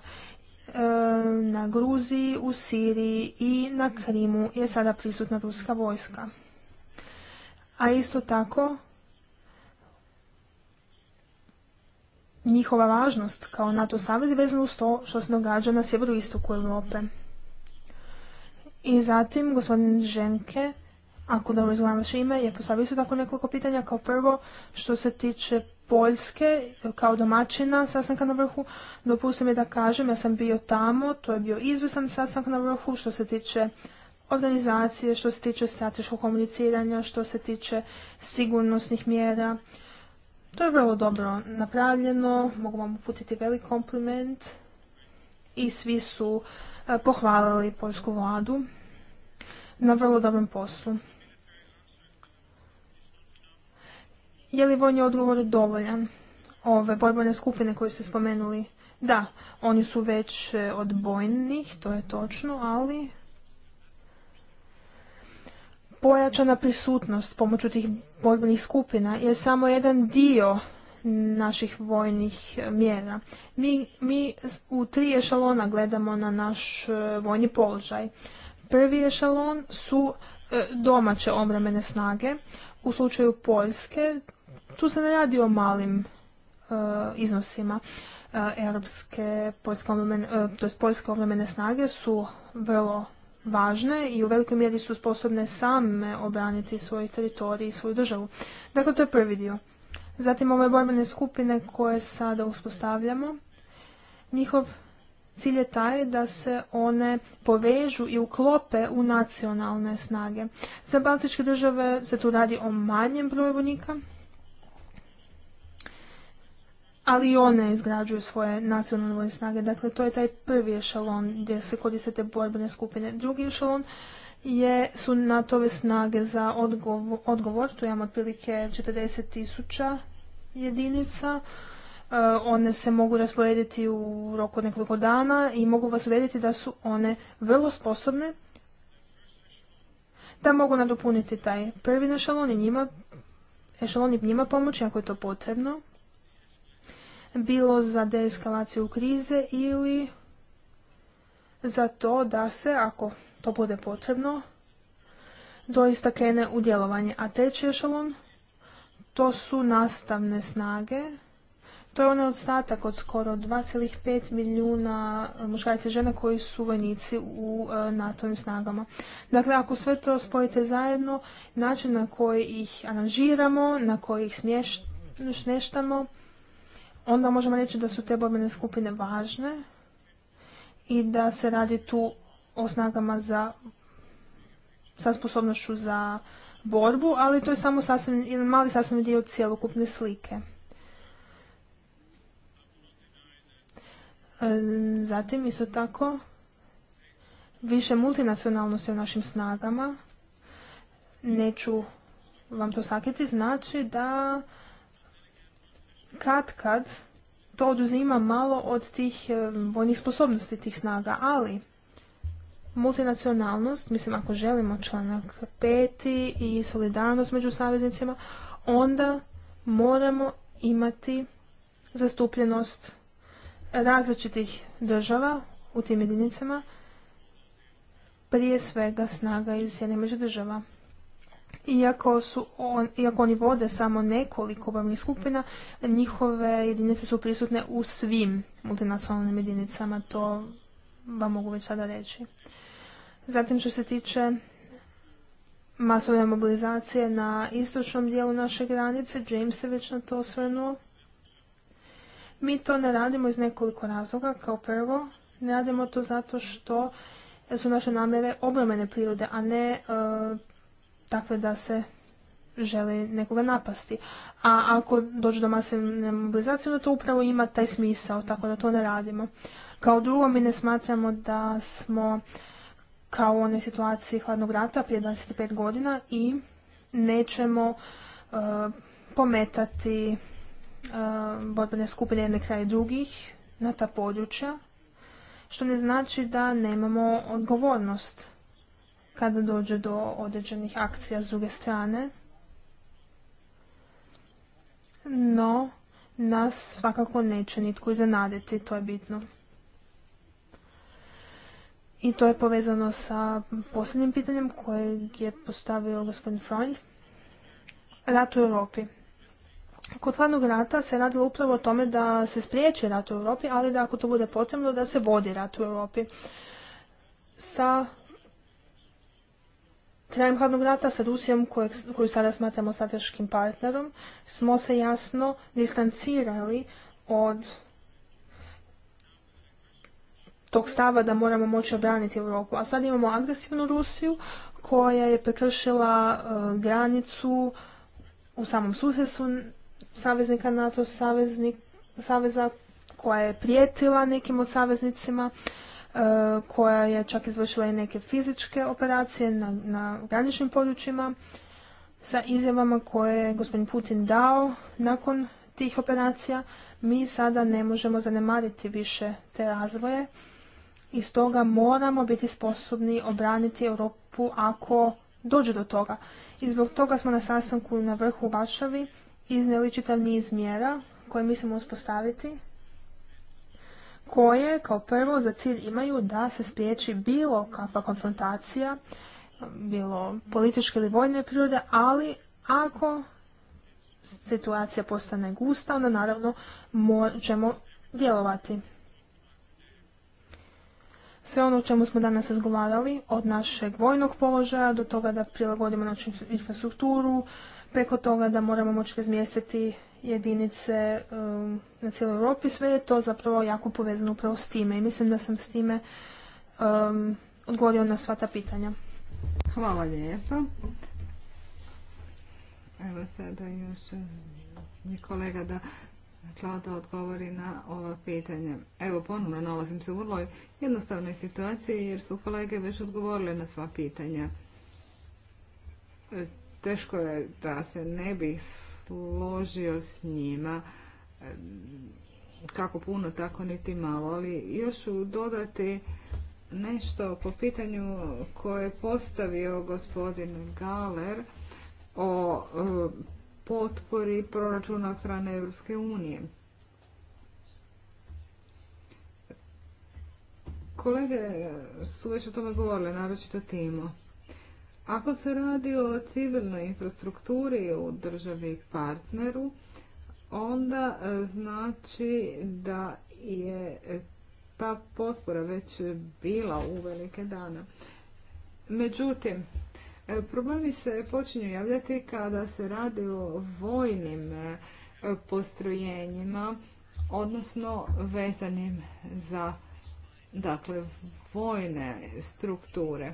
C: na Gruziji, u Siriji i na Krimu je sada prisutna ruska vojska. A isto tako njihova važnost kao NATO savez vezana uz to što se događa na sjeveru istoku Europe. I zatim gospodin Ženke, ako dobro izgledam vaše ime, je postavio se tako nekoliko pitanja. Kao prvo, što se tiče Poljske, kao domaćina sastanka na vrhu, dopustim je da kažem, ja sam bio tamo, to je bio izvrstan sastanak na vrhu, što se tiče organizacije, što se tiče strateškog komuniciranja, što se tiče sigurnosnih mjera, to je vrlo dobro napravljeno, mogu vam uputiti velik kompliment i svi su e, pohvalili poljsku vladu na vrlo dobrom poslu. Je li vojni odgovor dovoljan? Ove borbene skupine koje ste spomenuli, da, oni su već od bojnih, to je točno, ali pojačana prisutnost pomoću tih borbenih skupina je samo jedan dio naših vojnih eh, mjera. Mi, mi u tri ešalona gledamo na naš eh, vojni položaj. Prvi ešalon su eh, domaće omremene snage. U slučaju Poljske tu se ne radi o malim iznosima. europske poljske poljske obremene snage su vrlo važne i u velikoj mjeri su sposobne same obraniti svoj teritorij i svoju državu. Dakle, to je prvi dio. Zatim ove borbene skupine koje sada uspostavljamo, njihov cilj je taj da se one povežu i uklope u nacionalne snage. Za baltičke države se tu radi o manjem broju vojnika, ali i one izgrađuju svoje nacionalne vojne snage. Dakle, to je taj prvi ešalon gdje se koriste te borbene skupine. Drugi ešalon je, su na tove snage za odgovor, odgovor. Tu imamo otprilike 40 tisuća jedinica. E, one se mogu rasporediti u roku od nekoliko dana i mogu vas uvjeriti da su one vrlo sposobne da mogu nadopuniti taj prvi ešalon i njima, ešalon i njima pomoći ako je to potrebno bilo za deeskalaciju krize ili za to da se, ako to bude potrebno, doista krene u djelovanje. A treći ešalon, to su nastavne snage. To je onaj odstatak od skoro 2,5 milijuna muškaraca i žena koji su vojnici u e, NATO-im snagama. Dakle, ako sve to spojite zajedno, način na koji ih aranžiramo, na koji ih smještamo, onda možemo reći da su te borbene skupine važne i da se radi tu o snagama za, sa sposobnošću za borbu, ali to je samo sasvim, jedan mali sasvim dio cjelokupne slike. E, zatim isto tako više multinacionalnosti u našim snagama, neću vam to sakriti, znači da kad kad to oduzima malo od tih eh, vojnih sposobnosti tih snaga, ali multinacionalnost, mislim ako želimo članak peti i solidarnost među saveznicima, onda moramo imati zastupljenost različitih država u tim jedinicama, prije svega snaga iz jedne među država. Iako, su on, iako oni vode samo nekoliko obavnih skupina, njihove jedinice su prisutne u svim multinacionalnim jedinicama, to vam mogu već sada reći. Zatim što se tiče masovne mobilizacije na istočnom dijelu naše granice, James se već na to osvrnuo. Mi to ne radimo iz nekoliko razloga. Kao prvo, ne radimo to zato što su naše namjere obrambene prirode, a ne e, takve da se žele nekoga napasti. A ako dođe do masivne mobilizacije, onda to upravo ima taj smisao, tako da to ne radimo. Kao drugo, mi ne smatramo da smo kao u onoj situaciji hladnog rata prije 25 godina i nećemo e, pometati e, borbene skupine jedne kraje drugih na ta područja, što ne znači da nemamo odgovornost kada dođe do određenih akcija s druge strane. No, nas svakako neće nitko iznenaditi, to je bitno. I to je povezano sa posljednjim pitanjem kojeg je postavio gospodin Freund. Rat u Europi. Kod hladnog rata se radilo upravo o tome da se spriječi rat u Europi, ali da ako to bude potrebno da se vodi rat u Europi. Sa Krajem hladnog rata sa Rusijom, koju sada smatramo strateškim partnerom, smo se jasno distancirali od tog stava da moramo moći obraniti Europu. A sad imamo agresivnu Rusiju koja je prekršila e, granicu u samom susjedstvu saveznika NATO saveznik, saveza koja je prijetila nekim od saveznicima E, koja je čak izvršila i neke fizičke operacije na, graničnim područjima sa izjavama koje je gospodin Putin dao nakon tih operacija. Mi sada ne možemo zanemariti više te razvoje i stoga moramo biti sposobni obraniti Europu ako dođe do toga. I zbog toga smo na sastanku na vrhu u Varšavi iznijeli čitav niz mjera koje mislimo uspostaviti koje kao prvo za cilj imaju da se spriječi bilo kakva konfrontacija, bilo političke ili vojne prirode, ali ako situacija postane gusta, onda naravno možemo djelovati. Sve ono o čemu smo danas razgovarali, od našeg vojnog položaja do toga da prilagodimo našu infrastrukturu, preko toga da moramo moći razmjestiti jedinice um, na cijeloj Europi, sve je to zapravo jako povezano upravo s time i mislim da sam s time um, odgovorio na sva ta pitanja. Hvala lijepa.
A: Evo sada još je kolega da odgovori na ova pitanja. Evo ponovno nalazim se u vrlo jednostavnoj situaciji jer su kolege već odgovorile na sva pitanja. E, teško je da se ne bi složio s njima kako puno, tako niti malo, ali još ću dodati nešto po pitanju koje je postavio gospodin Galer o e, potpori proračuna strane Europske unije. Kolege su već o tome govorile, naročito Timo. Ako se radi o civilnoj infrastrukturi u državi partneru, onda e, znači da je ta potpora već bila u velike dana. Međutim, e, problemi se počinju javljati kada se radi o vojnim e, postrojenjima, odnosno vezanim za dakle, vojne strukture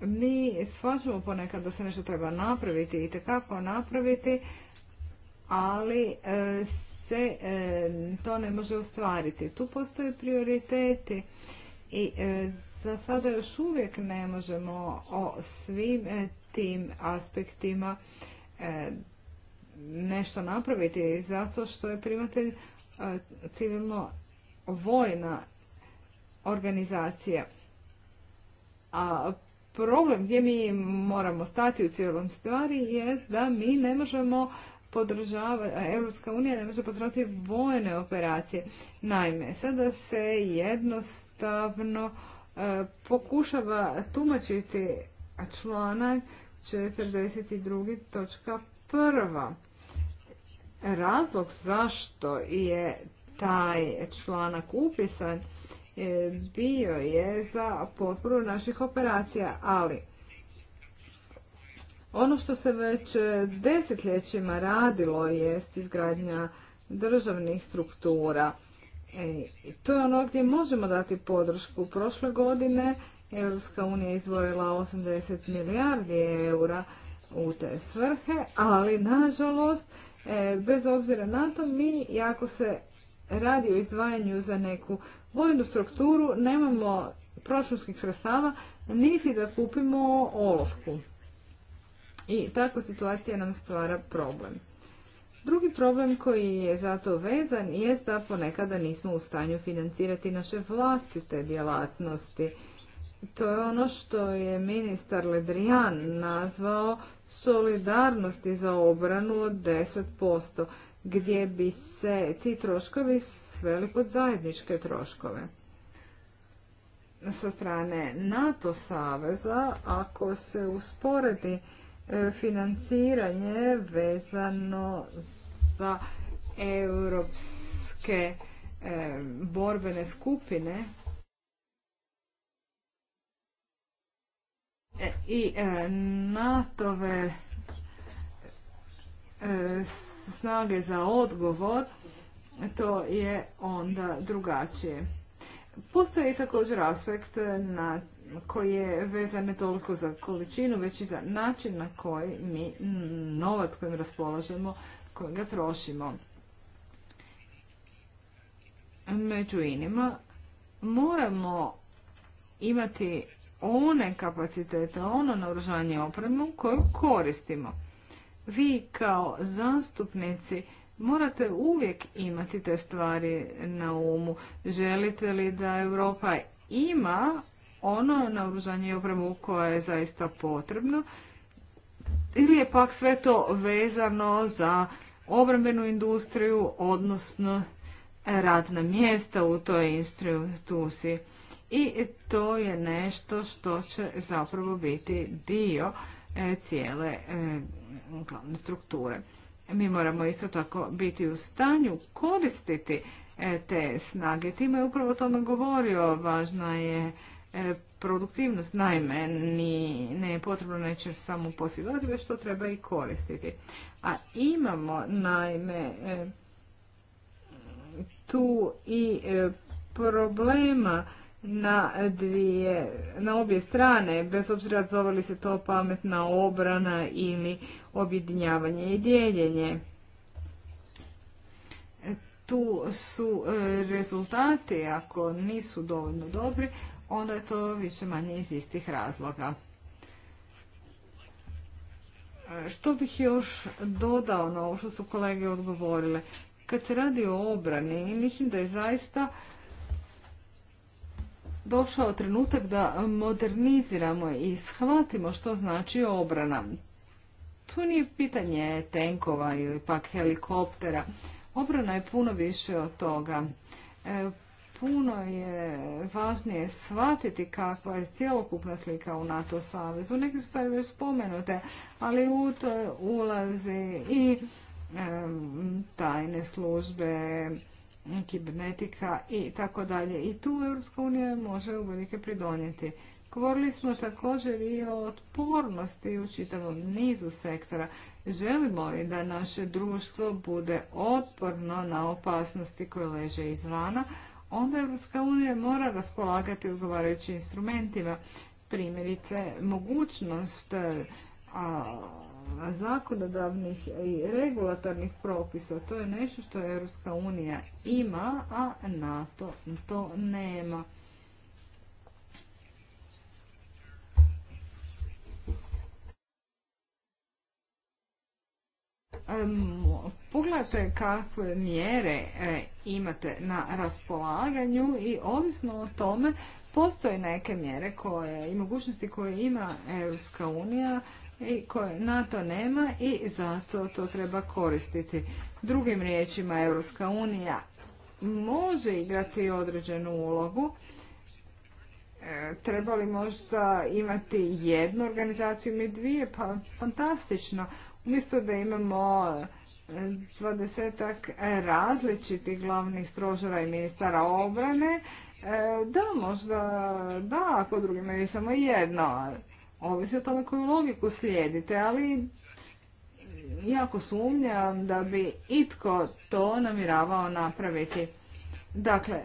A: mi shvaćamo ponekad da se nešto treba napraviti i tekako napraviti, ali e, se e, to ne može ostvariti. Tu postoje prioriteti i e, za sada još uvijek ne možemo o svim tim aspektima nešto napraviti zato što je primatelj civilno vojna organizacija. A problem gdje mi moramo stati u cijelom stvari je da mi ne možemo podržava, Europska unija ne može podržavati vojne operacije. Naime, sada se jednostavno e, pokušava tumačiti članak 42. točka prva. Razlog zašto je taj članak upisan E, bio je za potporu naših operacija, ali ono što se već desetljećima radilo jest izgradnja državnih struktura. E, to je ono gdje možemo dati podršku. Prošle godine EU unija izvojila 80 milijardi eura u te svrhe, ali nažalost, e, bez obzira na to, mi, ako se radi o izdvajanju za neku vojnu strukturu, nemamo proračunskih sredstava, niti da kupimo olovku. I takva situacija nam stvara problem. Drugi problem koji je zato vezan je da ponekada nismo u stanju financirati naše vlastite djelatnosti. To je ono što je ministar Ledrijan nazvao solidarnosti za obranu od 10%, gdje bi se ti troškovi sveli pod zajedničke troškove. Sa strane NATO saveza, ako se usporedi e, financiranje vezano za europske e, borbene skupine e, i NATO-ve snage za odgovor to je onda drugačije. Postoji također aspekt eh, na koji je vezan ne toliko za količinu, već i za način na koji mi novac kojim raspolažemo, koji ga trošimo. Među inima moramo imati one kapacitete, ono naoružanje opremu koju koristimo. Vi kao zastupnici Morate uvijek imati te stvari na umu. Želite li da Europa ima ono naoružanje i opremu koje je zaista potrebno ili je pak sve to vezano za obrambenu industriju, odnosno radna mjesta u toj instituciji. I to je nešto što će zapravo biti dio e, cijele e, glavne strukture. Mi moramo isto tako biti u stanju koristiti e, te snage. Time je upravo o tome govorio. Važna je e, produktivnost. Naime, ne je potrebno neće samo posjedovati, već to treba i koristiti. A imamo, naime, e, tu i problema na dvije, na obje strane, bez obzira zove li se to pametna obrana ili objedinjavanje i dijeljenje. E, tu su e, rezultati, ako nisu dovoljno dobri, onda je to više manje iz istih razloga. E, što bih još dodao na ovo što su kolege odgovorile? Kad se radi o obrani, mislim da je zaista došao trenutak da moderniziramo i shvatimo što znači obrana. Tu nije pitanje tenkova ili pak helikoptera. Obrana je puno više od toga. E, puno je važnije shvatiti kakva je cjelokupna slika u NATO savezu. Neke stvari već spomenute, ali u to ulazi i tajne službe, kibernetika i tako dalje. I tu Europska unija može uvelike pridonijeti. Govorili smo također i o otpornosti u čitavom nizu sektora. Želimo li da naše društvo bude otporno na opasnosti koje leže izvana, onda Europska unija mora raspolagati odgovarajućim instrumentima. Primjerice, mogućnost zakonodavnih i regulatornih propisa. To je nešto što Europska unija ima, a NATO to nema. Pogledajte kakve mjere e, imate na raspolaganju i ovisno o tome postoje neke mjere koje i mogućnosti koje ima Europska unija i koje NATO nema i zato to treba koristiti. Drugim riječima Europska unija može igrati određenu ulogu. E, treba li možda imati jednu organizaciju ili dvije? Pa fantastično Mislim da imamo e, dvadesetak različitih glavnih strožara i ministara obrane, e, da, možda da, ako drugi je samo jedno. Ovisi o tome koju logiku slijedite, ali jako sumnjam da bi itko to namiravao napraviti. Dakle,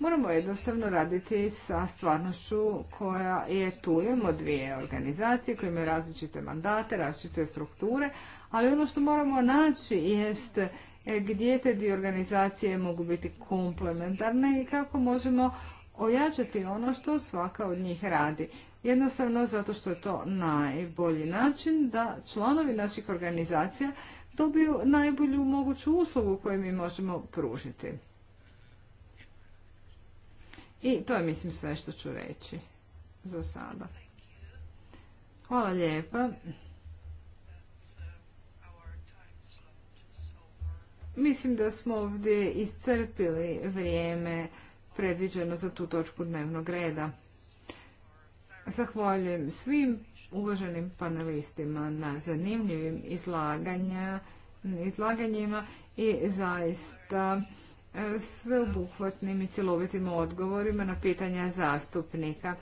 A: Moramo jednostavno raditi sa stvarnošću koja je tu. Imamo dvije organizacije koje imaju različite mandate, različite strukture, ali ono što moramo naći jest e, gdje te dvije organizacije mogu biti komplementarne i kako možemo ojačati ono što svaka od njih radi. Jednostavno zato što je to najbolji način da članovi naših organizacija dobiju najbolju moguću uslugu koju mi možemo pružiti. I to je, mislim, sve što ću reći za sada. Hvala lijepa. Mislim da smo ovdje iscrpili vrijeme predviđeno za tu točku dnevnog reda. Zahvaljujem svim uvaženim panelistima na zanimljivim izlaganjima i zaista sveobuhvatnim i cjelovitim odgovorima na pitanja zastupnika.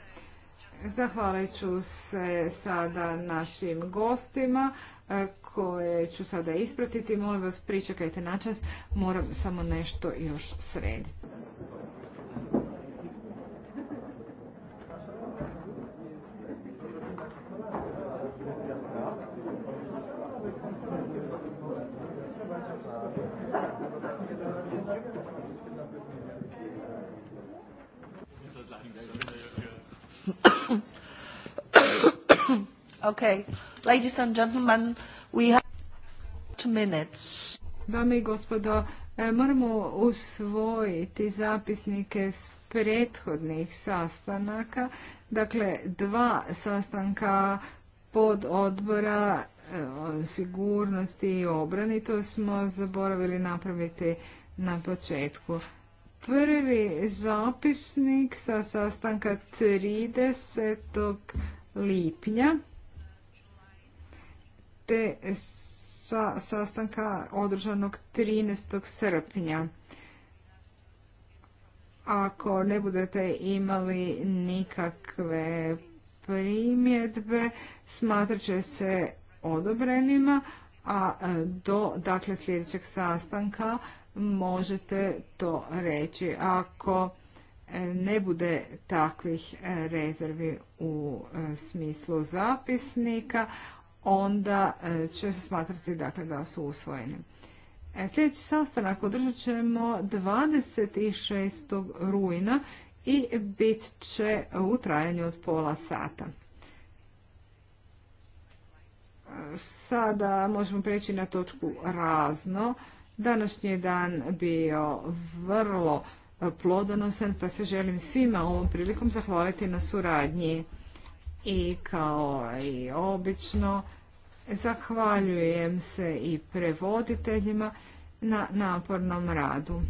A: Zahvalit ću se sada našim gostima e, koje ću sada ispratiti. Molim vas, pričekajte čas, moram samo nešto još srediti. Okay. Dame i gospodo, e, moramo usvojiti zapisnike s prethodnih sastanaka. Dakle, dva sastanka pod odbora e, sigurnosti i obrani. To smo zaboravili napraviti na početku. Prvi zapisnik sa sastanka 30. lipnja te sa sastanka održanog 13. srpnja. Ako ne budete imali nikakve primjedbe, smatrat će se odobrenima, a do dakle, sljedećeg sastanka možete to reći. Ako e, ne bude takvih rezervi u e, smislu zapisnika, onda e, će se smatrati dakle, da su usvojeni. E, sljedeći sastanak održat ćemo 26. rujna i bit će u trajanju od pola sata. Sada možemo preći na točku razno. Današnji je dan bio vrlo plodonosan, pa se želim svima ovom prilikom zahvaliti na suradnji i kao i obično zahvaljujem se i prevoditeljima na napornom radu.